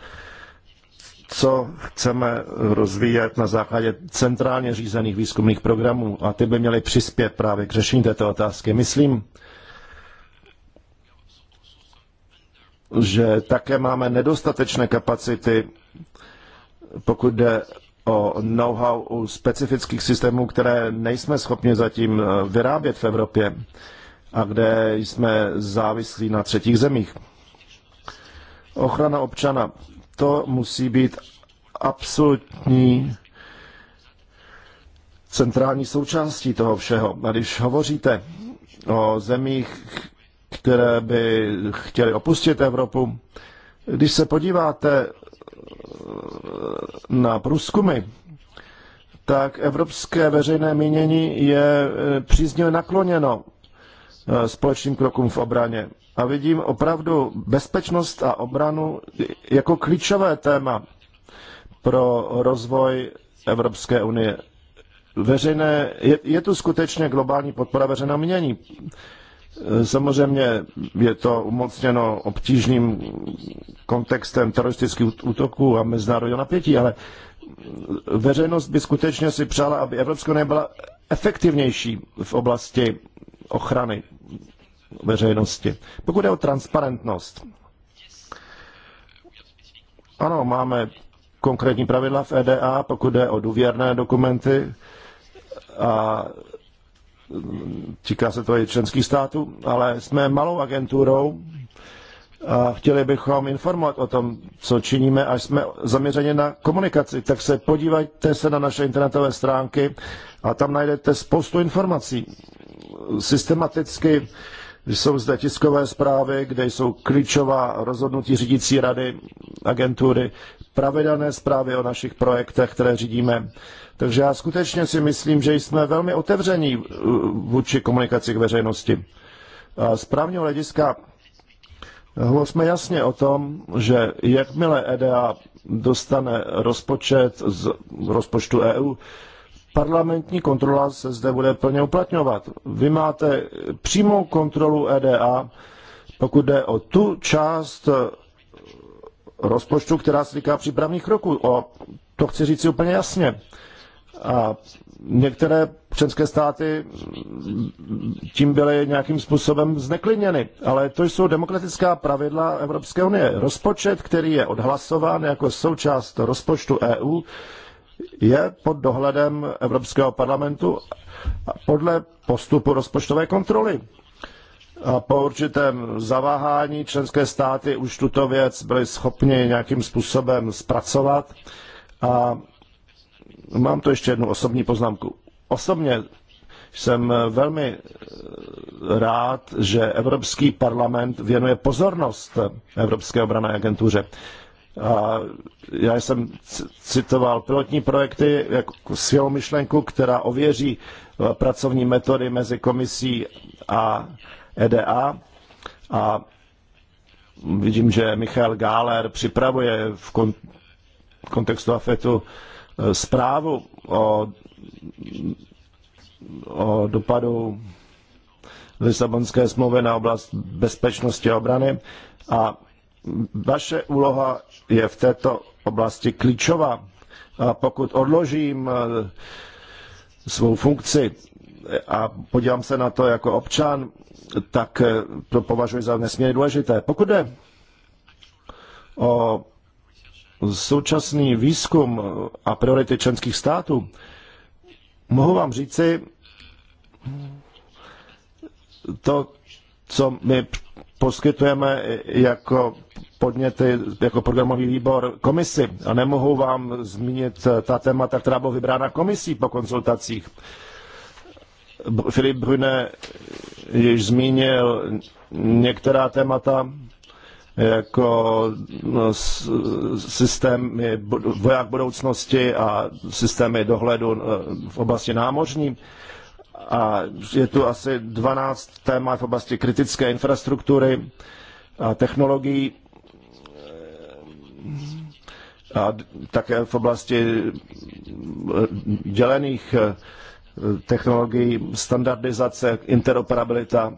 co chceme rozvíjet na základě centrálně řízených výzkumných programů a ty by měly přispět právě k řešení této otázky. Myslím, že také máme nedostatečné kapacity, pokud jde o know-how u specifických systémů, které nejsme schopni zatím eh, vyrábět v Evropě a kde jsme závislí na třetích zemích. Ochrana občana. To musí být absolutní centrální součástí toho všeho. A když hovoříte o zemích, které by chtěli opustit Evropu. Když se podíváte eh, na průzkumy, tak evropské veřejné mínění je eh, příznivě nakloněno eh, společným krokům v obraně. A vidím opravdu bezpečnost a obranu jako klíčové téma pro rozvoj Evropské unie. Veřejné, je, je tu skutečně globální podpora veřejného mínění. Samozřejmě je to umocněno obtížným kontextem teroristických útoků a mezinárodního napětí, ale veřejnost by skutečně si přála, aby Evropská unie byla efektivnější v oblasti ochrany veřejnosti. Pokud je o transparentnost. Ano, máme konkrétní pravidla v EDA, pokud je o důvěrné dokumenty a týká se to i členských států, ale jsme malou agenturou a chtěli bychom informovat o tom, co činíme, až jsme zaměřeni na komunikaci. Tak se podívejte se na naše internetové stránky a tam najdete spoustu informací. Systematicky jsou zde tiskové zprávy, kde jsou klíčová rozhodnutí řídící rady agentury pravidelné zprávy o našich projektech, které řídíme. Takže já skutečně si myslím, že jsme velmi otevření uh, vůči komunikaci k veřejnosti. A z právního hlediska eh, jsme jasně o tom, že jakmile EDA dostane rozpočet z rozpočtu EU, parlamentní kontrola se zde bude plně uplatňovat. Vy máte přímou kontrolu EDA, pokud jde o tu část eh, rozpočtu, která se týká přípravných kroků. O, to chci říct úplně jasně. A některé členské státy tím byly nějakým způsobem zneklidněny. Ale to jsou demokratická pravidla Evropské unie. Rozpočet, který je odhlasován jako součást rozpočtu EU, je pod dohledem Evropského parlamentu podle postupu rozpočtové kontroly po určitém zaváhání členské státy už tuto věc byly schopni nějakým způsobem zpracovat. A mám tu ještě jednu osobní poznámku. Osobně jsem velmi rád, že Evropský parlament věnuje pozornost Evropské obrané agentuře. A já jsem citoval pilotní projekty jako svělou myšlenku, která ověří pracovní metody mezi komisí a EDA a vidím, že Michal Gáler připravuje v kon- kontextu AFETu e, zprávu o, o dopadu Lisabonské smlouvy na oblast bezpečnosti a obrany a vaše úloha je v této oblasti klíčová. A pokud odložím e, svou funkci, a podívám se na to jako občan, tak eh, to považuji za nesmírně důležité. Pokud jde o současný výzkum a priority členských států, mohu vám říci to, co my poskytujeme jako podněty, jako programový výbor komisi. A nemohu vám zmínit ta témata, která byla vybrána komisí po konzultacích. Filip Brune již zmínil některá témata, jako no, systém voják budoucnosti a systémy dohledu no, v oblasti námořní. A je tu asi 12 témat v oblasti kritické infrastruktury a technologií a také v oblasti e, dělených e, technologií, standardizace, interoperabilita.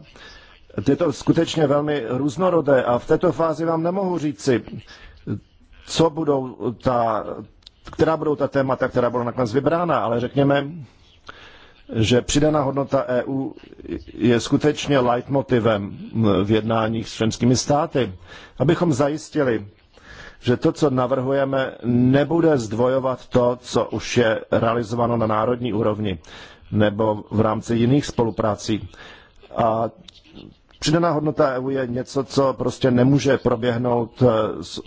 Je to skutečně velmi různorodé a v této fázi vám nemohu říci, co budou ta, která budou ta témata, která budou nakonec vybrána, ale řekněme, že přidaná hodnota EU je skutečně leitmotivem v jednáních s členskými státy, abychom zajistili, že to, co navrhujeme, nebude zdvojovat to, co už je realizováno na národní úrovni nebo v rámci jiných spoluprácí. A přidaná hodnota EU je něco, co prostě nemůže proběhnout eh, z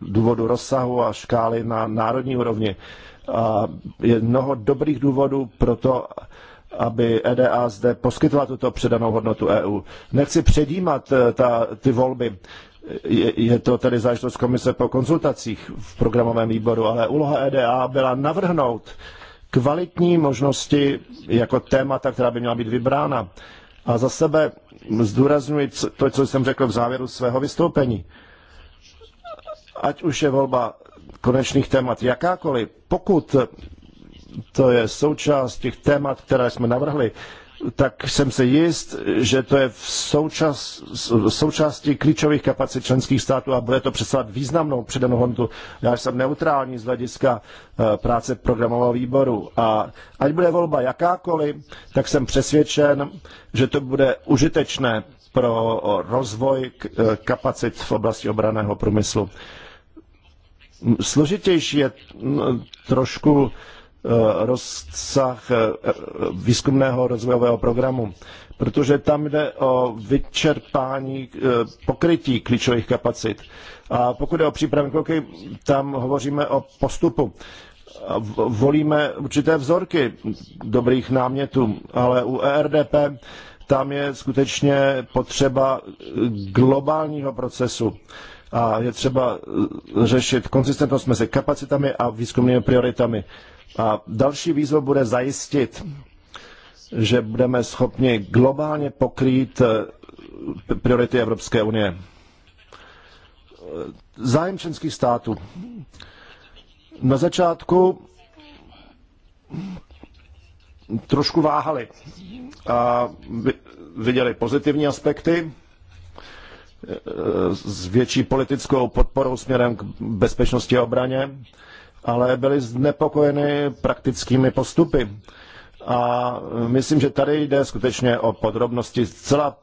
důvodu rozsahu a škály na národní úrovni. A je mnoho dobrých důvodů pro to, aby EDA zde poskytla tuto přidanou hodnotu EU. Nechci předjímat eh, ta, ty volby, je, je to tedy záležitost komise po konzultacích v programovém výboru, ale úloha EDA byla navrhnout kvalitní možnosti jako témata, která by měla být vybrána. A za sebe zdůraznuji to, co jsem řekl v závěru svého vystoupení. Ať už je volba konečných témat jakákoliv, pokud to je součást těch témat, které jsme navrhli, tak jsem se jist, že to je v, součas, součástí klíčových kapacit členských států a bude to představovat významnou přidanou hodnotu. Já jsem neutrální z hlediska eh, práce programového výboru a ať bude volba jakákoliv, tak jsem přesvědčen, že to bude užitečné pro rozvoj eh, kapacit v oblasti obraného průmyslu. Složitější je trošku Eh, rozsah eh, výzkumného rozvojového programu, protože tam jde o vyčerpání eh, pokrytí klíčových kapacit. A pokud je o přípravní kroky, tam hovoříme o postupu. Volíme určité vzorky dobrých námětů, ale u ERDP tam je skutečně potřeba globálního procesu a je třeba řešit konzistentnost mezi kapacitami a výzkumnými prioritami. A další výzvou bude zajistit, že budeme schopni globálně pokrýt eh, priority Evropské unie. Zájem členských států. Na začátku trošku váhali a viděli pozitivní aspekty eh, s větší politickou podporou směrem k bezpečnosti a obraně ale byly znepokojeny praktickými postupy. A myslím, že tady jde skutečně o podrobnosti. Zcela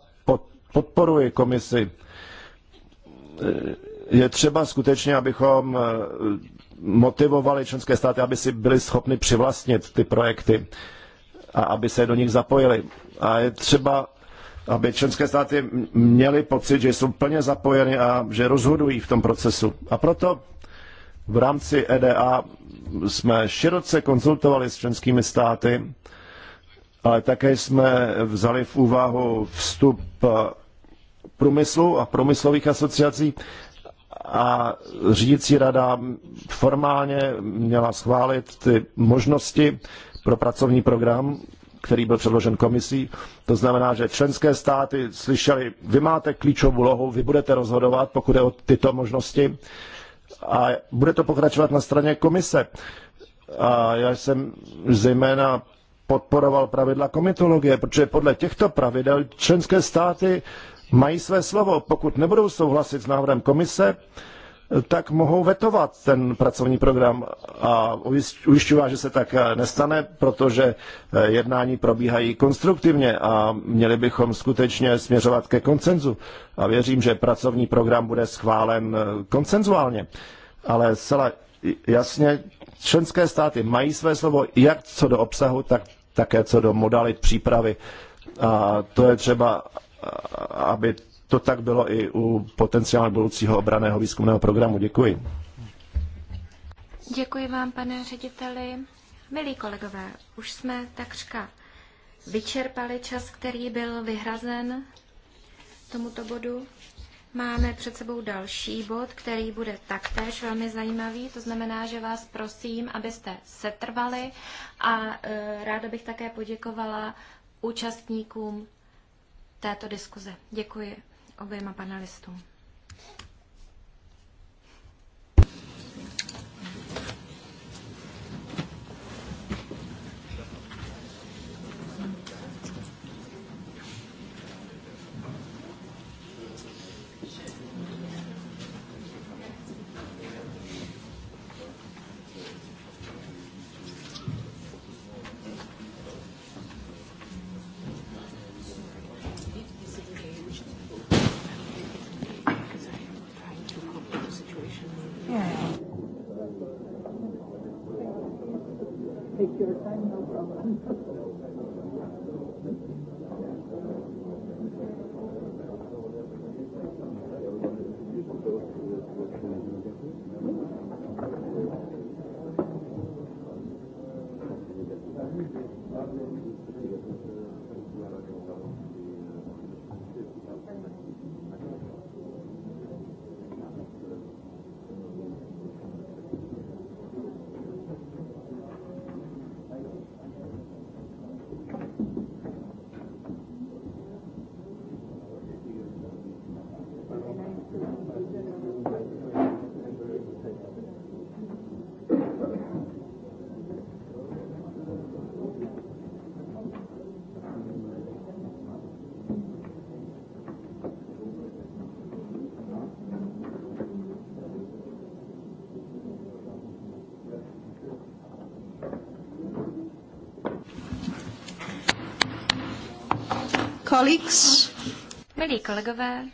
podporuji komisi. Je třeba skutečně, abychom eh, motivovali členské státy, aby si byli schopni přivlastnit ty projekty a aby se do nich zapojili. A je třeba, aby členské státy měly pocit, že jsou plně zapojeny a že rozhodují v tom procesu. A proto v rámci EDA jsme široce konzultovali s členskými státy, ale také jsme vzali v úvahu vstup eh, průmyslu a průmyslových asociací a řídící rada formálně měla schválit ty možnosti pro pracovní program, který byl předložen komisí. To znamená, že členské státy slyšeli, vy máte klíčovou úlohu, vy budete rozhodovat, pokud je o tyto možnosti a bude to pokračovat na straně komise. A já jsem zejména podporoval pravidla komitologie, protože podle těchto pravidel členské státy mají své slovo. Pokud nebudou souhlasit s návrhem komise, tak mohou vetovat ten pracovní program a vás, že se tak eh, nestane, protože eh, jednání probíhají konstruktivně a měli bychom skutečně směřovat ke koncenzu. A věřím, že pracovní program bude schválen eh, koncenzuálně. Ale zcela jasně, členské státy mají své slovo jak co do obsahu, tak také co do modalit přípravy. A to je třeba, aby to tak bylo i u potenciálně budoucího obraného výzkumného programu. Děkuji. Děkuji vám, pane řediteli. Milí kolegové, už jsme takřka vyčerpali čas, který byl vyhrazen tomuto bodu. Máme před sebou další bod, který bude taktéž velmi zajímavý. To znamená, že vás prosím, abyste setrvali a e, ráda bych také poděkovala účastníkům této diskuze. Děkuji oběma panelistům. colleagues. Milí kolegové,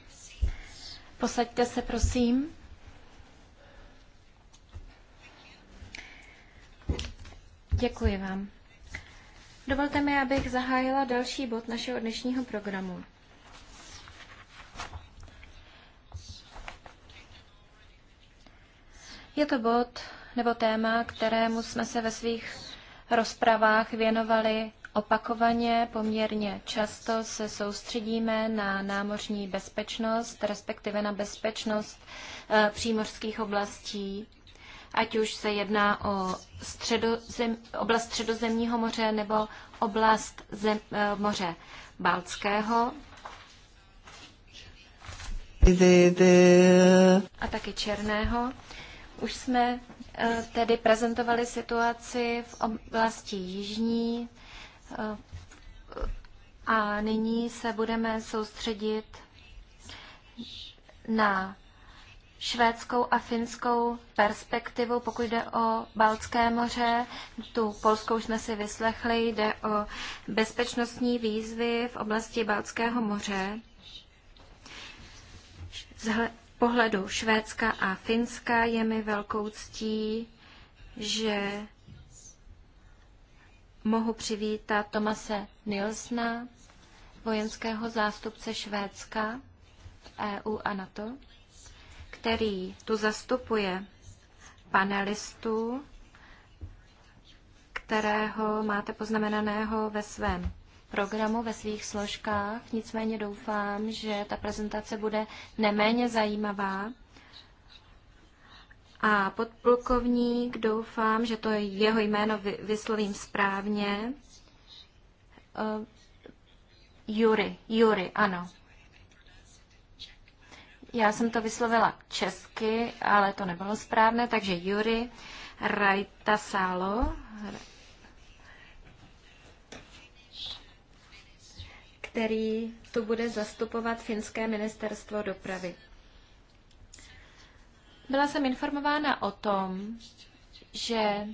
posaďte se prosím. Děkuji vám. Dovolte mi, abych zahájila další bod našeho dnešního programu. Je to bod nebo téma, kterému jsme se ve svých rozpravách věnovali Opakovaně poměrně často se soustředíme na námořní bezpečnost, respektive na bezpečnost eh, přímořských oblastí, ať už se jedná o středozem, oblast Středozemního moře nebo oblast zem, eh, moře Balckého. A taky Černého. Už jsme eh, tedy prezentovali situaci v oblasti jižní, a nyní se budeme soustředit na švédskou a finskou perspektivu, pokud jde o Baltské moře. Tu Polskou jsme si vyslechli, jde o bezpečnostní výzvy v oblasti Baltského moře. Z pohledu Švédska a Finska je mi velkou ctí, že mohu přivítat Tomase Nilsna, vojenského zástupce Švédska EU a NATO, který tu zastupuje panelistů, kterého máte poznamenaného ve svém programu, ve svých složkách. Nicméně doufám, že ta prezentace bude neméně zajímavá a podplukovník, doufám, že to jeho jméno vyslovím správně. Uh, Jury, Jury, ano. Já jsem to vyslovila česky, ale to nebylo správné, takže Jury Rajtasalo, který tu bude zastupovat finské ministerstvo dopravy. Byla jsem informována o tom, že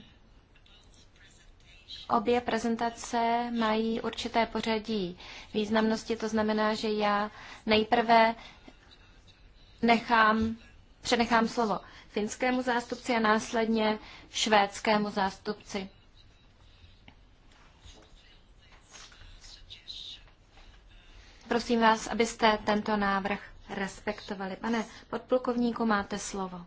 obě prezentace mají určité pořadí významnosti, to znamená, že já nejprve nechám, přenechám slovo finskému zástupci a následně švédskému zástupci. Prosím vás, abyste tento návrh respektovali. Pane podplukovníku, máte slovo.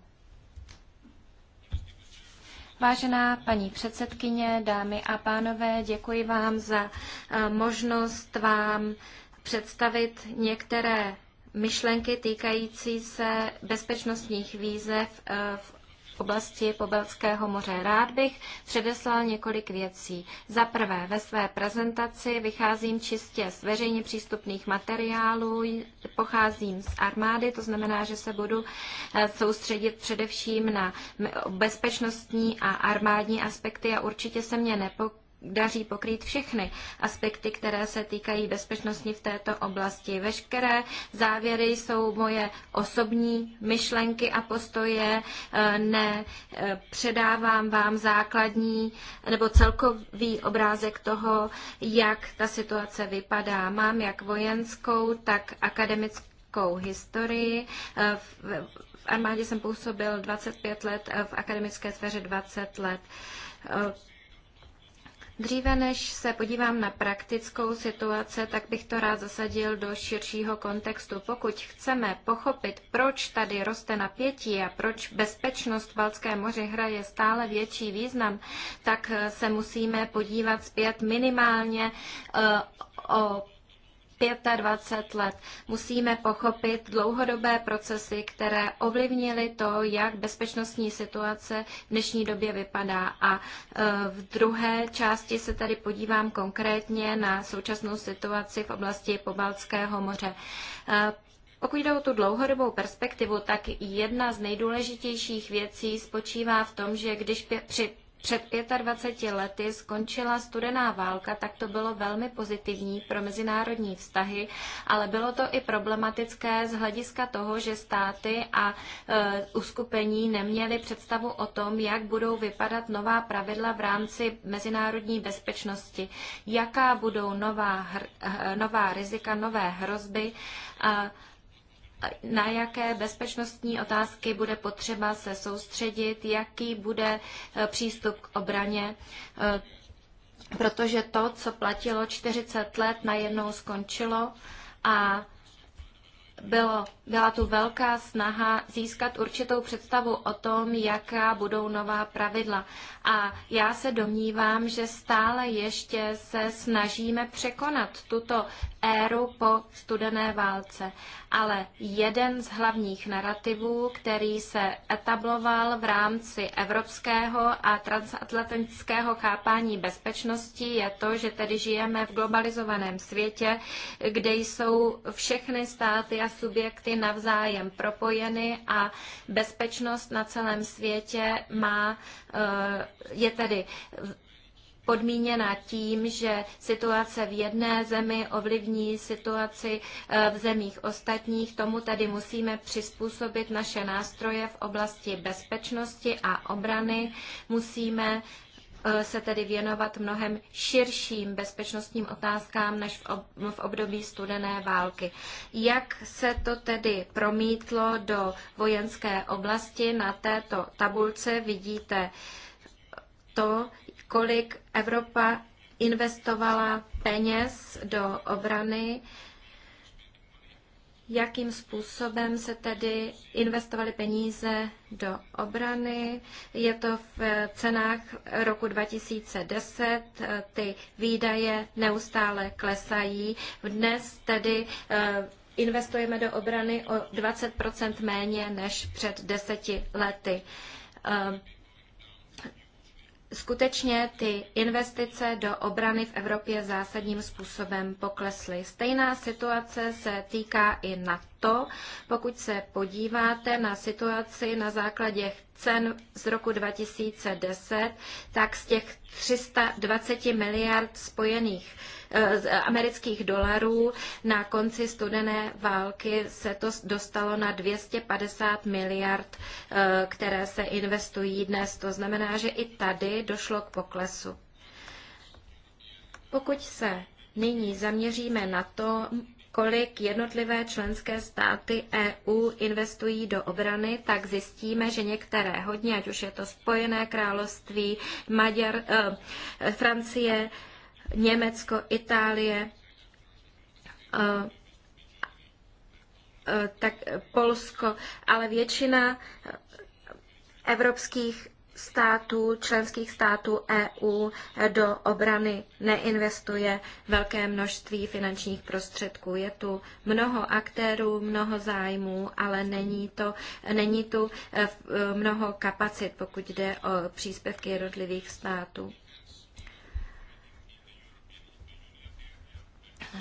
Vážená paní předsedkyně, dámy a pánové, děkuji vám za eh, možnost vám představit některé myšlenky týkající se bezpečnostních výzev eh, v oblasti Pobaltského moře. Rád bych předeslal několik věcí. Za prvé, ve své prezentaci vycházím čistě z veřejně přístupných materiálů, pocházím z armády, to znamená, že se budu eh, soustředit především na bezpečnostní a armádní aspekty a určitě se mě nepokojí daří pokrýt všechny aspekty, které se týkají bezpečnosti v této oblasti. Veškeré závěry jsou moje osobní myšlenky a postoje, eh, ne eh, předávám vám základní nebo celkový obrázek toho, jak ta situace vypadá. Mám jak vojenskou, tak akademickou historii. Eh, v armádě jsem působil 25 let, v akademické sféře 20 let Dříve než se podívám na praktickou situaci, tak bych to rád zasadil do širšího kontextu. Pokud chceme pochopit, proč tady roste napětí a proč bezpečnost v Balckém moři hraje stále větší význam, tak se musíme podívat zpět minimálně eh, o 25 let. Musíme pochopit dlouhodobé procesy, které ovlivnily to, jak bezpečnostní situace v dnešní době vypadá. A e, v druhé části se tady podívám konkrétně na současnou situaci v oblasti Pobaltského moře. E, pokud jde o tu dlouhodobou perspektivu, tak jedna z nejdůležitějších věcí spočívá v tom, že když při před 25 lety skončila studená válka, tak to bylo velmi pozitivní pro mezinárodní vztahy, ale bylo to i problematické z hlediska toho, že státy a e, uskupení neměly představu o tom, jak budou vypadat nová pravidla v rámci mezinárodní bezpečnosti, jaká budou nová, hr, nová rizika, nové hrozby. E, na jaké bezpečnostní otázky bude potřeba se soustředit, jaký bude e, přístup k obraně, e, protože to, co platilo 40 let, najednou skončilo a bylo, byla tu velká snaha získat určitou představu o tom, jaká budou nová pravidla. A já se domnívám, že stále ještě se snažíme překonat tuto éru po studené válce. Ale jeden z hlavních narrativů, který se etabloval v rámci evropského a transatlantického chápání bezpečnosti, je to, že tedy žijeme v globalizovaném světě, kde jsou všechny státy a subjekty navzájem propojeny a bezpečnost na celém světě má, eh, je tedy podmíněna tím, že situace v jedné zemi ovlivní situaci eh, v zemích ostatních. Tomu tedy musíme přizpůsobit naše nástroje v oblasti bezpečnosti a obrany. Musíme Eh, se tedy věnovat mnohem širším bezpečnostním otázkám než v období studené války. Jak se to tedy promítlo do vojenské oblasti? Na této tabulce vidíte to, kolik Evropa investovala peněz do obrany jakým způsobem se tedy investovaly peníze do obrany. Je to v cenách roku 2010, ty výdaje neustále klesají. Dnes tedy eh, investujeme do obrany o 20 méně než před deseti lety. Eh, skutečně ty investice do obrany v Evropě zásadním způsobem poklesly. Stejná situace se týká i NATO to, pokud se podíváte na situaci na základě cen z roku 2010, tak z těch 320 miliard spojených eh, amerických dolarů na konci studené války se to dostalo na 250 miliard, eh, které se investují dnes. To znamená, že i tady došlo k poklesu. Pokud se nyní zaměříme na to, kolik jednotlivé členské státy EU investují do obrany, tak zjistíme, že některé hodně, ať už je to Spojené království, Maďar, eh, Francie, Německo, Itálie, eh, eh tak Polsko, ale většina evropských států, členských států EU do obrany neinvestuje velké množství finančních prostředků. Je tu mnoho aktérů, mnoho zájmů, ale není, to, není tu eh, eh, mnoho kapacit, pokud jde o příspěvky jednotlivých států.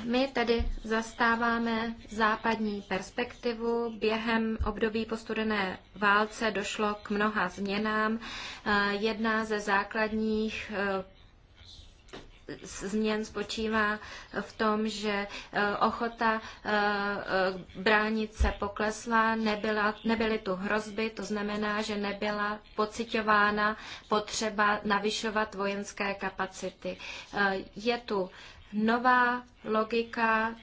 My tady zastáváme západní perspektivu. Během období po studené válce došlo k mnoha změnám. Eh, jedna ze základních eh, změn spočívá v tom, že eh, ochota bránit se poklesla, nebyla, nebyly tu hrozby, to znamená, že nebyla pocitována potřeba navyšovat vojenské kapacity. Je tu nová logika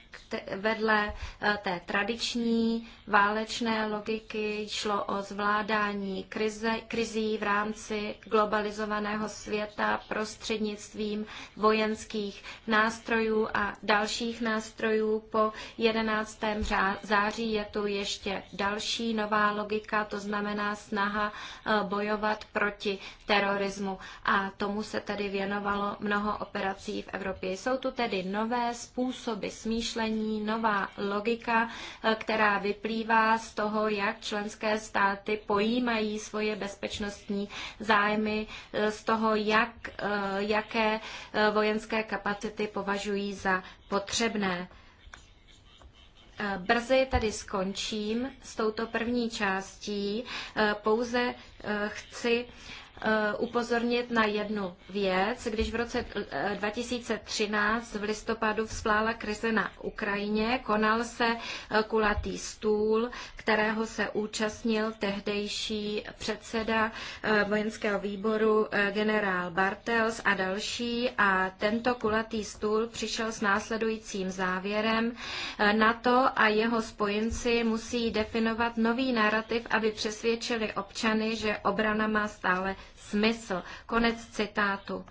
vedle eh, té tradiční válečné logiky šlo o zvládání krize, krizí v rámci globalizovaného světa prostřednictvím vojenských nástrojů a dalších nástrojů. Po 11. září je tu ještě další nová logika, to znamená snaha eh, bojovat proti terorismu. A tomu se tedy věnovalo mnoho operací v Evropě. Jsou tu tedy nové způsoby smýšlení, nová logika, eh, která vyplývá z toho, jak členské státy pojímají svoje bezpečnostní zájmy, eh, z toho, jak, eh, jaké vojenské kapacity považují za potřebné. Brzy tady skončím s touto první částí. Pouze chci Eh, upozornit na jednu věc. Když v roce 2013 eh, v listopadu vzplála krize na Ukrajině, konal se eh, kulatý stůl, kterého se účastnil tehdejší předseda vojenského výboru generál Bartels a další. A tento kulatý stůl přišel s následujícím závěrem. NATO a jeho spojenci musí definovat nový narrativ, aby přesvědčili občany, že obrana má stále smysl. Konec citátu.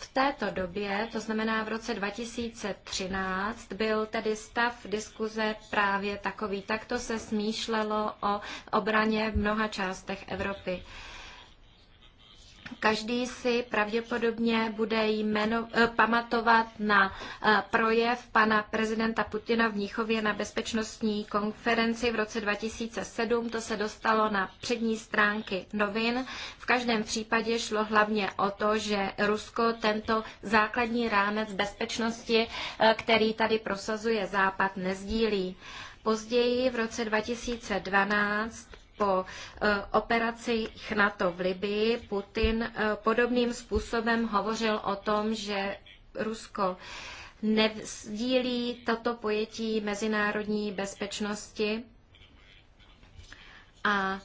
V této době, to znamená v roce 2013, byl tedy stav diskuze právě takový. Takto se smýšlelo o obraně v mnoha částech Evropy. Každý si pravděpodobně bude jméno, eh, pamatovat na eh, projev pana prezidenta Putina v Níchově na bezpečnostní konferenci v roce 2007. To se dostalo na přední stránky novin. V každém případě šlo hlavně o to, že Rusko tento základní rámec bezpečnosti, eh, který tady prosazuje Západ, nezdílí. Později v roce 2012 po eh, operacích NATO v Libii Putin eh, podobným způsobem hovořil o tom, že Rusko nevzdílí toto pojetí mezinárodní bezpečnosti a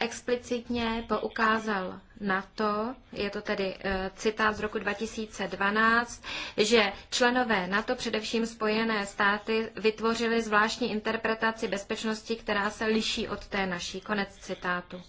explicitně poukázal na to, je to tedy eh, citát z roku 2012, že členové NATO, především Spojené státy, vytvořili zvláštní interpretaci bezpečnosti, která se liší od té naší. Konec citátu.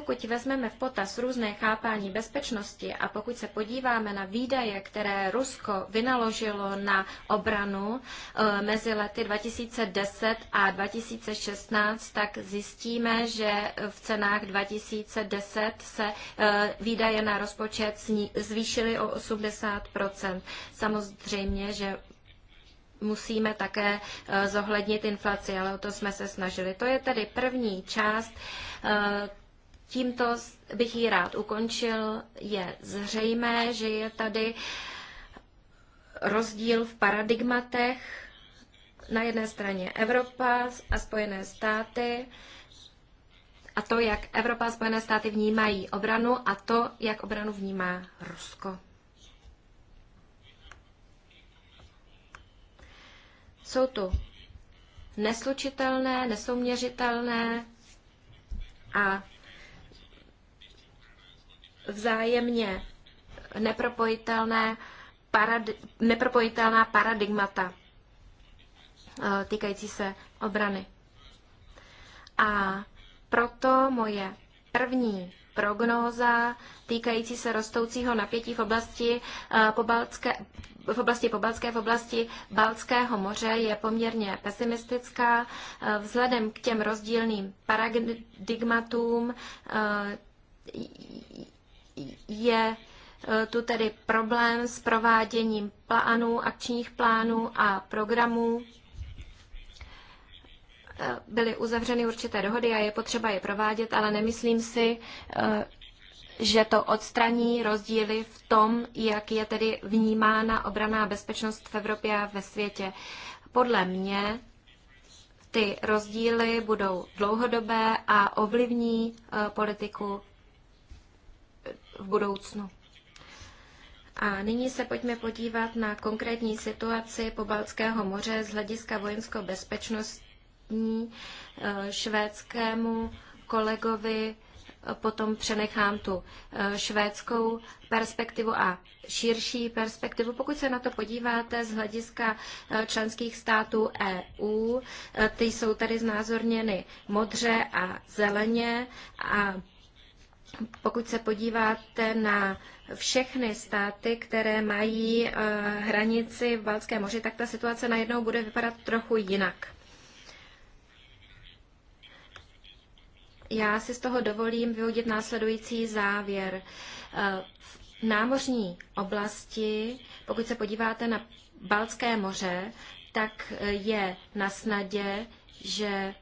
Pokud vezmeme v potaz různé chápání bezpečnosti a pokud se podíváme na výdaje, které Rusko vynaložilo na obranu eh, mezi lety 2010 a 2016, tak zjistíme, že v cenách 2010 se eh, výdaje na rozpočet zvýšily o 80 Samozřejmě, že musíme také eh, zohlednit inflaci, ale o to jsme se snažili. To je tedy první část Tímto bych ji rád ukončil. Je zřejmé, že je tady rozdíl v paradigmatech. Na jedné straně Evropa a Spojené státy a to, jak Evropa a Spojené státy vnímají obranu a to, jak obranu vnímá Rusko. Jsou tu neslučitelné, nesouměřitelné a vzájemně nepropojitelné parad- nepropojitelná paradigmata eh, týkající se obrany. A proto moje první prognóza týkající se rostoucího napětí v oblasti eh, pobaltské, v oblasti Pobalské, v oblasti Balckého moře je poměrně pesimistická. Eh, vzhledem k těm rozdílným paradigmatům je eh, tu tedy problém s prováděním plánů, akčních plánů a programů. Eh, byly uzavřeny určité dohody a je potřeba je provádět, ale nemyslím si, eh, že to odstraní rozdíly v tom, jak je tedy vnímána obraná bezpečnost v Evropě a ve světě. Podle mě ty rozdíly budou dlouhodobé a ovlivní politiku v budoucnu. A nyní se pojďme podívat na konkrétní situaci Pobaltského moře z hlediska vojensko-bezpečnostní e, švédskému kolegovi e, potom přenechám tu e, švédskou perspektivu a širší perspektivu. Pokud se na to podíváte z hlediska členských států EU, ty jsou tady znázorněny modře a zeleně a pokud se podíváte na všechny státy, které mají eh, hranici v Balckém moři, tak ta situace najednou bude vypadat trochu jinak. Já si z toho dovolím vyvodit následující závěr. Eh, v námořní oblasti, pokud se podíváte na Balcké moře, tak eh, je na snadě, že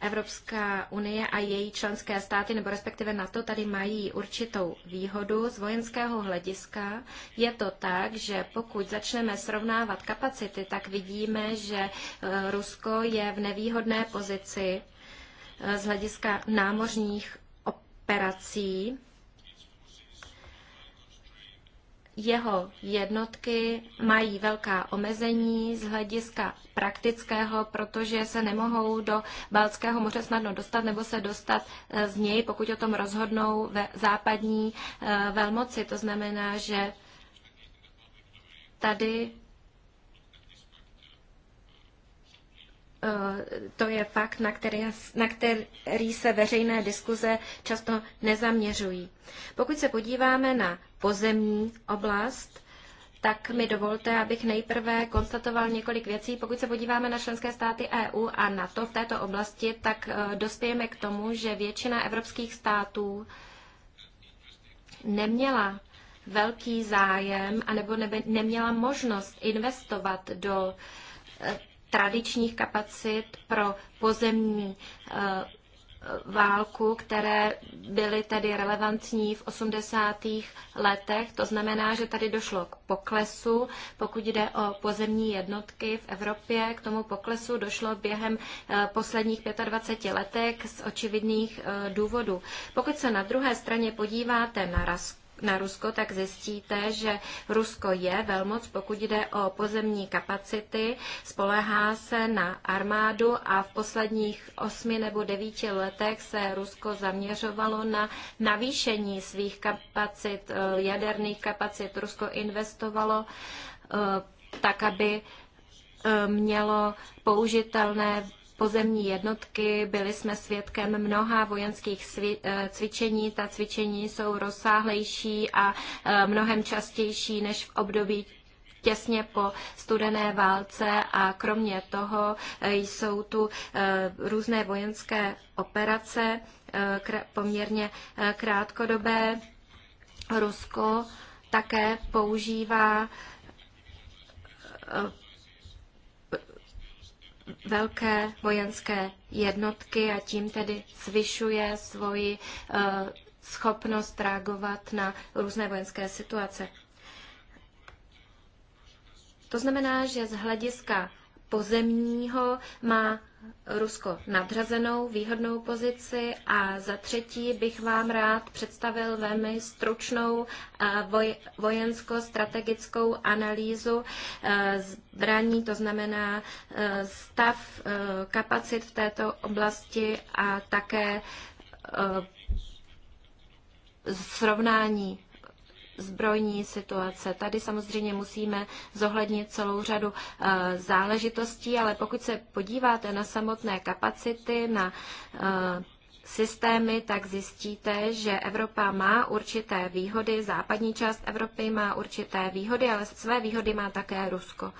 Evropská unie a její členské státy, nebo respektive NATO, tady mají určitou výhodu z vojenského hlediska. Je to tak, že pokud začneme srovnávat kapacity, tak vidíme, že eh, Rusko je v nevýhodné pozici eh, z hlediska námořních operací jeho jednotky mají velká omezení z hlediska praktického, protože se nemohou do Balckého moře snadno dostat nebo se dostat eh, z něj, pokud o tom rozhodnou ve západní eh, velmoci. To znamená, že tady to je fakt, na který, na který se veřejné diskuze často nezaměřují. Pokud se podíváme na pozemní oblast, tak mi dovolte, abych nejprve konstatoval několik věcí. Pokud se podíváme na členské státy EU a na to v této oblasti, tak eh, dospějeme k tomu, že většina evropských států neměla velký zájem anebo neměla možnost investovat do eh, tradičních kapacit pro pozemní eh, válku, které byly tedy relevantní v 80. letech. To znamená, že tady došlo k poklesu, pokud jde o pozemní jednotky v Evropě. K tomu poklesu došlo během eh, posledních 25 letek z očividných eh, důvodů. Pokud se na druhé straně podíváte na Rasku, na Rusko, tak zjistíte, že Rusko je velmoc, pokud jde o pozemní kapacity, spolehá se na armádu a v posledních osmi nebo devíti letech se Rusko zaměřovalo na navýšení svých kapacit, eh, jaderných kapacit. Rusko investovalo eh, tak, aby eh, mělo použitelné pozemní jednotky. Byli jsme svědkem mnoha vojenských eh, cvičení. Ta cvičení jsou rozsáhlejší a eh, mnohem častější než v období těsně po studené válce a kromě toho eh, jsou tu různé vojenské operace, poměrně krátkodobé. Rusko také používá velké vojenské jednotky a tím tedy zvyšuje svoji eh, schopnost reagovat na různé vojenské situace. To znamená, že z hlediska pozemního má Rusko nadřazenou výhodnou pozici a za třetí bych vám rád představil velmi stručnou eh, vojensko-strategickou analýzu eh, zbraní, to znamená eh, stav kapacit v této oblasti a také srovnání zbrojní situace. Tady samozřejmě musíme zohlednit celou řadu eh, záležitostí, ale pokud se podíváte na samotné kapacity, na eh, systémy, tak zjistíte, že Evropa má určité výhody, západní část Evropy má určité výhody, ale své výhody má také Rusko.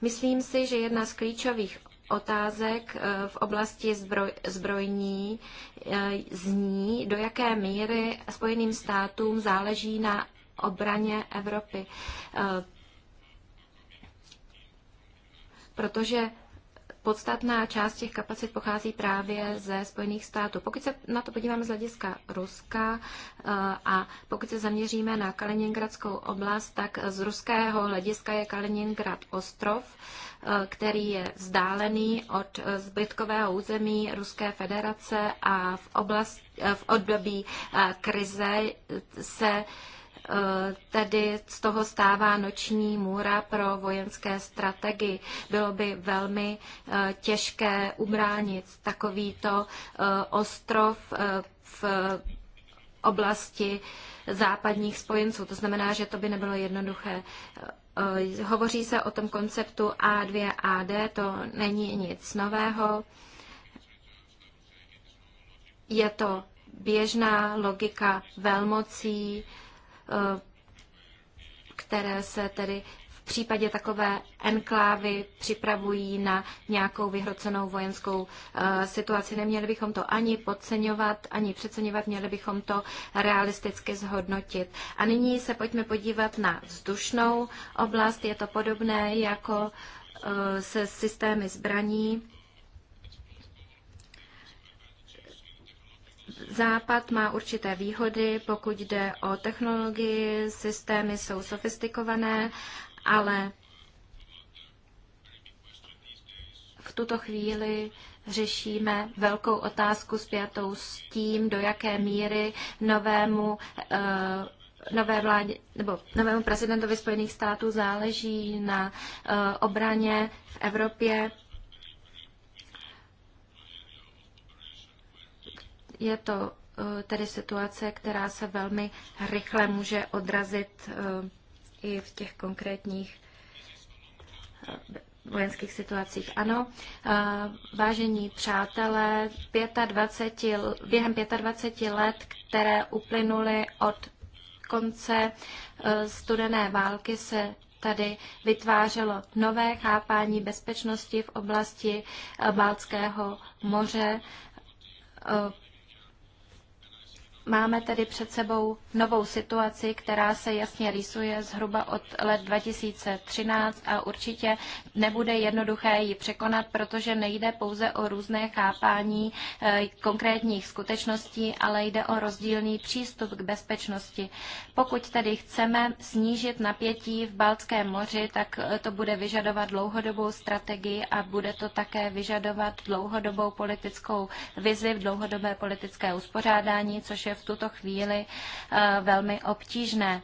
Myslím si, že jedna z klíčových otázek eh, v oblasti zbroj, zbrojní eh, zní, do jaké míry Spojeným státům záleží na obraně Evropy. Eh, protože podstatná část těch kapacit pochází právě ze Spojených států. Pokud se na to podíváme z hlediska Ruska eh, a pokud se zaměříme na Kaliningradskou oblast, tak z ruského hlediska je Kaliningrad ostrov, eh, který je vzdálený od zbytkového území Ruské federace a v, oblast, eh, v období krize se tedy z toho stává noční můra pro vojenské strategii. Bylo by velmi eh, těžké ubránit takovýto eh, ostrov eh, v oblasti západních spojenců. To znamená, že to by nebylo jednoduché. Hovoří se o tom konceptu A2AD, to není nic nového. Je to běžná logika velmocí, Eh, které se tedy v případě takové enklávy připravují na nějakou vyhrocenou vojenskou eh, situaci. Neměli bychom to ani podceňovat, ani přeceňovat, měli bychom to realisticky zhodnotit. A nyní se pojďme podívat na vzdušnou oblast. Je to podobné jako eh, se systémy zbraní. Západ má určité výhody, pokud jde o technologii, systémy jsou sofistikované, ale v tuto chvíli řešíme velkou otázku spjatou s tím, do jaké míry novému eh, nové vládě, nebo novému prezidentovi Spojených států záleží na eh, obraně v Evropě. Je to eh, tedy situace, která se velmi rychle může odrazit eh, i v těch konkrétních eh, vojenských situacích. Ano, vážení přátelé, 25, během 25 let, které uplynuly od konce studené války, se tady vytvářelo nové chápání bezpečnosti v oblasti Balckého moře Máme tedy před sebou novou situaci, která se jasně rýsuje zhruba od let 2013 a určitě nebude jednoduché ji překonat, protože nejde pouze o různé chápání eh, konkrétních skutečností, ale jde o rozdílný přístup k bezpečnosti. Pokud tedy chceme snížit napětí v Baltském moři, tak eh, to bude vyžadovat dlouhodobou strategii a bude to také vyžadovat dlouhodobou politickou vizi v dlouhodobé politické uspořádání, což je v tuto chvíli eh, velmi obtížné.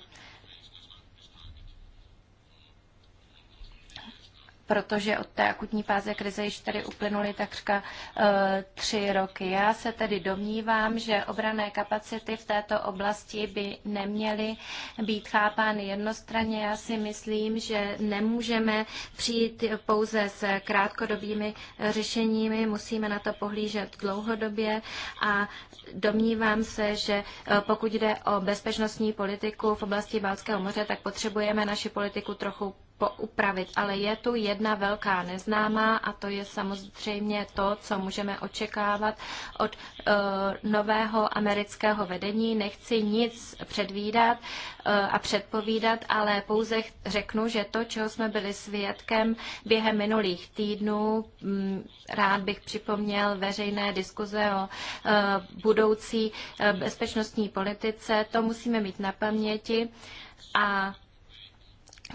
protože od té akutní fáze krize již tady uplynuly takřka eh, tři roky. Já se tedy domnívám, že obrané kapacity v této oblasti by neměly být chápány jednostranně. Já si myslím, že nemůžeme přijít pouze s krátkodobými eh, řešeními, musíme na to pohlížet dlouhodobě a domnívám se, že eh, pokud jde o bezpečnostní politiku v oblasti Balckého moře, tak potřebujeme naši politiku trochu poupravit, ale je tu jedna velká neznámá a to je samozřejmě to, co můžeme očekávat od uh, nového amerického vedení. Nechci nic předvídat uh, a předpovídat, ale pouze řeknu, že to, čeho jsme byli svědkem během minulých týdnů, m, mm, rád bych připomněl veřejné diskuze o uh, budoucí bezpečnostní politice, to musíme mít na paměti a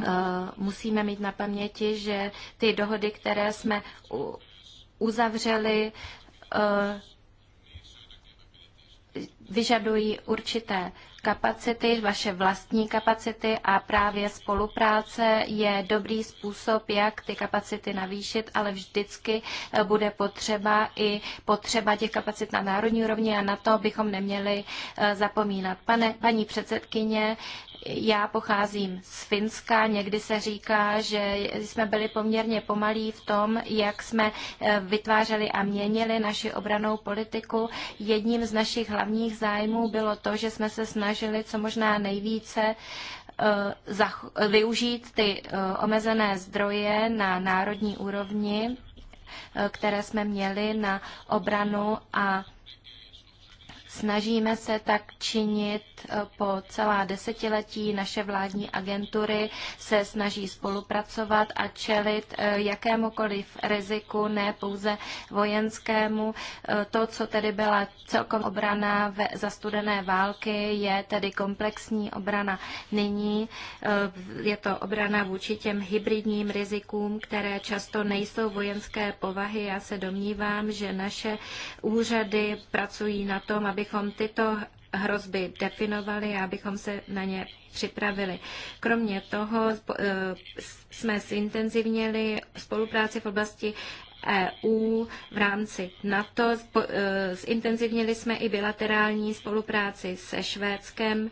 Eh, musíme mít na paměti, že ty dohody, které jsme uzavřeli, eh, vyžadují určité kapacity, vaše vlastní kapacity a právě spolupráce je dobrý způsob, jak ty kapacity navýšit, ale vždycky eh, bude potřeba i potřeba těch kapacit na národní úrovni a na to bychom neměli zapomínat. Pane, paní předsedkyně, já pocházím z Finska, někdy se říká, že jsme byli poměrně pomalí v tom, jak jsme eh, vytvářeli a měnili naši obranou politiku. Jedním z našich hlavních zájmů bylo to, že jsme se snažili co možná nejvíce eh, využít ty eh, omezené zdroje na národní úrovni, které jsme měli na obranu a Snažíme se tak činit eh, po celá desetiletí. Naše vládní agentury se snaží spolupracovat a čelit eh, jakémukoliv riziku, ne pouze vojenskému. Eh, to, co tedy byla celkom obrana za studené války, je tedy komplexní obrana nyní. Je to obrana vůči těm hybridním rizikům, které často nejsou vojenské povahy. Já se domnívám, že naše úřady pracují na tom, aby abychom tyto hrozby definovali a abychom se na ně připravili. Kromě toho eh, jsme zintenzivnili spolupráci v oblasti EU v rámci NATO. Eh, zintenzivnili jsme i bilaterální spolupráci se Švédskem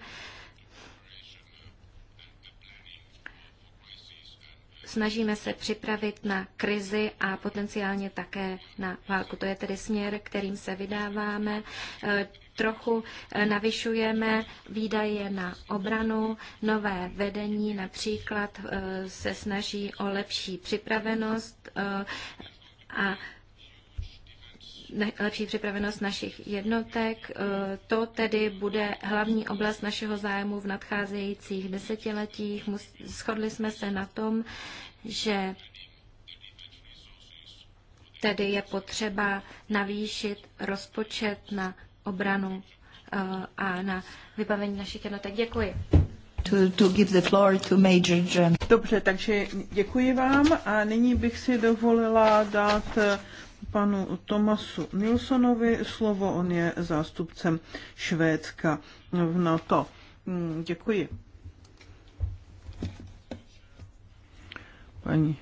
Snažíme se připravit na krizi a potenciálně také na válku. To je tedy směr, kterým se vydáváme eh, trochu eh, navyšujeme výdaje na obranu. Nové vedení například eh, se snaží o lepší připravenost a lepší připravenost našich jednotek. E, to tedy bude hlavní oblast našeho zájmu v nadcházejících desetiletích. Shodli jsme se na tom, že tedy je potřeba navýšit rozpočet na obranu e, a na vybavení našich jednotek. Děkuji. To, to give the floor to Major Dobře, takže děkuji vám a nyní bych si dovolila dát panu Tomasu Nilsonovi slovo. On je zástupcem Švédska v NATO. Mm, děkuji. Paní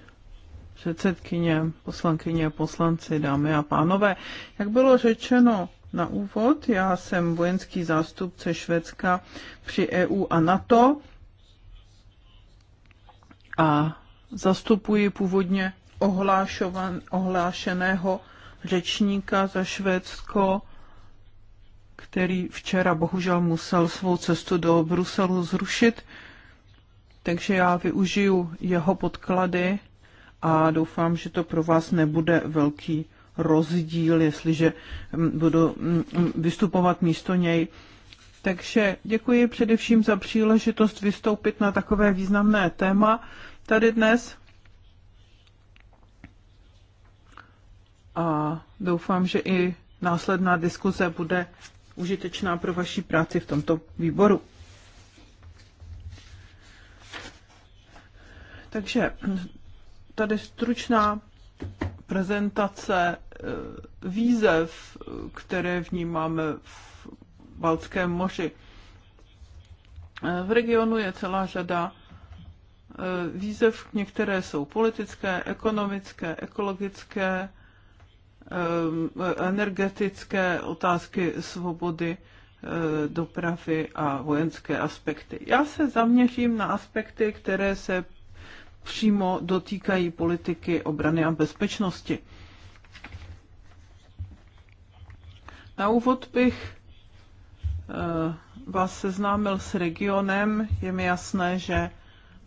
předsedkyně, poslankyně, poslanci, dámy a pánové, jak bylo řečeno na úvod, já jsem vojenský zástupce Švédska při EU a NATO a zastupuji původně ohlášeného řečníka za Švédsko, který včera bohužel musel svou cestu do Bruselu zrušit, takže já využiju jeho podklady a doufám, že to pro vás nebude velký rozdíl, jestliže mm, budu mm, vystupovat místo něj. Takže děkuji především za příležitost vystoupit na takové významné téma tady dnes. a doufám, že i následná diskuze bude užitečná pro vaši práci v tomto výboru. Takže tady stručná prezentace eh, výzev, které vnímáme v Baltském moři. Eh, v regionu je celá řada eh, výzev, některé jsou politické, ekonomické, ekologické, Eh, energetické otázky svobody eh, dopravy a vojenské aspekty. Já se zaměřím na aspekty, které se přímo dotýkají politiky obrany a bezpečnosti. Na úvod bych eh, vás seznámil s regionem. Je mi jasné, že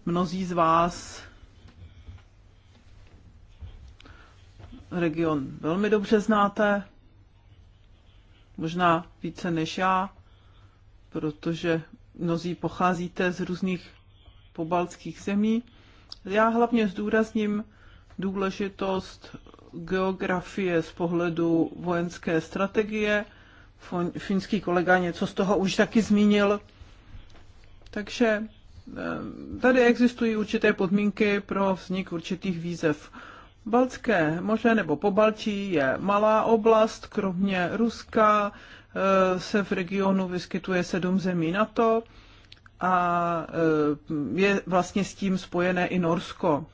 mnozí z vás region velmi dobře znáte, možná více než já, protože mnozí pocházíte z různých pobaltských zemí. Já hlavně zdůrazním důležitost geografie z pohledu vojenské strategie. Finský kolega něco z toho už taky zmínil. Takže eh, tady existují určité podmínky pro vznik určitých výzev. Baltské moře nebo Pobaltí je malá oblast, kromě Ruska eh, se v regionu vyskytuje sedm zemí NATO a eh, je vlastně s tím spojené i Norsko.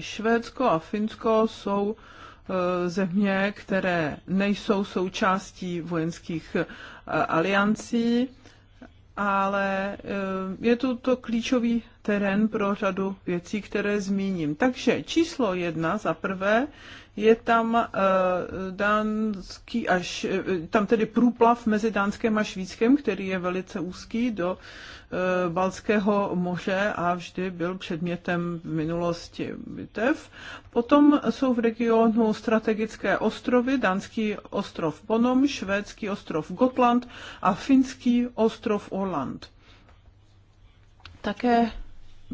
Švédsko a Finsko jsou eh, země, které nejsou součástí vojenských aliancí ale eh, je to, to klíčový terén pro řadu věcí, které zmíním. Takže číslo jedna za prvé je tam eh, dánský až, eh, tam tedy průplav mezi Dánskem a Švýckem, který je velice úzký do eh, Balského moře a vždy byl předmětem v minulosti bitev. Potom jsou v regionu strategické ostrovy, dánský ostrov Bonom, švédský ostrov Gotland a finský ostrov Orland. Také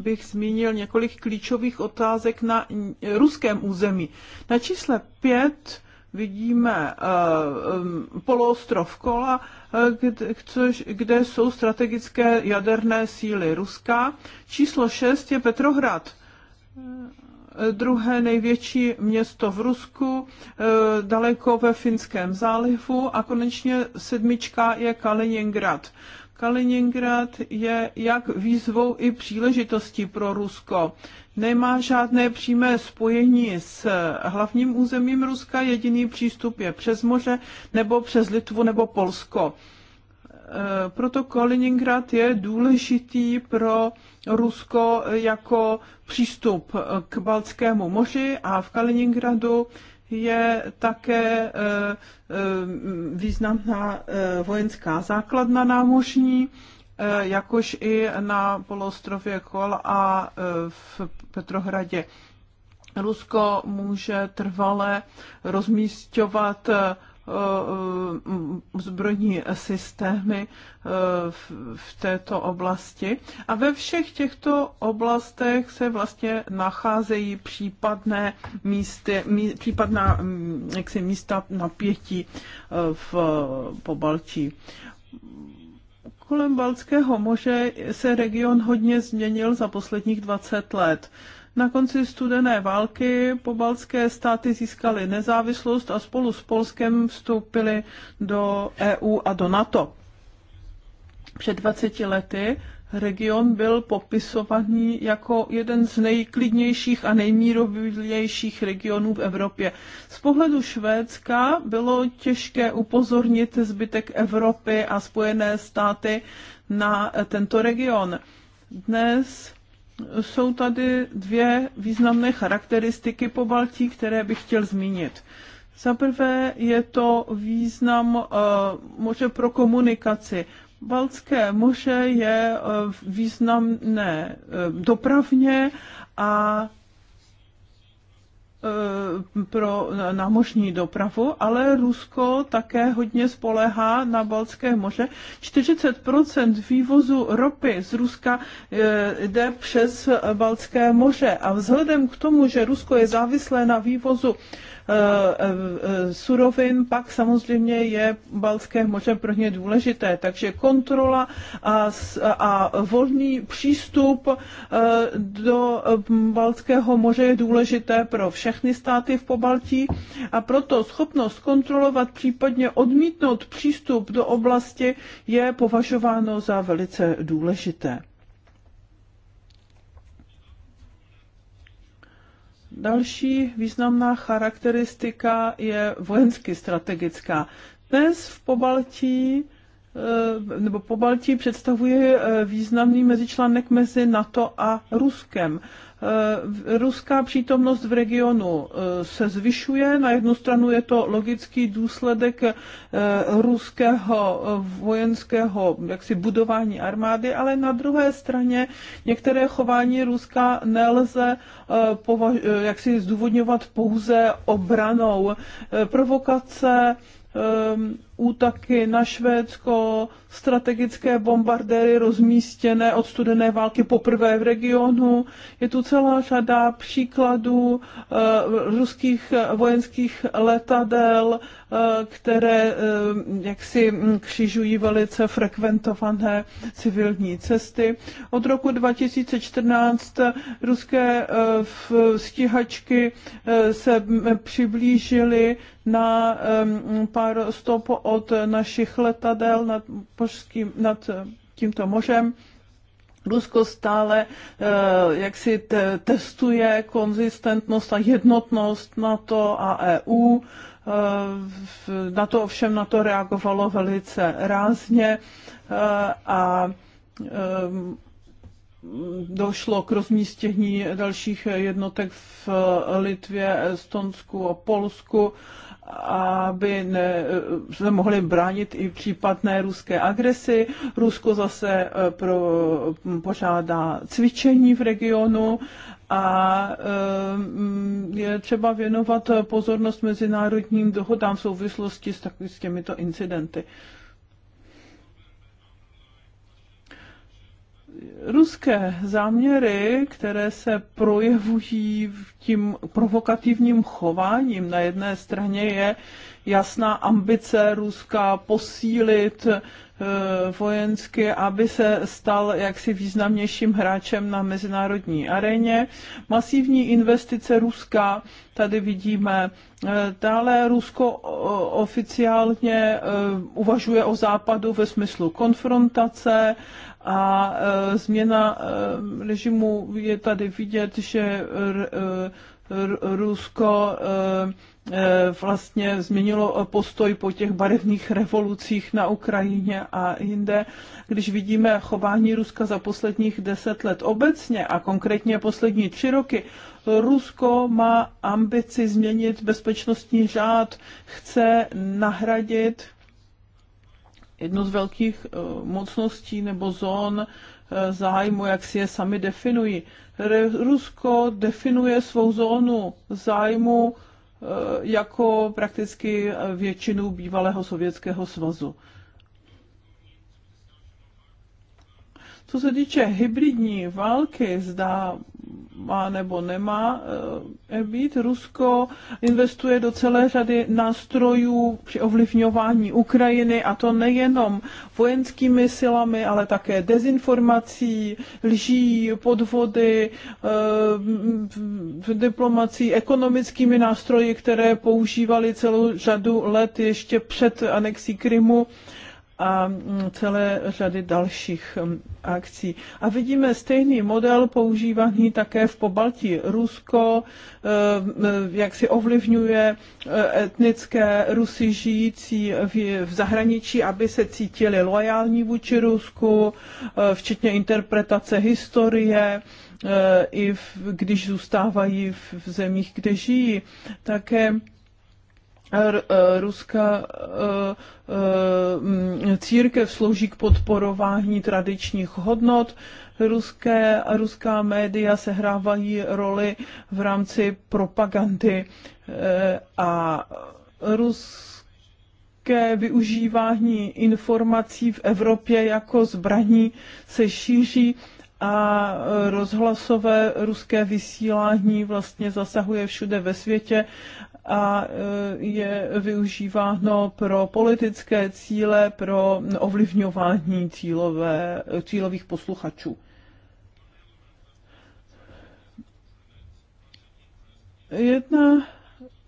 bych zmínil několik klíčových otázek na ruském území. Na čísle 5 vidíme eh, eh, poloostrov Kola, eh, což, kde jsou strategické jaderné síly Ruska. Číslo 6 je Petrohrad, druhé největší město v Rusku, daleko ve Finském zálivu a konečně sedmička je Kaliningrad. Kaliningrad je jak výzvou i příležitostí pro Rusko. Nemá žádné přímé spojení s hlavním územím Ruska, jediný přístup je přes moře nebo přes Litvu nebo Polsko. E, proto Kaliningrad je důležitý pro Rusko jako přístup k Baltskému moři a v Kaliningradu je také eh, eh, významná eh, vojenská základna námořní, jakož i na poloostrově Kol a v Petrohradě. Rusko může trvale rozmístovat Eh, eh, zbrojní systémy eh, v této oblasti. A ve všech těchto oblastech se vlastně nacházejí případné místy, případná, případná mm, jaksi, místa napětí v Pobaltí kolem Balckého moře se region hodně změnil za posledních 20 let. Na konci studené války pobaltské státy získaly nezávislost a spolu s Polskem vstoupily do EU a do NATO. Před 20 lety region byl popisovaný jako jeden z nejklidnějších a nejmírovějších regionů v Evropě. Z pohledu Švédska bylo těžké upozornit zbytek Evropy a Spojené státy na tento region. Dnes jsou tady dvě významné charakteristiky po Baltí, které bych chtěl zmínit. Za prvé je to význam eh, moře pro komunikaci. Baltské moře je eh, významné eh, dopravně a Eh, pro námořní dopravu, ale Rusko také hodně spolehá na Balské moře. 40 vývozu ropy z Ruska eh, jde přes Balské moře a vzhledem k tomu, že Rusko je závislé na vývozu Eh, eh, surovin, pak samozřejmě je Balské moře pro ně důležité. Takže kontrola a, a volný přístup eh, do Balského moře je důležité pro všechny státy v Pobaltí a proto schopnost kontrolovat, případně odmítnout přístup do oblasti je považováno za velice důležité. Další významná charakteristika je vojensky strategická. Dnes v Pobaltí eh, nebo Pobaltí představuje eh, významný mezičlánek mezi NATO a Ruskem. Eh, ruská přítomnost v regionu eh, se zvyšuje. Na jednu stranu je to logický důsledek eh, ruského vojenského jaksi budování armády, ale na druhé straně některé chování Ruska nelze jaksi zdůvodňovat pouze obranou. Provokace útaky na Švédsko, strategické bombardéry rozmístěné od studené války poprvé v regionu. Je tu celá řada příkladů uh, ruských vojenských letadel, uh, které uh, jaksi hm, křižují velice frekventované civilní cesty. Od roku 2014 ruské uh, stíhačky uh, se hm, přiblížily na um, pár stop od našich letadel nad, pořským, nad eh, tímto mořem. Rusko stále eh, jak si te, testuje konzistentnost a jednotnost NATO a EU. Eh, na to ovšem na to reagovalo velice rázně a došlo k rozmístění dalších jednotek v Litvě, Estonsku a Polsku aby ne, se mohli bránit i případné ruské agresi. Rusko zase eh, pro, pořádá cvičení v regionu a eh, je třeba věnovat pozornost mezinárodním dohodám v souvislosti s, tak, s těmito incidenty. ruské záměry, které se projevují v tím provokativním chováním, na jedné straně je jasná ambice Ruska posílit e, vojensky, aby se stal jaksi významnějším hráčem na mezinárodní aréně. Masivní investice Ruska tady vidíme. E, dále Rusko e, oficiálně uvažuje o západu ve smyslu konfrontace a e, změna e, režimu je tady vidět, že e, Rusko vlastně změnilo postoj po těch barevných revolucích na Ukrajině a jinde. Když vidíme chování Ruska za posledních deset let obecně a konkrétně poslední tři roky, Rusko má ambici změnit bezpečnostní řád, chce nahradit jedno z velkých eh, mocností nebo zón eh, zájmu, jak si je sami definují. Rusko definuje svou zónu zájmu eh, jako prakticky většinu bývalého Sovětského svazu. Co se týče hybridní války, zdá má nebo nemá e být, Rusko investuje do celé řady nástrojů při ovlivňování Ukrajiny a to nejenom vojenskými silami, ale také dezinformací, lží, podvody, e diplomací, ekonomickými nástroji, které používali celou řadu let ještě před anexí Krymu. E, a mm, celé řady dalších mm, akcí. A vidíme stejný model používaný také v Pobaltí. Rusko, e, jak si ovlivňuje e, etnické Rusy žijící v zahraničí, aby se cítili loajální vůči Rusku, e, včetně interpretace historie, i v, když zůstávají v zemích, kde žijí. Také E, ruská e, e, církev slouží k podporování tradičních hodnot. Ruské a ruská média sehrávají roli v rámci propagandy a ruské využívání informací v Evropě jako zbraní se šíří a rozhlasové ruské vysílání vlastně zasahuje všude ve světě a e, je využíváno pro politické cíle, pro ovlivňování cílové, cílových posluchačů. Jedna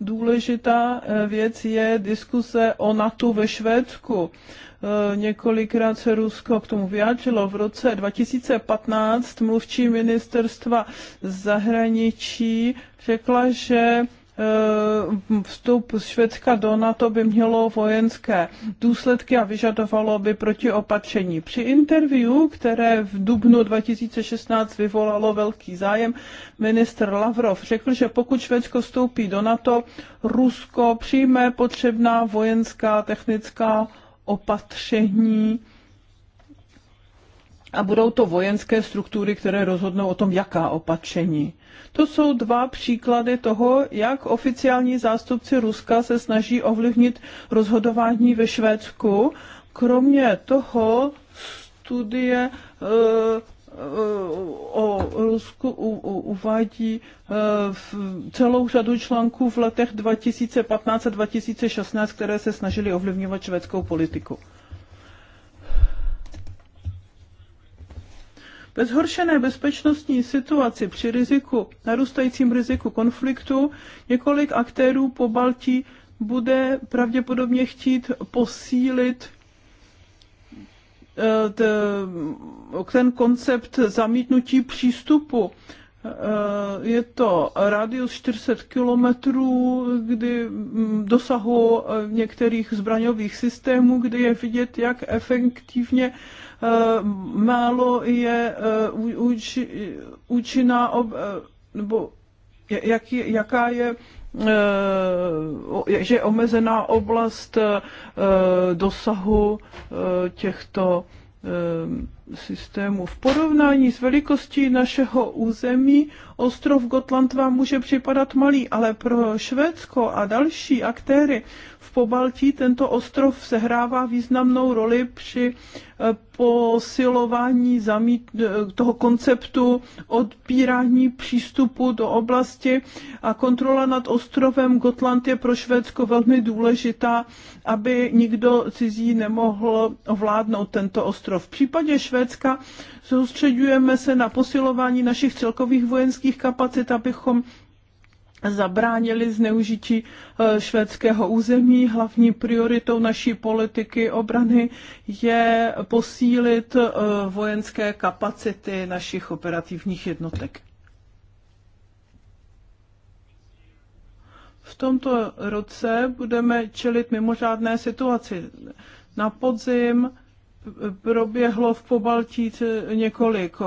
důležitá e, věc je diskuse o NATO ve Švédsku. E, několikrát se Rusko k tomu vyjádřilo. V roce 2015 mluvčí ministerstva zahraničí řekla, že Eh, vstup z Švédska do NATO by mělo vojenské důsledky a vyžadovalo by protiopatření. Při interview, které v dubnu 2016 vyvolalo velký zájem, ministr Lavrov řekl, že pokud Švédsko vstoupí do NATO, Rusko přijme potřebná vojenská technická opatření a budou to vojenské struktury, které rozhodnou o tom, jaká opatření. To jsou dva příklady toho, jak oficiální zástupci Ruska se snaží ovlivnit rozhodování ve Švédsku. Kromě toho studie eh, eh, o Rusku uvádí eh, celou řadu článků v letech 2015 a 2016, které se snažili ovlivňovat švédskou politiku. Ve zhoršené bezpečnostní situaci při riziku, narůstajícím riziku konfliktu několik aktérů po Baltí bude pravděpodobně chtít posílit eh, ten koncept zamítnutí přístupu. Eh, je to rádius 400 kilometrů, kdy mm, dosahu eh, některých zbraňových systémů, kdy je vidět, jak efektivně Eh, málo je eh, účinná ob, eh, nebo jak, jaká je že je omezená oblast dosahu těchto systému. V porovnání s velikostí našeho území ostrov Gotland vám může připadat malý, ale pro Švédsko a další aktéry Pobaltí tento ostrov sehrává významnou roli při eh, posilování zamít, eh, toho konceptu odpírání přístupu do oblasti a kontrola nad ostrovem Gotland je pro Švédsko velmi důležitá, aby nikdo cizí nemohl ovládnout tento ostrov. V případě Švédska soustředujeme se na posilování našich celkových vojenských kapacit, abychom zabránili zneužití eh, švédského území. Hlavní prioritou naší politiky obrany je posílit eh, vojenské kapacity našich operativních jednotek. V tomto roce budeme čelit mimořádné situaci. Na podzim proběhlo v Pobaltí několik eh,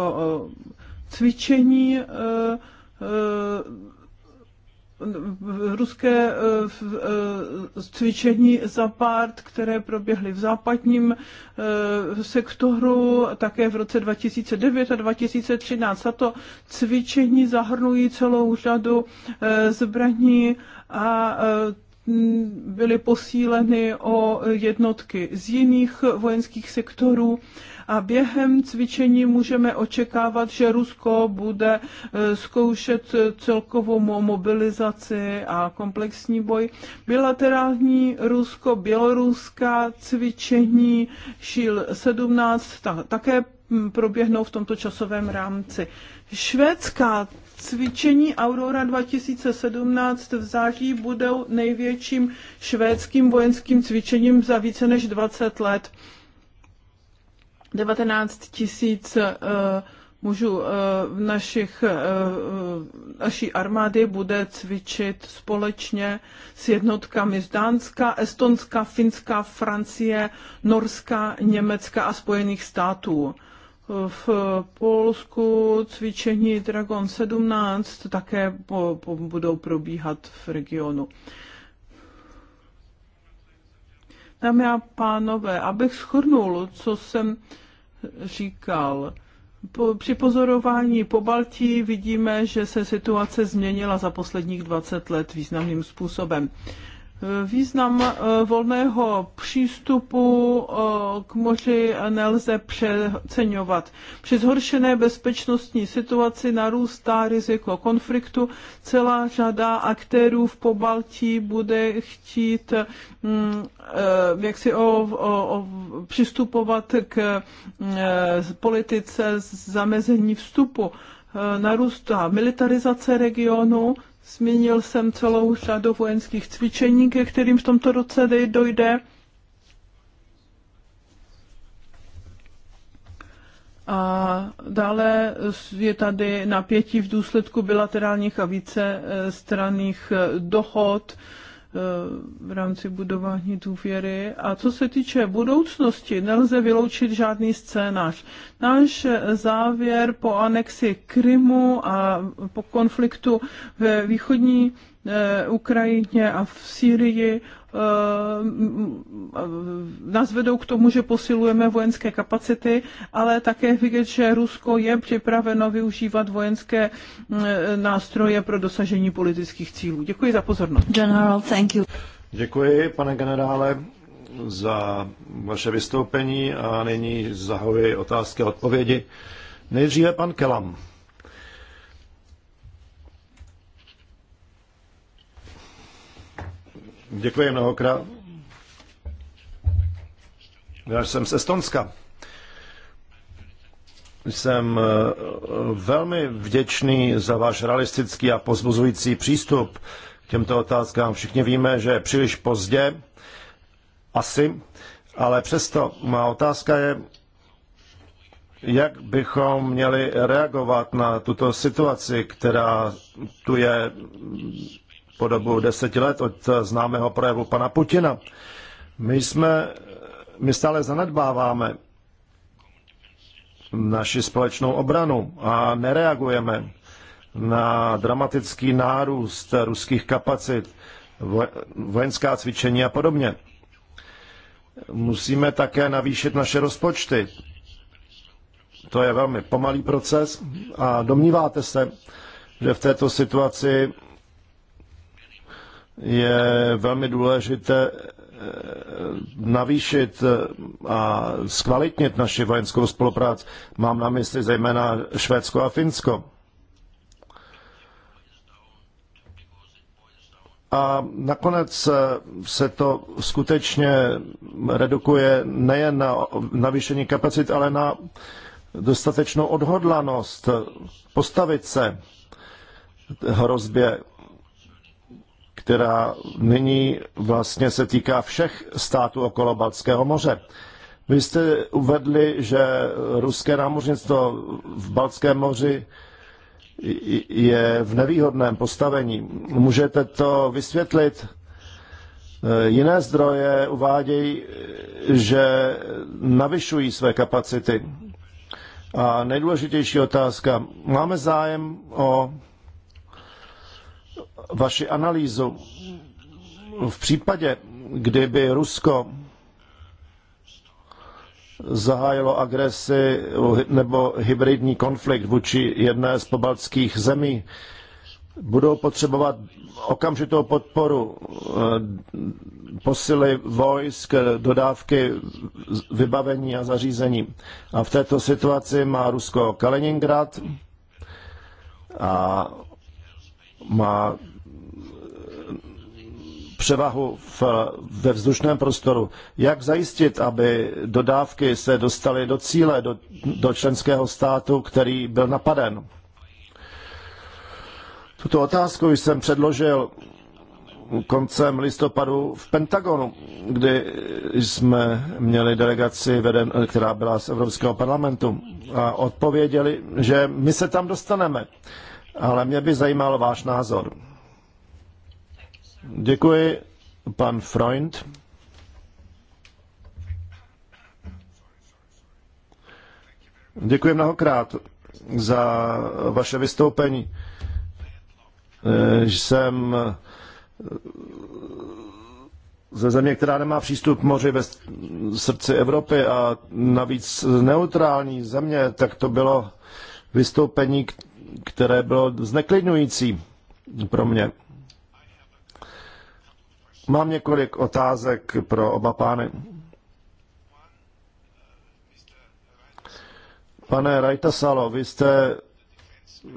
cvičení ruské eh, eh, cvičení Zapart, které proběhly v západním eh, sektoru také v roce 2009 a 2013. Tato cvičení zahrnují celou řadu zbraní a byly posíleny o jednotky z jiných vojenských sektorů a během cvičení můžeme očekávat, že Rusko bude e, zkoušet celkovou mobilizaci a komplexní boj. Bilaterální Rusko-běloruská cvičení šíl 17 ta, také proběhnou v tomto časovém rámci. Švédská cvičení Aurora 2017 v září budou největším švédským vojenským cvičením za více než 20 let. 19 tisíc eh, mužů eh, našich, eh, naší armády bude cvičit společně s jednotkami z Dánska, Estonska, Finska, Francie, Norska, Německa a Spojených států v Polsku cvičení Dragon 17 také po, po, budou probíhat v regionu. Dámy a pánové, abych schrnul, co jsem říkal. Po, při pozorování po Baltí vidíme, že se situace změnila za posledních 20 let významným způsobem. Uh, Význam eh, volného přístupu eh, k moři nelze přeceňovat. Při zhoršené bezpečnostní situaci narůstá riziko konfliktu. Celá řada aktérů v Pobaltí bude chtít mm, eh, jak si o, o, o přistupovat k politice zamezení vstupu narůstá militarizace regionu, Zmínil jsem celou řadu vojenských cvičení, ke kterým v tomto roce dojde. A dále je tady napětí v důsledku bilaterálních a vícestranných eh, eh, dohod, Eh, v rámci budování důvěry. A co se týče budoucnosti, nelze vyloučit žádný scénář. Náš závěr po anexi Krymu a po konfliktu ve východní eh, Ukrajině a v Sýrii Eh, nás vedou k tomu, že posilujeme vojenské kapacity, ale také vidět, že Rusko je připraveno využívat vojenské eh, nástroje pro dosažení politických cílů. Děkuji za pozornost. General, thank you. Děkuji, pane generále, za vaše vystoupení a nyní zahajuji otázky a odpovědi. Nejdříve pan Kelam. Děkuji mnohokrát. Já jsem z Estonska. Jsem eh, velmi vděčný za váš realistický a pozbuzující přístup k těmto otázkám. Všichni víme, že je příliš pozdě, asi, ale přesto má otázka je, jak bychom měli reagovat na tuto situaci, která tu je po dobu deseti let od známého projevu pana Putina. My jsme, my stále zanedbáváme naši společnou obranu a nereagujeme na dramatický nárůst ruských kapacit, vojenská cvičení a podobně. Musíme také navýšit naše rozpočty. To je velmi pomalý proces a domníváte se, že v této situaci je velmi důležité eh, navýšit eh, a zkvalitnit naši vojenskou spolupráci. Mám na mysli zejména Švédsko a Finsko. A nakonec eh, se to skutečně redukuje nejen na navýšení kapacit, ale na dostatečnou odhodlanost postavit se hrozbě která nyní vlastně se týká všech států okolo Baltského moře. Vy jste uvedli, že ruské námořnictvo v Baltském moři je v nevýhodném postavení. Můžete to vysvětlit? Jiné zdroje uvádějí, že navyšují své kapacity. A nejdůležitější otázka. Máme zájem o vaši analýzu v případě, kdyby Rusko zahájilo agresi nebo hybridní konflikt vůči jedné z pobaltských zemí, budou potřebovat okamžitou podporu eh, posily vojsk, dodávky vybavení a zařízení. A v této situaci má Rusko Kaliningrad a má převahu v, ve vzdušném prostoru. Jak zajistit, aby dodávky se dostaly do cíle, do, do členského státu, který byl napaden? Tuto otázku jsem předložil koncem listopadu v Pentagonu, kdy jsme měli delegaci, veden, která byla z Evropského parlamentu a odpověděli, že my se tam dostaneme. Ale mě by zajímal váš názor. Děkuji, pan Freund. Děkuji mnohokrát za vaše vystoupení. Eh, jsem eh, ze země, která nemá přístup k moři ve srdci Evropy a navíc neutrální země, tak to bylo vystoupení, které bylo zneklidňující pro mě. Mám několik otázek pro oba pány. Pane Rajtasalo, vy jste eh,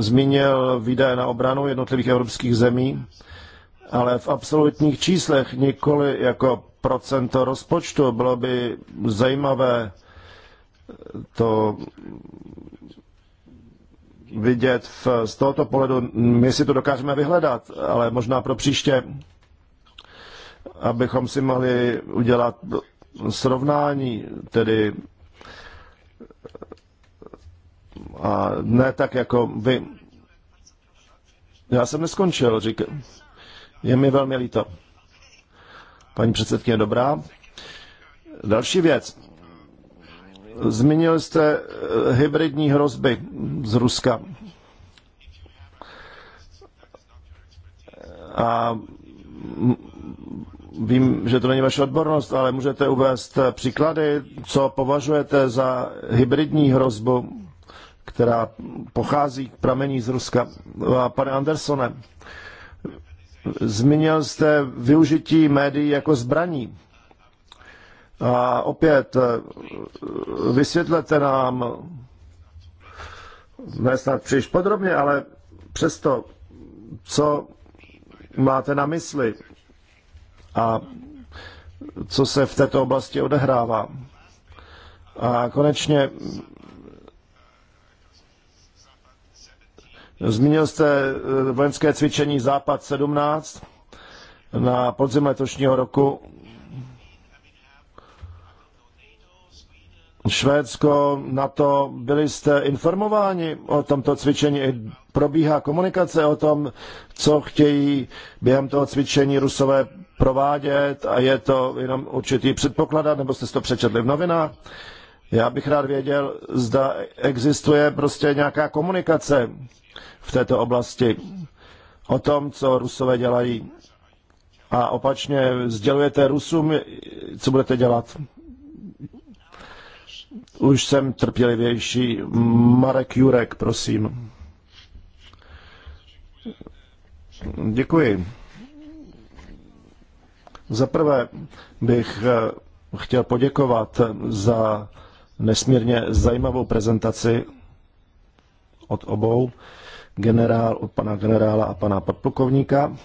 zmínil výdaje na obranu jednotlivých evropských zemí, ale v absolutních číslech nikoli jako procento rozpočtu. Bylo by zajímavé to vidět v, z tohoto pohledu. My si to dokážeme vyhledat, ale možná pro příště, abychom si mohli udělat srovnání, tedy a ne tak jako vy. Já jsem neskončil, říkám. Je mi velmi líto. Paní předsedkyně, dobrá. Další věc. Zmínil jste eh, hybridní hrozby z Ruska. A vím, že to není vaše odbornost, ale můžete uvést příklady, co považujete za hybridní hrozbu, která pochází k pramení z Ruska. A pane Andersone, zmínil jste využití médií jako zbraní a opět eh, vysvětlete nám, ne snad příliš podrobně, ale přesto, co máte na mysli a co se v této oblasti odehrává. A konečně zmínil jste eh, vojenské cvičení Západ 17 na podzim letošního roku Švédsko, na to byli jste informováni o tomto cvičení? Probíhá komunikace o tom, co chtějí během toho cvičení rusové provádět a je to jenom určitý předpokladat, nebo jste to přečetli v novinách? Já bych rád věděl, zda existuje prostě nějaká komunikace v této oblasti o tom, co rusové dělají. A opačně sdělujete Rusům, co budete dělat. Už jsem trpělivější. Marek Jurek, prosím. Děkuji. Za prvé bych eh, chtěl poděkovat za nesmírně zajímavou prezentaci od obou generál, od pana generála a pana podplukovníka.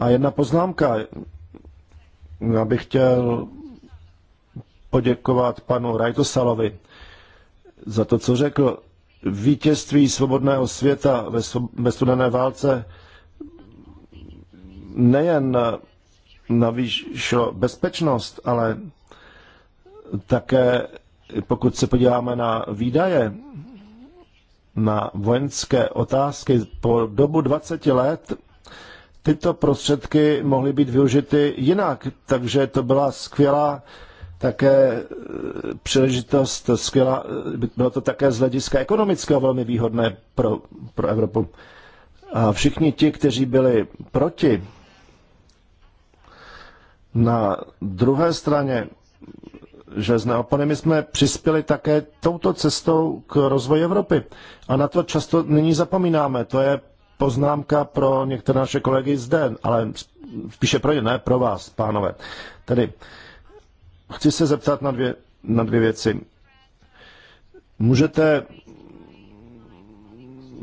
A jedna poznámka. Já bych chtěl poděkovat panu Rajtosalovi za to, co řekl. Vítězství svobodného světa ve, ve studené válce nejen navýšilo bezpečnost, ale také, pokud se podíváme na výdaje, na vojenské otázky po dobu 20 let, tyto prostředky mohly být využity jinak. Takže to byla skvělá také e, příležitost skvělá, e, bylo to také z hlediska ekonomického velmi výhodné pro, pro Evropu. A všichni ti, kteří byli proti, na druhé straně z neopony my jsme přispěli také touto cestou k rozvoji Evropy. A na to často nyní zapomínáme. To je poznámka pro některé naše kolegy zde, ale spíše pro ně, ne pro vás, pánové. Tedy Chci se zeptat na dvě, na dvě věci. Můžete,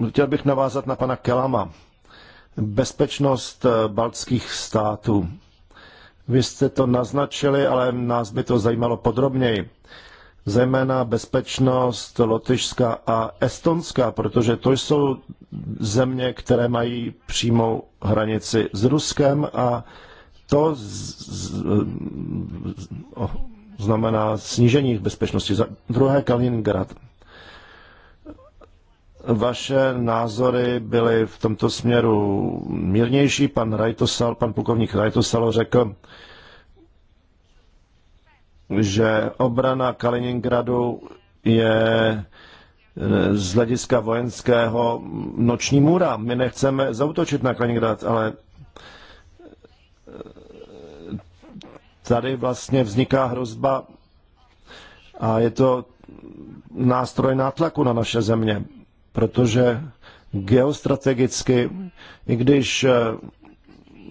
chtěl bych navázat na pana Kelama. Bezpečnost eh, baltských států. Vy jste to naznačili, ale nás by to zajímalo podrobněji. Zejména bezpečnost Lotyšska a Estonska, protože to jsou země, které mají přímou hranici s Ruskem a to z, z, z, eh, znamená snížení bezpečnosti. Za druhé Kaliningrad. Vaše názory byly v tomto směru mírnější. Pan Rajtosal, pan plukovník Rajtosalo řekl, že obrana Kaliningradu je eh, z hlediska vojenského noční můra. My nechceme zautočit na Kaliningrad, ale tady vlastně vzniká hrozba a je to nástroj nátlaku na naše země, protože geostrategicky, i když eh,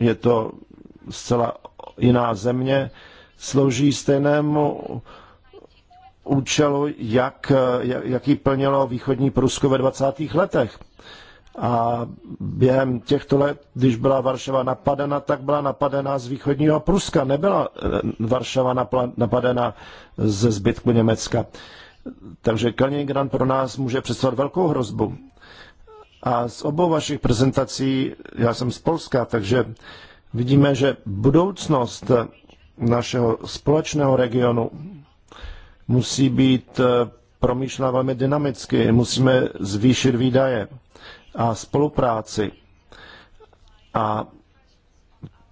je to zcela jiná země, slouží stejnému účelu, jak, eh, jaký plnilo východní Prusko ve 20. letech. A během těchto let, když byla Varšava napadena, tak byla napadena z východního Pruska. Nebyla eh, Varšava napadena ze zbytku Německa. Takže Kaliningrad pro nás může představit velkou hrozbu. A z obou vašich prezentací, já jsem z Polska, takže vidíme, že budoucnost našeho společného regionu musí být eh, promýšlena velmi dynamicky. Musíme zvýšit výdaje a spolupráci. A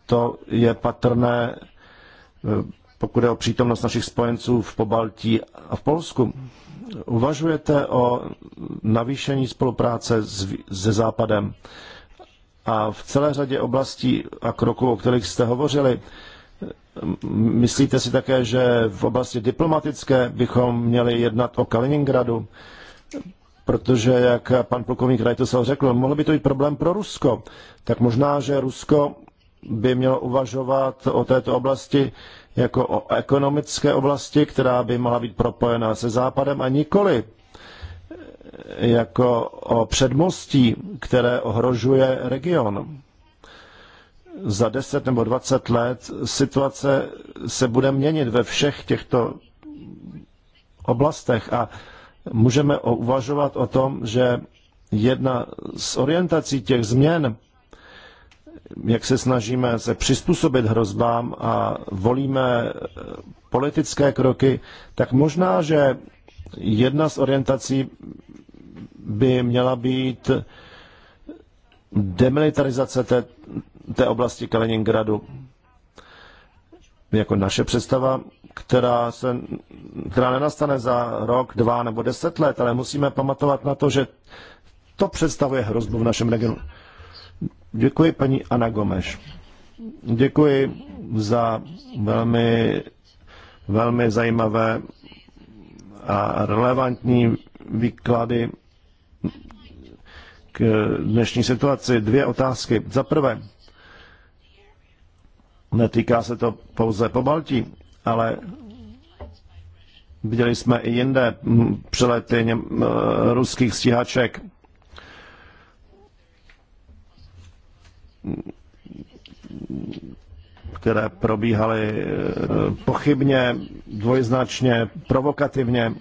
to je patrné, eh, pokud je o přítomnost našich spojenců v Pobaltí a v Polsku. Uvažujete o navýšení spolupráce se Západem a v celé řadě oblastí a kroků, o kterých jste hovořili, myslíte si také, že v oblasti diplomatické bychom měli jednat o Kaliningradu? protože, jak pan plukovník Rajtosel řekl, mohl by to být problém pro Rusko. Tak možná, že Rusko by mělo uvažovat o této oblasti jako o ekonomické oblasti, která by mohla být propojená se Západem a nikoli eh, jako o předmostí, které ohrožuje region. Za 10 nebo 20 let situace se bude měnit ve všech těchto oblastech a můžeme uvažovat o tom, že jedna z orientací těch změn, jak se snažíme se přizpůsobit hrozbám a volíme eh, politické kroky, tak možná, že jedna z orientací by měla být demilitarizace té, té oblasti Kaliningradu. Jako naše představa která, se, která nenastane za rok, dva nebo deset let, ale musíme pamatovat na to, že to představuje hrozbu v našem regionu. Děkuji paní Ana Gomeš. Děkuji za velmi, velmi zajímavé a relevantní výklady k dnešní situaci. Dvě otázky. Za prvé, netýká se to pouze po Baltii, ale viděli jsme i jinde přelety eh, ruských stíhaček. které probíhaly eh, pochybně, dvojznačně, provokativně.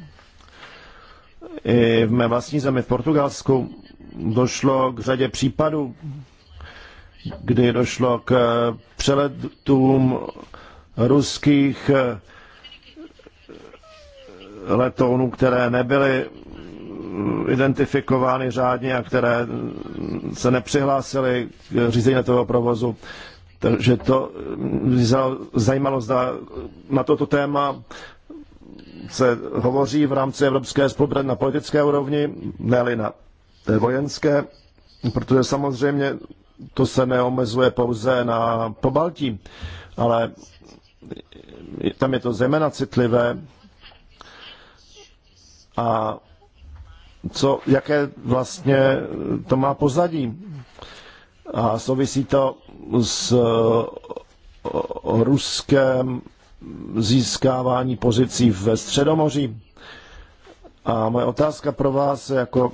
I v mé vlastní zemi v Portugalsku došlo k řadě případů, kdy došlo k eh, přeletům ruských eh, letounů, které nebyly mm, identifikovány řádně a které mm, se nepřihlásily k řízení toho provozu. Takže to mm, zajímalo, zda na toto téma se hovoří v rámci evropské spolupráce na politické úrovni, ne na té vojenské, protože samozřejmě to se neomezuje pouze na pobaltí, ale tam je to zejména citlivé. A co, jaké vlastně to má pozadí? A souvisí to s ruském získávání pozicí ve Středomoří. A moje otázka pro vás jako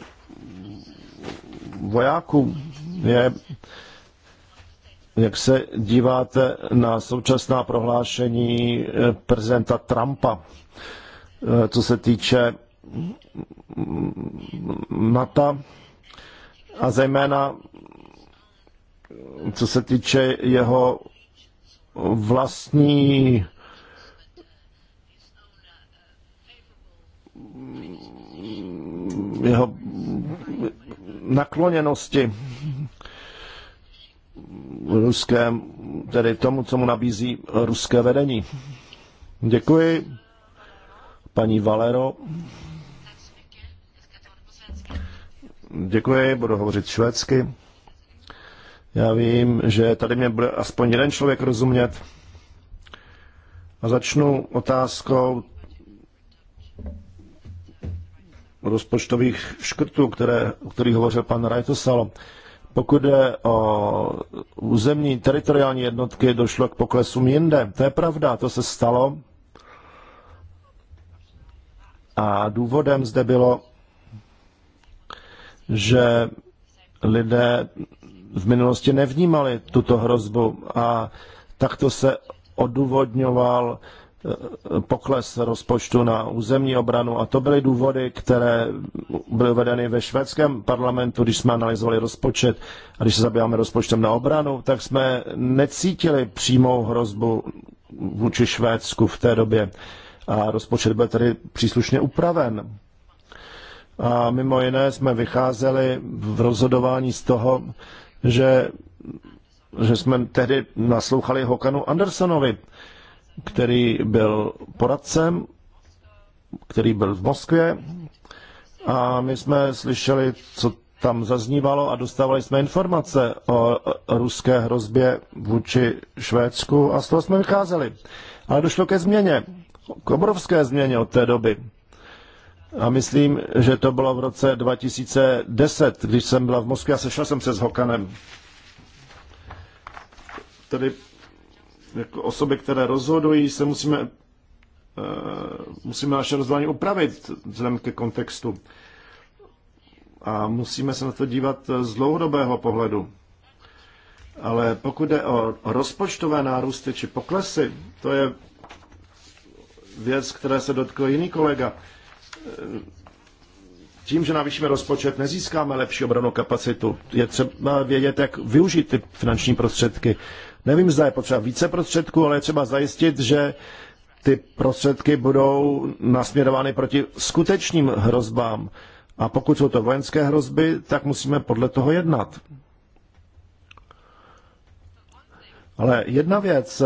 vojáku je, jak se díváte na současná prohlášení eh, prezidenta Trumpa, eh, co se týče mm, NATO a zejména co se týče jeho vlastní mm, jeho nakloněnosti ruském, tedy tomu, co mu nabízí ruské vedení. Děkuji, paní Valero. Děkuji, budu hovořit švédsky. Já vím, že tady mě bude aspoň jeden člověk rozumět. A začnu otázkou rozpočtových škrtů, které, o kterých hovořil pan Rajtosalo. Pokud je o územní teritoriální jednotky, došlo k poklesům jinde. To je pravda, to se stalo. A důvodem zde bylo, že lidé v minulosti nevnímali tuto hrozbu a takto se odůvodňoval pokles rozpočtu na územní obranu a to byly důvody, které byly vedeny ve švédském parlamentu, když jsme analyzovali rozpočet a když se zabýváme rozpočtem na obranu, tak jsme necítili přímou hrozbu vůči Švédsku v té době a rozpočet byl tedy příslušně upraven. A mimo jiné jsme vycházeli v rozhodování z toho, že, že jsme tehdy naslouchali Hokanu Andersonovi, který byl poradcem, který byl v Moskvě a my jsme slyšeli, co tam zaznívalo a dostávali jsme informace o ruské hrozbě vůči Švédsku a z toho jsme vycházeli. Ale došlo ke změně, k obrovské změně od té doby. A myslím, že to bylo v roce 2010, když jsem byla v Moskvě a sešel jsem se s Hokanem. Tedy jako osoby, které rozhodují, se musíme, eh, musíme naše rozhodování upravit vzhledem ke kontextu. A musíme se na to dívat eh, z dlouhodobého pohledu. Ale pokud jde o rozpočtové nárůsty či poklesy, to je věc, které se dotkl jiný kolega. Eh, tím, že navýšíme rozpočet, nezískáme lepší obranou kapacitu. Je třeba vědět, jak využít ty finanční prostředky. Nevím, zda je potřeba více prostředků, ale je třeba zajistit, že ty prostředky budou nasměrovány proti skutečným hrozbám. A pokud jsou to vojenské hrozby, tak musíme podle toho jednat. Ale jedna věc,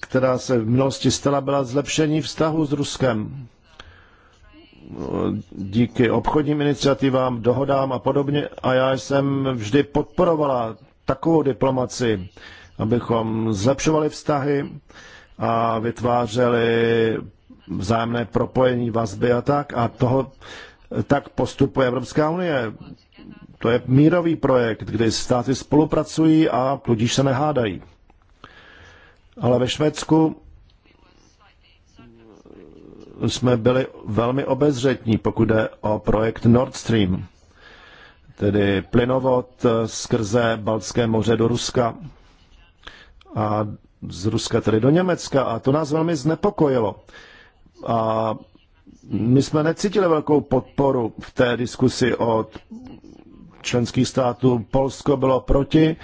která se v minulosti stala, byla zlepšení vztahu s Ruskem. Díky obchodním iniciativám, dohodám a podobně. A já jsem vždy podporovala takovou diplomaci, abychom zlepšovali vztahy a vytvářeli vzájemné propojení, vazby a tak. A toho tak postupuje Evropská unie. To je mírový projekt, kdy státy spolupracují a tudíž se nehádají. Ale ve Švédsku jsme byli velmi obezřetní, pokud jde o projekt Nord Stream, tedy plynovod eh, skrze Baltské moře do Ruska a z Ruska tedy do Německa a to nás velmi znepokojilo. A my jsme necítili velkou podporu v té diskusi od členských států. Polsko bylo proti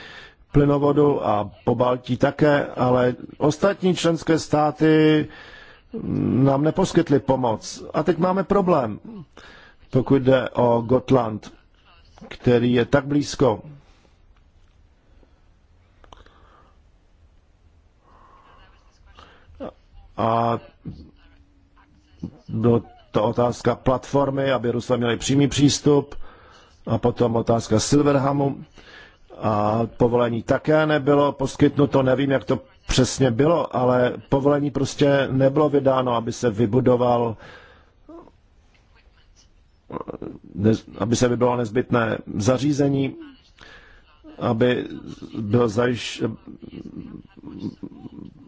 plynovodu a po Baltí také, ale ostatní členské státy nám neposkytly pomoc. A teď máme problém, pokud jde o Gotland, který je tak blízko A byla to otázka platformy, aby Rusové měli přímý přístup. A potom otázka Silverhamu. A povolení také nebylo poskytnuto, nevím, jak to přesně bylo, ale povolení prostě nebylo vydáno, aby se vybudoval aby se vybilo nezbytné zařízení aby, byl zajiš,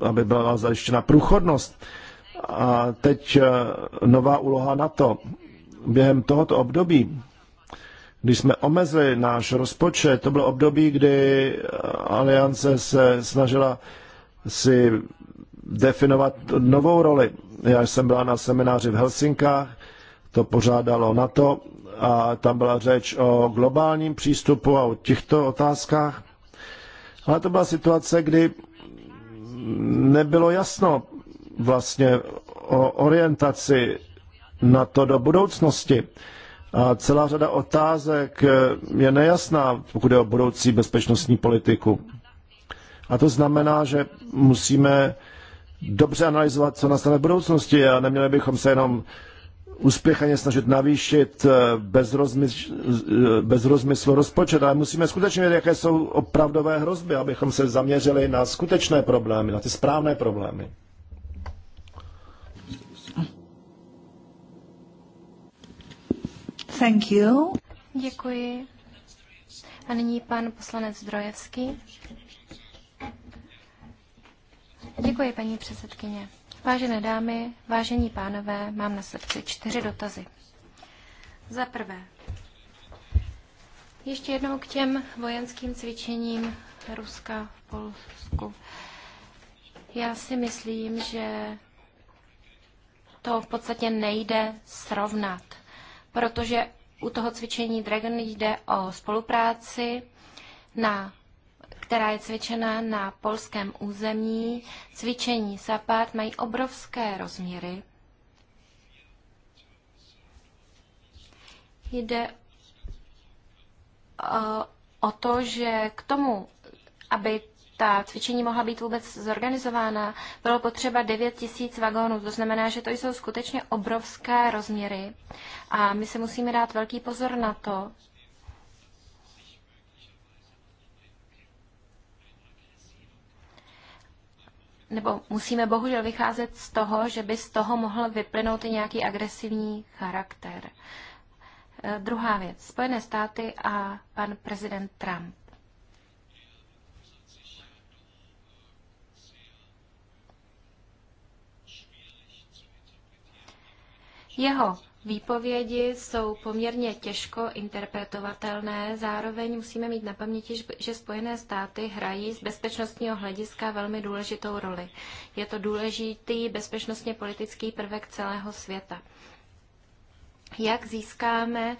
aby byla zajištěna průchodnost. A teď eh, nová úloha na to Během tohoto období, když jsme omezili náš rozpočet, to bylo období, kdy eh, aliance se snažila si definovat novou roli. Já jsem byla na semináři v Helsinkách, to pořádalo na to a tam byla řeč o globálním přístupu a o těchto otázkách. Ale to byla situace, kdy nebylo jasno vlastně o orientaci na to do budoucnosti. A celá řada otázek je nejasná, pokud je o budoucí bezpečnostní politiku. A to znamená, že musíme dobře analyzovat, co nastane v budoucnosti a neměli bychom se jenom uspěchaně snažit navýšit eh, bez, rozmysl, eh, bez rozmyslu rozpočet, ale musíme skutečně vědět, jaké jsou opravdové hrozby, abychom se zaměřili na skutečné problémy, na ty správné problémy. Thank you. Děkuji. A nyní pan poslanec Zdrojevský. Děkuji, paní předsedkyně. Vážené dámy, vážení pánové, mám na srdci čtyři dotazy. Za prvé, ještě jednou k těm vojenským cvičením Ruska v Polsku. Já si myslím, že to v podstatě nejde srovnat, protože u toho cvičení Dragon jde o spolupráci na která je cvičena na polském území. Cvičení SAPAT mají obrovské rozměry. Jde eh, o to, že k tomu, aby ta cvičení mohla být vůbec zorganizována, bylo potřeba 9 tisíc vagónů. To znamená, že to jsou skutečně obrovské rozměry. A my se musíme dát velký pozor na to, nebo musíme bohužel vycházet z toho, že by z toho mohl vyplynout i nějaký agresivní charakter. Eh, druhá věc. Spojené státy a pan prezident Trump. Jeho Výpovědi jsou poměrně těžko interpretovatelné, zároveň musíme mít na paměti, že Spojené státy hrají z bezpečnostního hlediska velmi důležitou roli. Je to důležitý bezpečnostně politický prvek celého světa. Jak získáme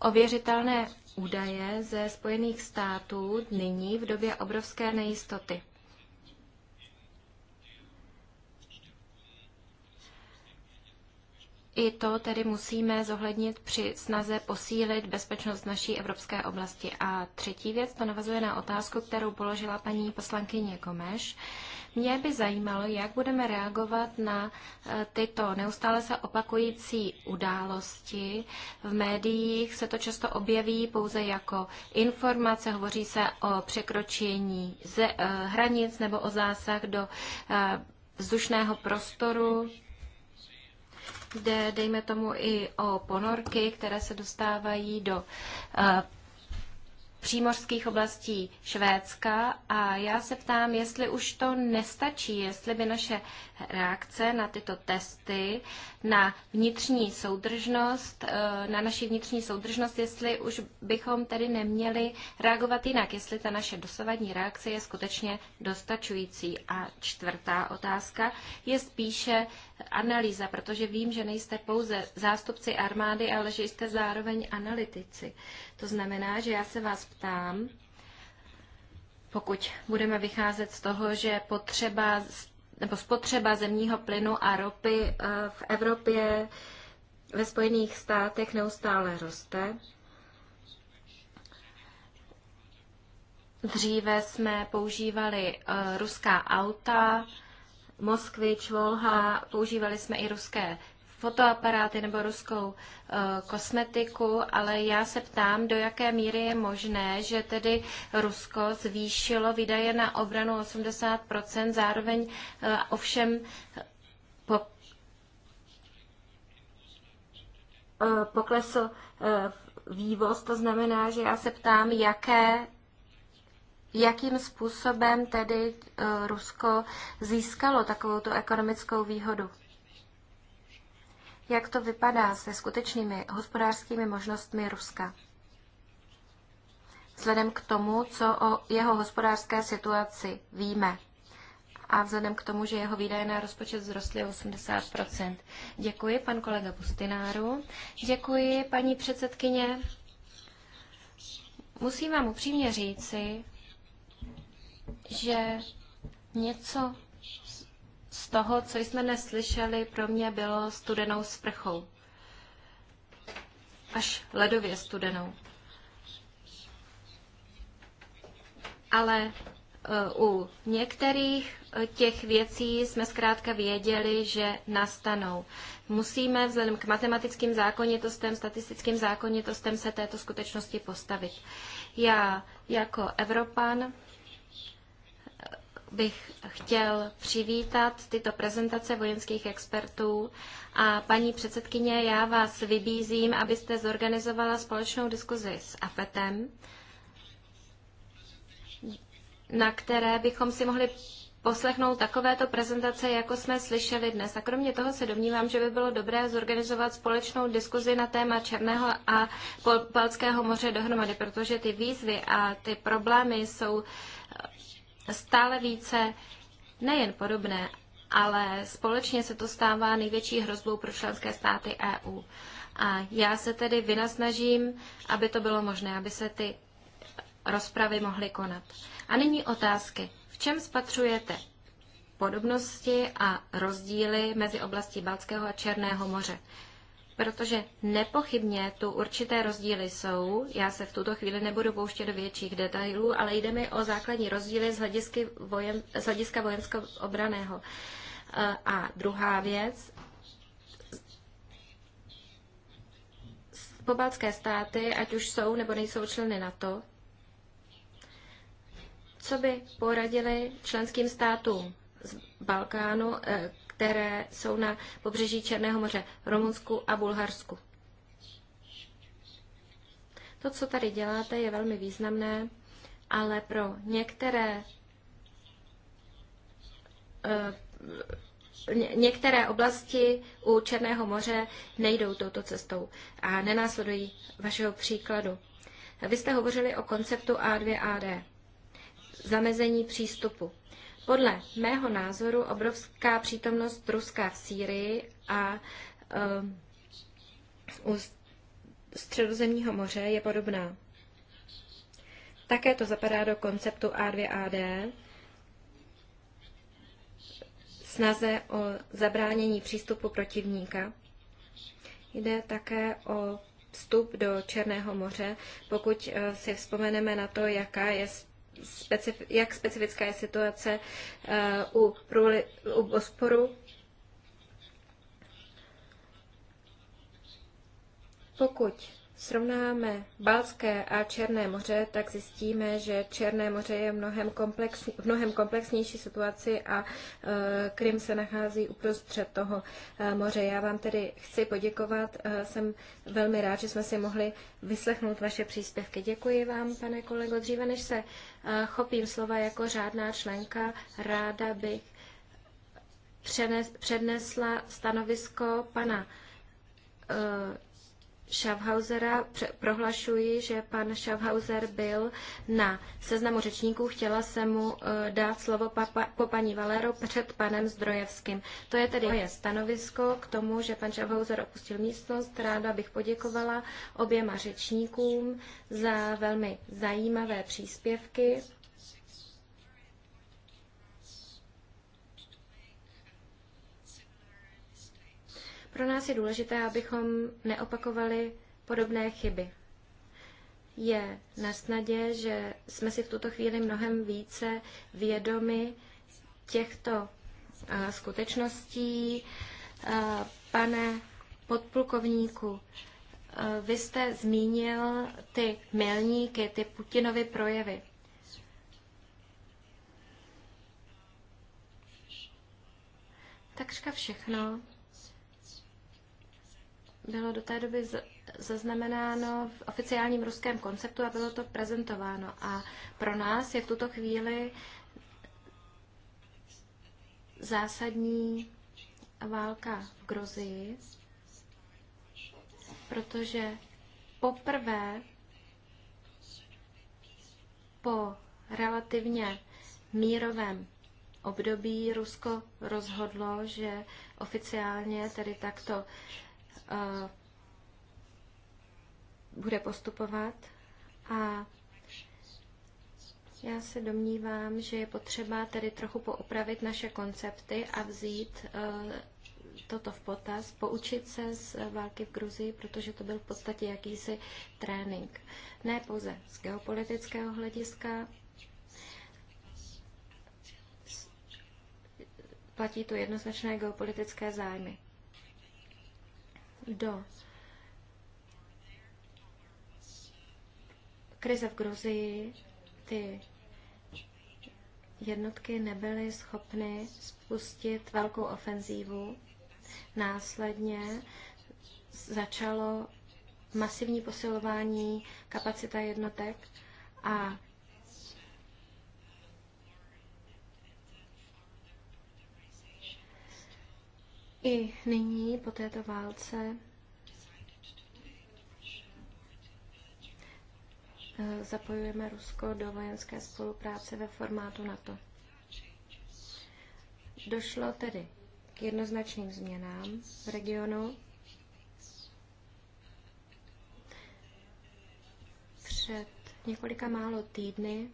ověřitelné údaje ze Spojených států nyní v době obrovské nejistoty? I to tedy musíme zohlednit při snaze posílit bezpečnost naší evropské oblasti. A třetí věc, to navazuje na otázku, kterou položila paní poslankyně Komeš. Mě by zajímalo, jak budeme reagovat na eh, tyto neustále se opakující události. V médiích se to často objeví pouze jako informace, hovoří se o překročení eh, hranic nebo o zásah do eh, vzdušného prostoru Jde, dejme tomu, i o ponorky, které se dostávají do eh, přímořských oblastí Švédska a já se ptám, jestli už to nestačí, jestli by naše reakce na tyto testy, na vnitřní soudržnost, eh, na naši vnitřní soudržnost, jestli už bychom tedy neměli reagovat jinak, jestli ta naše dosavadní reakce je skutečně dostačující. A čtvrtá otázka je spíše analýza, protože vím, že nejste pouze zástupci armády, ale že jste zároveň analytici. To znamená, že já se vás ptám, pokud budeme vycházet z toho, že potřeba nebo spotřeba zemního plynu a ropy eh, v Evropě ve Spojených státech neustále roste. Dříve jsme používali eh, ruská auta, Moskvič, Volha, používali jsme i ruské fotoaparáty nebo ruskou eh, kosmetiku, ale já se ptám, do jaké míry je možné, že tedy Rusko zvýšilo výdaje na obranu 80%, zároveň eh, ovšem po, eh, poklesl vývoz, to znamená, že já se ptám, jaké jakým způsobem tedy Rusko získalo takovou tu ekonomickou výhodu jak to vypadá se skutečnými hospodářskými možnostmi Ruska. Vzhledem k tomu, co o jeho hospodářské situaci víme a vzhledem k tomu, že jeho výdaje na rozpočet vzrostly 80 Děkuji, pan kolega Bustináru, Děkuji, paní předsedkyně. Musím vám upřímně říci, že něco z toho, co jsme neslyšeli, pro mě bylo studenou sprchou. Až ledově studenou. Ale eh, u některých eh, těch věcí jsme zkrátka věděli, že nastanou. Musíme vzhledem k matematickým zákonitostem, statistickým zákonitostem se této skutečnosti postavit. Já jako Evropan bych chtěl přivítat tyto prezentace vojenských expertů. A paní předsedkyně, já vás vybízím, abyste zorganizovala společnou diskuzi s AFETem, na které bychom si mohli poslechnout takovéto prezentace, jako jsme slyšeli dnes. A kromě toho se domnívám, že by bylo dobré zorganizovat společnou diskuzi na téma Černého a Balckého moře dohromady, protože ty výzvy a ty problémy jsou stále více nejen podobné, ale společně se to stává největší hrozbou pro členské státy EU. A já se tedy vynasnažím, aby to bylo možné, aby se ty rozpravy mohly konat. A nyní otázky. V čem spatřujete podobnosti a rozdíly mezi oblastí Balckého a Černého moře? protože nepochybně tu určité rozdíly jsou. Já se v tuto chvíli nebudu pouštět do větších detailů, ale jde mi o základní rozdíly z, vojen, z hlediska vojensko-obraného. E, a druhá věc, pobaltské státy, ať už jsou nebo nejsou členy NATO, co by poradili členským státům z Balkánu, e, které jsou na pobřeží Černého moře, Rumunsku a Bulharsku. To, co tady děláte, je velmi významné, ale pro některé eh, některé oblasti u Černého moře nejdou touto cestou a nenásledují vašeho příkladu. Vy jste hovořili o konceptu A2AD, zamezení přístupu. Podle mého názoru obrovská přítomnost Ruska v Sýrii a u ehm, středozemního moře je podobná. Také to zapadá do konceptu A2AD, snaze o zabránění přístupu protivníka. Jde také o vstup do Černého moře. Pokud eh, si vzpomeneme na to, jaká je specif- jak specifická je situace uh, u, průli, u Bosporu. Pokud srovnáme Balské a Černé moře, tak zjistíme, že Černé moře je mnohem komplexní, v mnohem komplexnější situaci a e, Krym se nachází uprostřed toho e, moře. Já vám tedy chci poděkovat. E, jsem velmi rád, že jsme si mohli vyslechnout vaše příspěvky. Děkuji vám, pane kolego. Dříve než se e, chopím slova jako řádná členka, ráda bych přenes, přednesla stanovisko pana e, Schaffhausera prohlašuji, že pan Schaffhauser byl na seznamu řečníků. Chtěla se mu eh, dát slovo po paní Valero před panem Zdrojevským. To je tedy moje stanovisko k tomu, že pan Schaffhauser opustil místnost. Ráda bych poděkovala oběma řečníkům za velmi zajímavé příspěvky. Pro nás je důležité, abychom neopakovali podobné chyby. Je na snadě, že jsme si v tuto chvíli mnohem více vědomi těchto eh, skutečností. Eh, pane podplukovníku, eh, vy jste zmínil ty milníky, ty Putinovy projevy. Takřka všechno bylo do té doby zaznamenáno v oficiálním ruském konceptu a bylo to prezentováno. A pro nás je v tuto chvíli zásadní válka v Grozii, protože poprvé po relativně mírovém období Rusko rozhodlo, že oficiálně tedy takto bude postupovat a já se domnívám, že je potřeba tedy trochu poopravit naše koncepty a vzít e, toto v potaz, poučit se z války v Gruzii, protože to byl v podstatě jakýsi trénink. Ne pouze z geopolitického hlediska, platí tu jednoznačné geopolitické zájmy do krize v Gruzii ty jednotky nebyly schopny spustit velkou ofenzívu. Následně začalo masivní posilování kapacita jednotek a I nyní, po této válce, eh, zapojujeme Rusko do vojenské spolupráce ve formátu NATO. Došlo tedy k jednoznačným změnám v regionu. Před několika málo týdny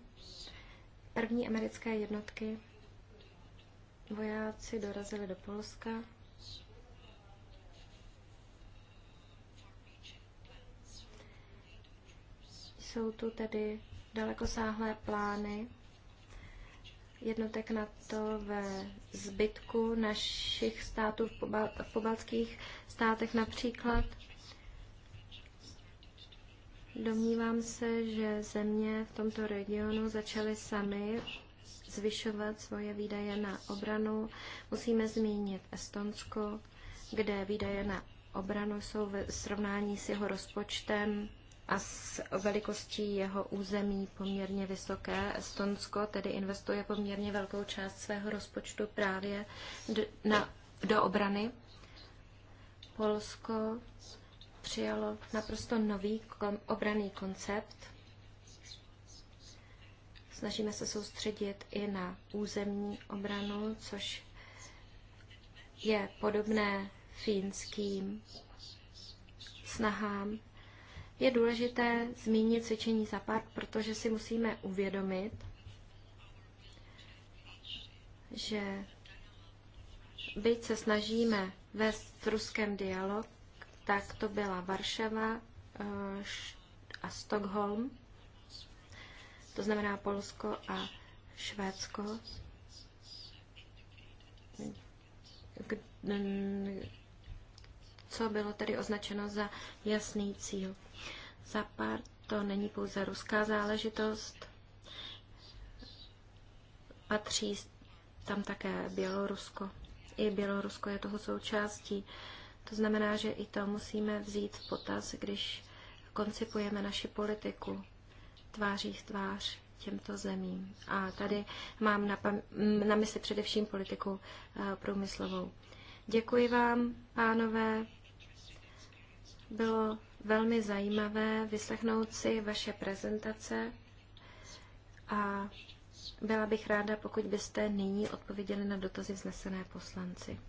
první americké jednotky vojáci dorazili do Polska Jsou tu tedy dalekosáhlé plány jednotek na to ve zbytku našich států v, v pobaltských státech například. Domnívám se, že země v tomto regionu začaly sami zvyšovat svoje výdaje na obranu. Musíme zmínit Estonsko, kde výdaje na obranu jsou ve srovnání s jeho rozpočtem a s velikostí jeho území poměrně vysoké. Estonsko tedy investuje poměrně velkou část svého rozpočtu právě do, na, do obrany. Polsko přijalo naprosto nový kon, obraný koncept. Snažíme se soustředit i na územní obranu, což je podobné fínským snahám je důležité zmínit cvičení zapad, protože si musíme uvědomit, že byť se snažíme vést s ruském dialog, tak to byla Varšava eh, a Stockholm, to znamená Polsko a Švédsko, co bylo tedy označeno za jasný cíl. pár to není pouze ruská záležitost, patří tam také Bělorusko. I Bělorusko je toho součástí. To znamená, že i to musíme vzít v potaz, když koncipujeme naši politiku tváří v tvář těmto zemím. A tady mám na, na mysli především politiku eh, průmyslovou. Děkuji vám, pánové. Bylo velmi zajímavé vyslechnout si vaše prezentace a byla bych ráda, pokud byste nyní odpověděli na dotazy vznesené poslanci.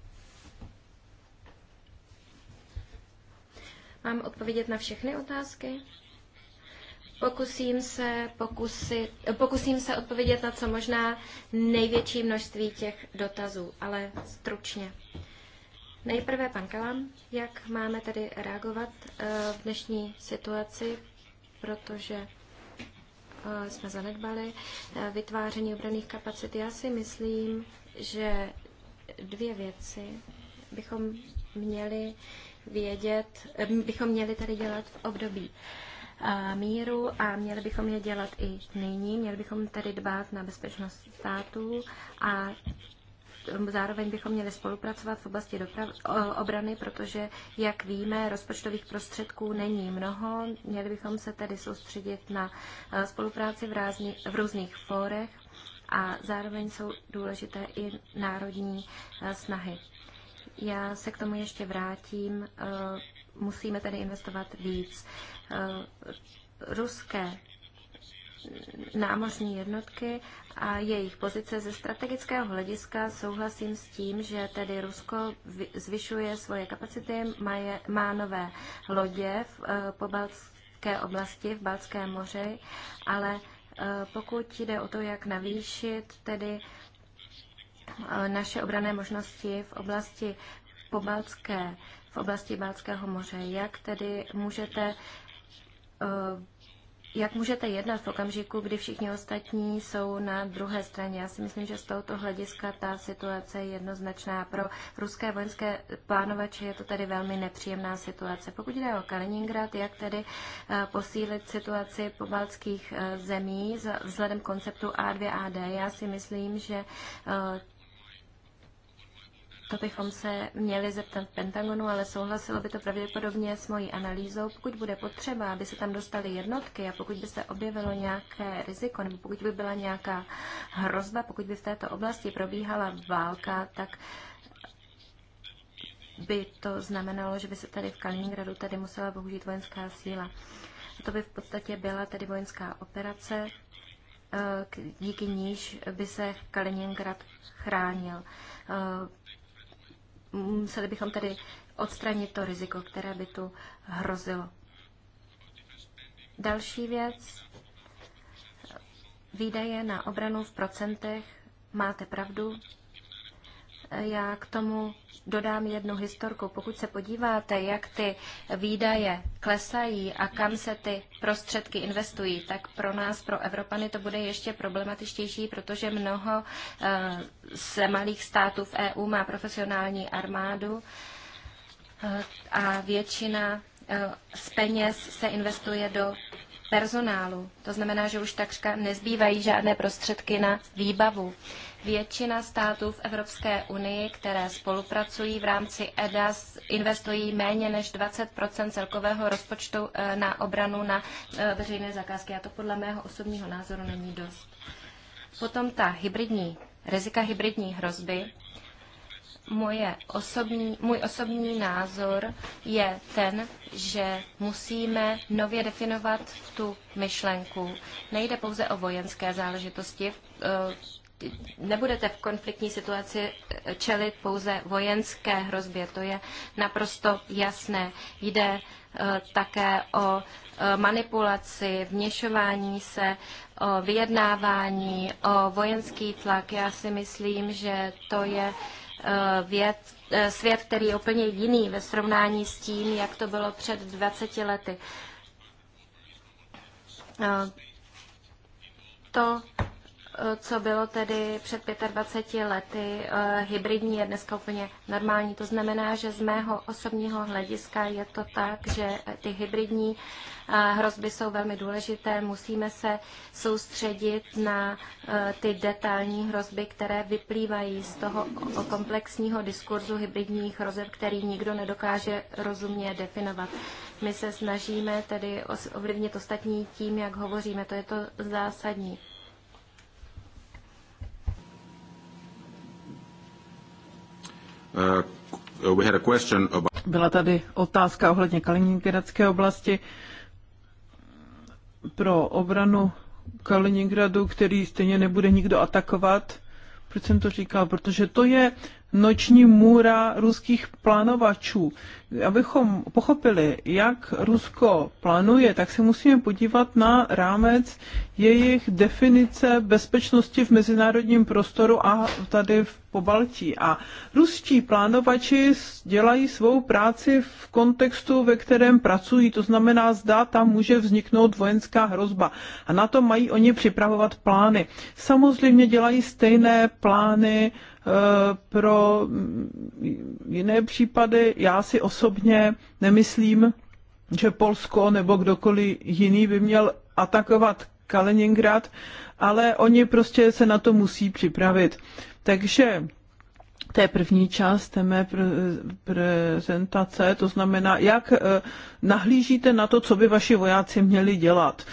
Mám odpovědět na všechny otázky? Pokusím se, pokusit, pokusím se odpovědět na co možná největší množství těch dotazů, ale stručně. Nejprve pan Kalam, jak máme tedy reagovat eh, v dnešní situaci, protože eh, jsme zanedbali eh, vytváření obraných kapacit. Já si myslím, že dvě věci bychom měli vědět, bychom měli tady dělat v období míru a měli bychom je dělat i nyní. Měli bychom tady dbát na bezpečnost států a Ehm, zároveň bychom měli spolupracovat v oblasti doprav, obrany, protože, jak víme, rozpočtových prostředků není mnoho. Měli bychom se tedy soustředit na eh, spolupráci v, rázni, v různých fórech a zároveň jsou důležité i národní eh, snahy. Já se k tomu ještě vrátím. Eh, musíme tedy investovat víc. Ruské námořní jednotky a jejich pozice ze strategického hlediska souhlasím s tím, že tedy Rusko zvyšuje svoje kapacity, má, je, má nové lodě v eh, pobaltské oblasti, v Baltském moři, ale eh, pokud jde o to, jak navýšit tedy eh, naše obrané možnosti v oblasti pobaltské, v oblasti Baltského moře, jak tedy můžete jak můžete jednat v okamžiku, kdy všichni ostatní jsou na druhé straně? Já si myslím, že z tohoto hlediska ta situace je jednoznačná. Pro ruské vojenské plánovače je to tady velmi nepříjemná situace. Pokud jde o Kaliningrad, jak tedy eh, posílit situaci pobaltských eh, zemí vzhledem konceptu A2AD, já si myslím, že eh, to bychom se měli zeptat Pentagonu, ale souhlasilo by to pravděpodobně s mojí analýzou. Pokud bude potřeba, aby se tam dostaly jednotky a pokud by se objevilo nějaké riziko, nebo pokud by byla nějaká hrozba, pokud by v této oblasti probíhala válka, tak by to znamenalo, že by se tady v Kaliningradu tady musela použít vojenská síla. A to by v podstatě byla tedy vojenská operace, eh, díky níž by se Kaliningrad chránil. Eh, museli bychom tedy odstranit to riziko, které by tu hrozilo. Další věc, výdaje na obranu v procentech, máte pravdu, já k tomu dodám jednu historku. Pokud se podíváte, jak ty výdaje klesají a kam se ty prostředky investují, tak pro nás, pro Evropany, to bude ještě problematičtější, protože mnoho eh, z malých států v EU má profesionální armádu eh, a většina eh, z peněz se investuje do personálu. To znamená, že už takřka nezbývají žádné prostředky na výbavu. Většina států v Evropské unii, které spolupracují v rámci EDAS, investují méně než 20 celkového rozpočtu eh, na obranu na eh, veřejné zakázky. A to podle mého osobního názoru není dost. Potom ta hybridní, rizika hybridní hrozby. Moje osobní, můj osobní názor je ten, že musíme nově definovat tu myšlenku. Nejde pouze o vojenské záležitosti, eh, nebudete v konfliktní situaci čelit pouze vojenské hrozbě. To je naprosto jasné. Jde eh, také o eh, manipulaci, vněšování se, o vyjednávání, o vojenský tlak. Já si myslím, že to je eh, věd, svět, který je úplně jiný ve srovnání s tím, jak to bylo před 20 lety. To co bylo tedy před 25 lety eh, hybridní, je dneska úplně normální. To znamená, že z mého osobního hlediska je to tak, že ty hybridní eh, hrozby jsou velmi důležité. Musíme se soustředit na eh, ty detailní hrozby, které vyplývají z toho komplexního diskurzu hybridních hrozeb, který nikdo nedokáže rozumně definovat. My se snažíme tedy ovlivnit ostatní tím, jak hovoříme. To je to zásadní. Uh, we had a question about... Byla tady otázka ohledně Kaliningradské oblasti pro obranu Kaliningradu, který stejně nebude nikdo atakovat. Proč jsem to říkal? Protože to je noční můra ruských plánovačů. Abychom pochopili, jak Rusko plánuje, tak se musíme podívat na rámec jejich definice bezpečnosti v mezinárodním prostoru a tady v Pobaltí. A ruští plánovači dělají svou práci v kontextu, ve kterém pracují, to znamená, zda tam může vzniknout vojenská hrozba. A na to mají oni připravovat plány. Samozřejmě dělají stejné plány pro jiné případy. Já si osobně nemyslím, že Polsko nebo kdokoliv jiný by měl atakovat Kaliningrad, ale oni prostě se na to musí připravit. Takže to je první část té mé prezentace, to znamená, jak eh, nahlížíte na to, co by vaši vojáci měli dělat.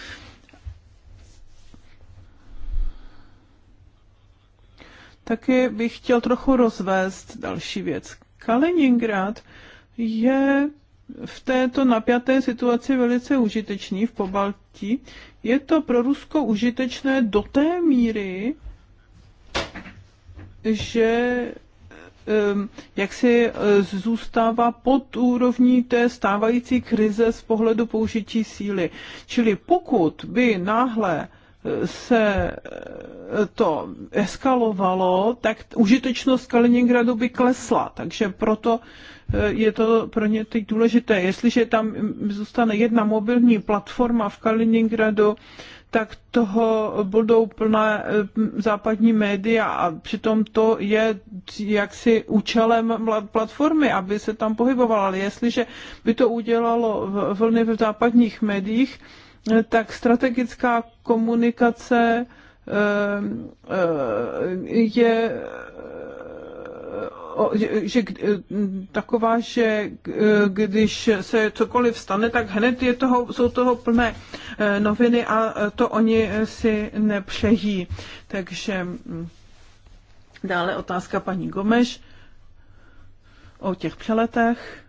taky bych chtěl trochu rozvést další věc. Kaliningrad je v této napjaté situaci velice užitečný v Pobaltí. Je to pro Rusko užitečné do té míry, že ehm, jak si e, zůstává pod úrovní té stávající krize z pohledu použití síly. Čili pokud by náhle se eh, to eskalovalo, tak užitečnost Kaliningradu by klesla. Takže proto eh, je to pro ně teď důležité. Jestliže tam zůstane jedna mobilní platforma v Kaliningradu, tak toho budou plné eh, západní média a přitom to je jaksi účelem platformy, aby se tam pohybovala. Ale jestliže by to udělalo vlny v západních médiích, tak strategická komunikace eh, eh, je eh, že, taková, že když se cokoliv stane, tak hned je toho, jsou toho plné noviny a to oni si nepřejí. Takže hm, dále otázka paní Gomeš o těch přeletech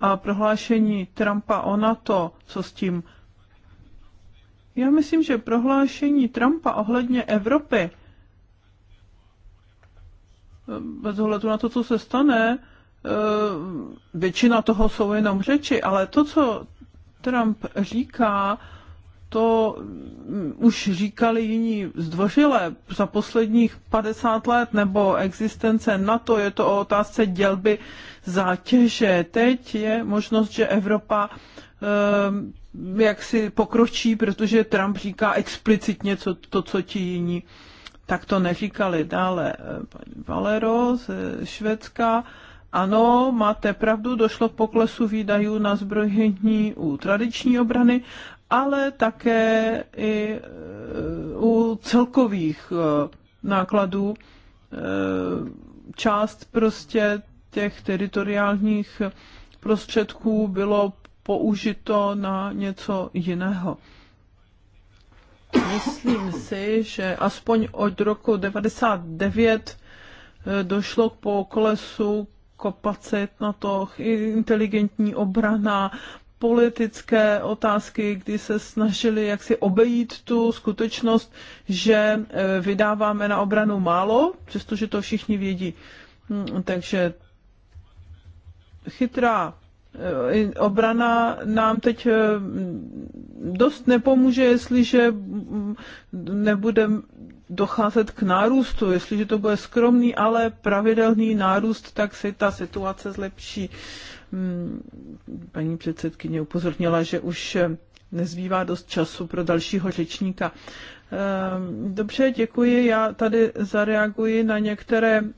a prohlášení Trumpa o NATO, co s tím? Já myslím, že prohlášení Trumpa ohledně Evropy, bez ohledu na to, co se stane, eh, většina toho jsou jenom řeči, ale to, co Trump říká to mm, už říkali jiní zdvořile za posledních 50 let nebo existence NATO, je to o otázce dělby zátěže. Teď je možnost, že Evropa ehm, jak si pokročí, protože Trump říká explicitně co, to, co ti jiní tak to neříkali. Dále eh, paní Valero z Švédska. Ano, máte pravdu, došlo k poklesu výdajů na zbrojení u tradiční obrany, ale také i e, u celkových e, nákladů e, část prostě těch teritoriálních prostředků bylo použito na něco jiného. Myslím si, že aspoň od roku 99 došlo k poklesu kapacit na to inteligentní obrana, politické otázky, kdy se snažili jaksi obejít tu skutečnost, že e, vydáváme na obranu málo, přestože to všichni vědí. Hm, takže chytrá e, obrana nám teď e, dost nepomůže, jestliže mm, nebude docházet k nárůstu. Jestliže to bude skromný, ale pravidelný nárůst, tak si ta situace zlepší. Hmm, paní předsedkyně upozornila, že už eh, nezbývá dost času pro dalšího řečníka. Eh, dobře, děkuji. Já tady zareaguji na některé mm,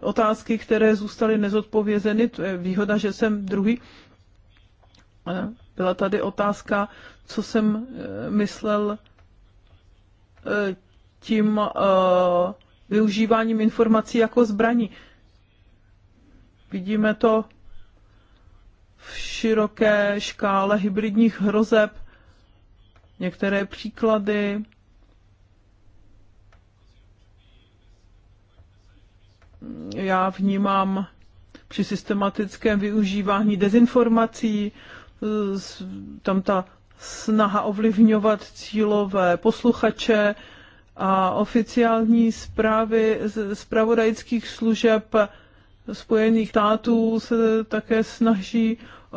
otázky, které zůstaly nezodpovězeny. To je výhoda, že jsem druhý. Eh, byla tady otázka, co jsem myslel tím využíváním informací jako zbraní. Vidíme to v široké škále hybridních hrozeb. Některé příklady. Já vnímám při systematickém využívání dezinformací, tam ta snaha ovlivňovat cílové posluchače a oficiální zprávy z zpravodajských služeb Spojených států se také snaží eh,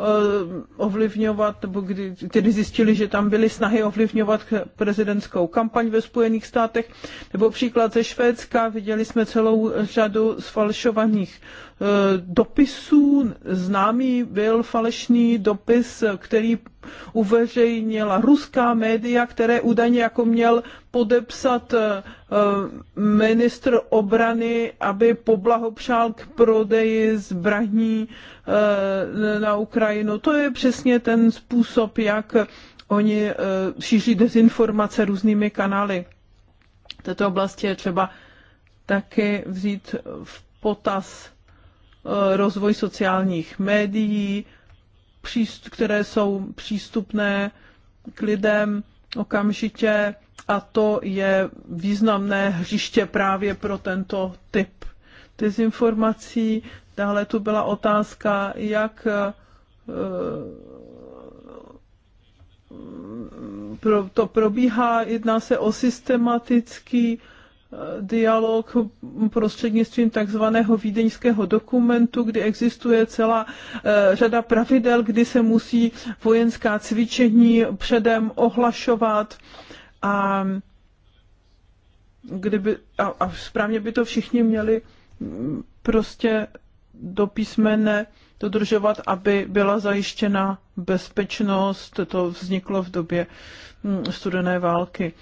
ovlivňovat, nebo kdy, tedy zjistili, že tam byly snahy ovlivňovat prezidentskou kampaň ve Spojených státech, nebo příklad ze Švédska, viděli jsme celou řadu sfalšovaných Eh, dopisů. Známý byl falešný dopis, který uveřejnila ruská média, které údajně jako měl podepsat eh, ministr obrany, aby poblahopřál k prodeji zbraní eh, na Ukrajinu. To je přesně ten způsob, jak oni šíří dezinformace různými kanály. V této oblasti je třeba taky vzít v potaz Eh, rozvoj sociálních médií, které jsou přístupné k lidem okamžitě a to je významné hřiště právě pro tento typ dezinformací. Dále tu byla otázka, jak eh, to probíhá, jedná se o systematický dialog prostřednictvím takzvaného vídeňského dokumentu, kdy existuje celá eh, řada pravidel, kdy se musí vojenská cvičení předem ohlašovat a, kdyby, a, a správně by to všichni měli mm, prostě do písmene dodržovat, aby byla zajištěna bezpečnost. To vzniklo v době mm, studené války.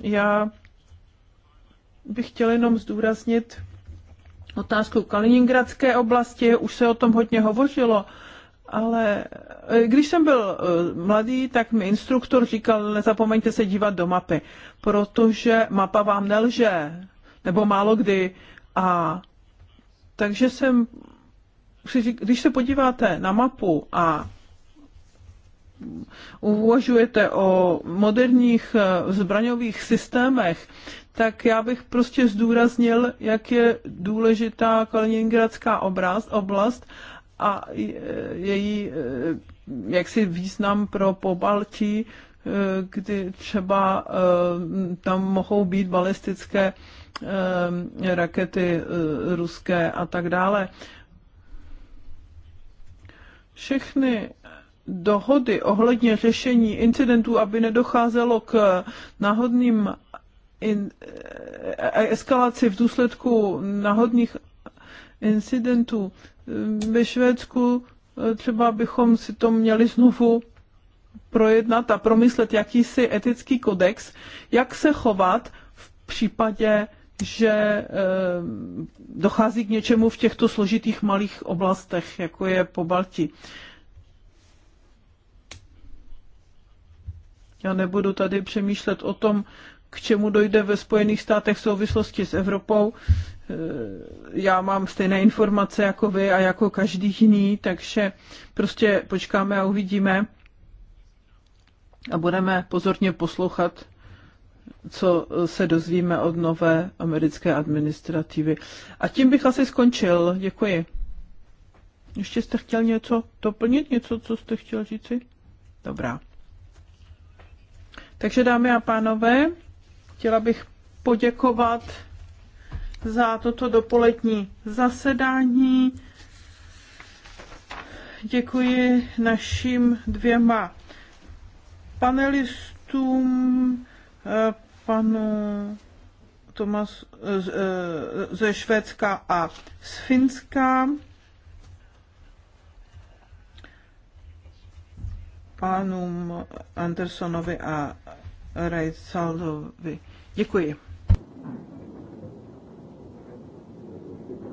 Já bych chtěl jenom zdůraznit otázku Kaliningradské oblasti, už se o tom hodně hovořilo, ale e, když jsem byl e, mladý, tak mi instruktor říkal, nezapomeňte se dívat do mapy, protože mapa vám nelže, nebo málo kdy. A takže jsem, když se podíváte na mapu a uvažujete o moderních e, zbraňových systémech, tak já bych prostě zdůraznil, jak je důležitá kaliningradská obraz, oblast a její eh, jaksi význam pro pobaltí, eh, kdy třeba eh, tam mohou být balistické rakety ruské a tak dále. Všechny dohody ohledně řešení incidentů, aby nedocházelo k náhodným in, eh, eh, eskalaci v důsledku náhodných incidentů. Eh, ve Švédsku třeba bychom si to měli znovu projednat a promyslet jakýsi etický kodex, jak se chovat v případě, že dochází k něčemu v těchto složitých malých oblastech, jako je po Balti. Já nebudu tady přemýšlet o tom, k čemu dojde ve Spojených státech v souvislosti s Evropou. Eh, já mám stejné informace jako vy a jako každý jiný, takže prostě počkáme a uvidíme a budeme pozorně poslouchat, co se dozvíme od nové americké administrativy. A tím bych asi skončil. Děkuji. Ještě jste chtěl něco doplnit, něco, co jste chtěl říci? Dobrá. Takže dámy a pánové, Chtěla bych poděkovat za toto dopolední zasedání. Děkuji našim dvěma panelistům, eh, panu Tomas eh, eh, ze Švédska a z Finska, pánům Andersonovi a Rajcalovi. Děkuji.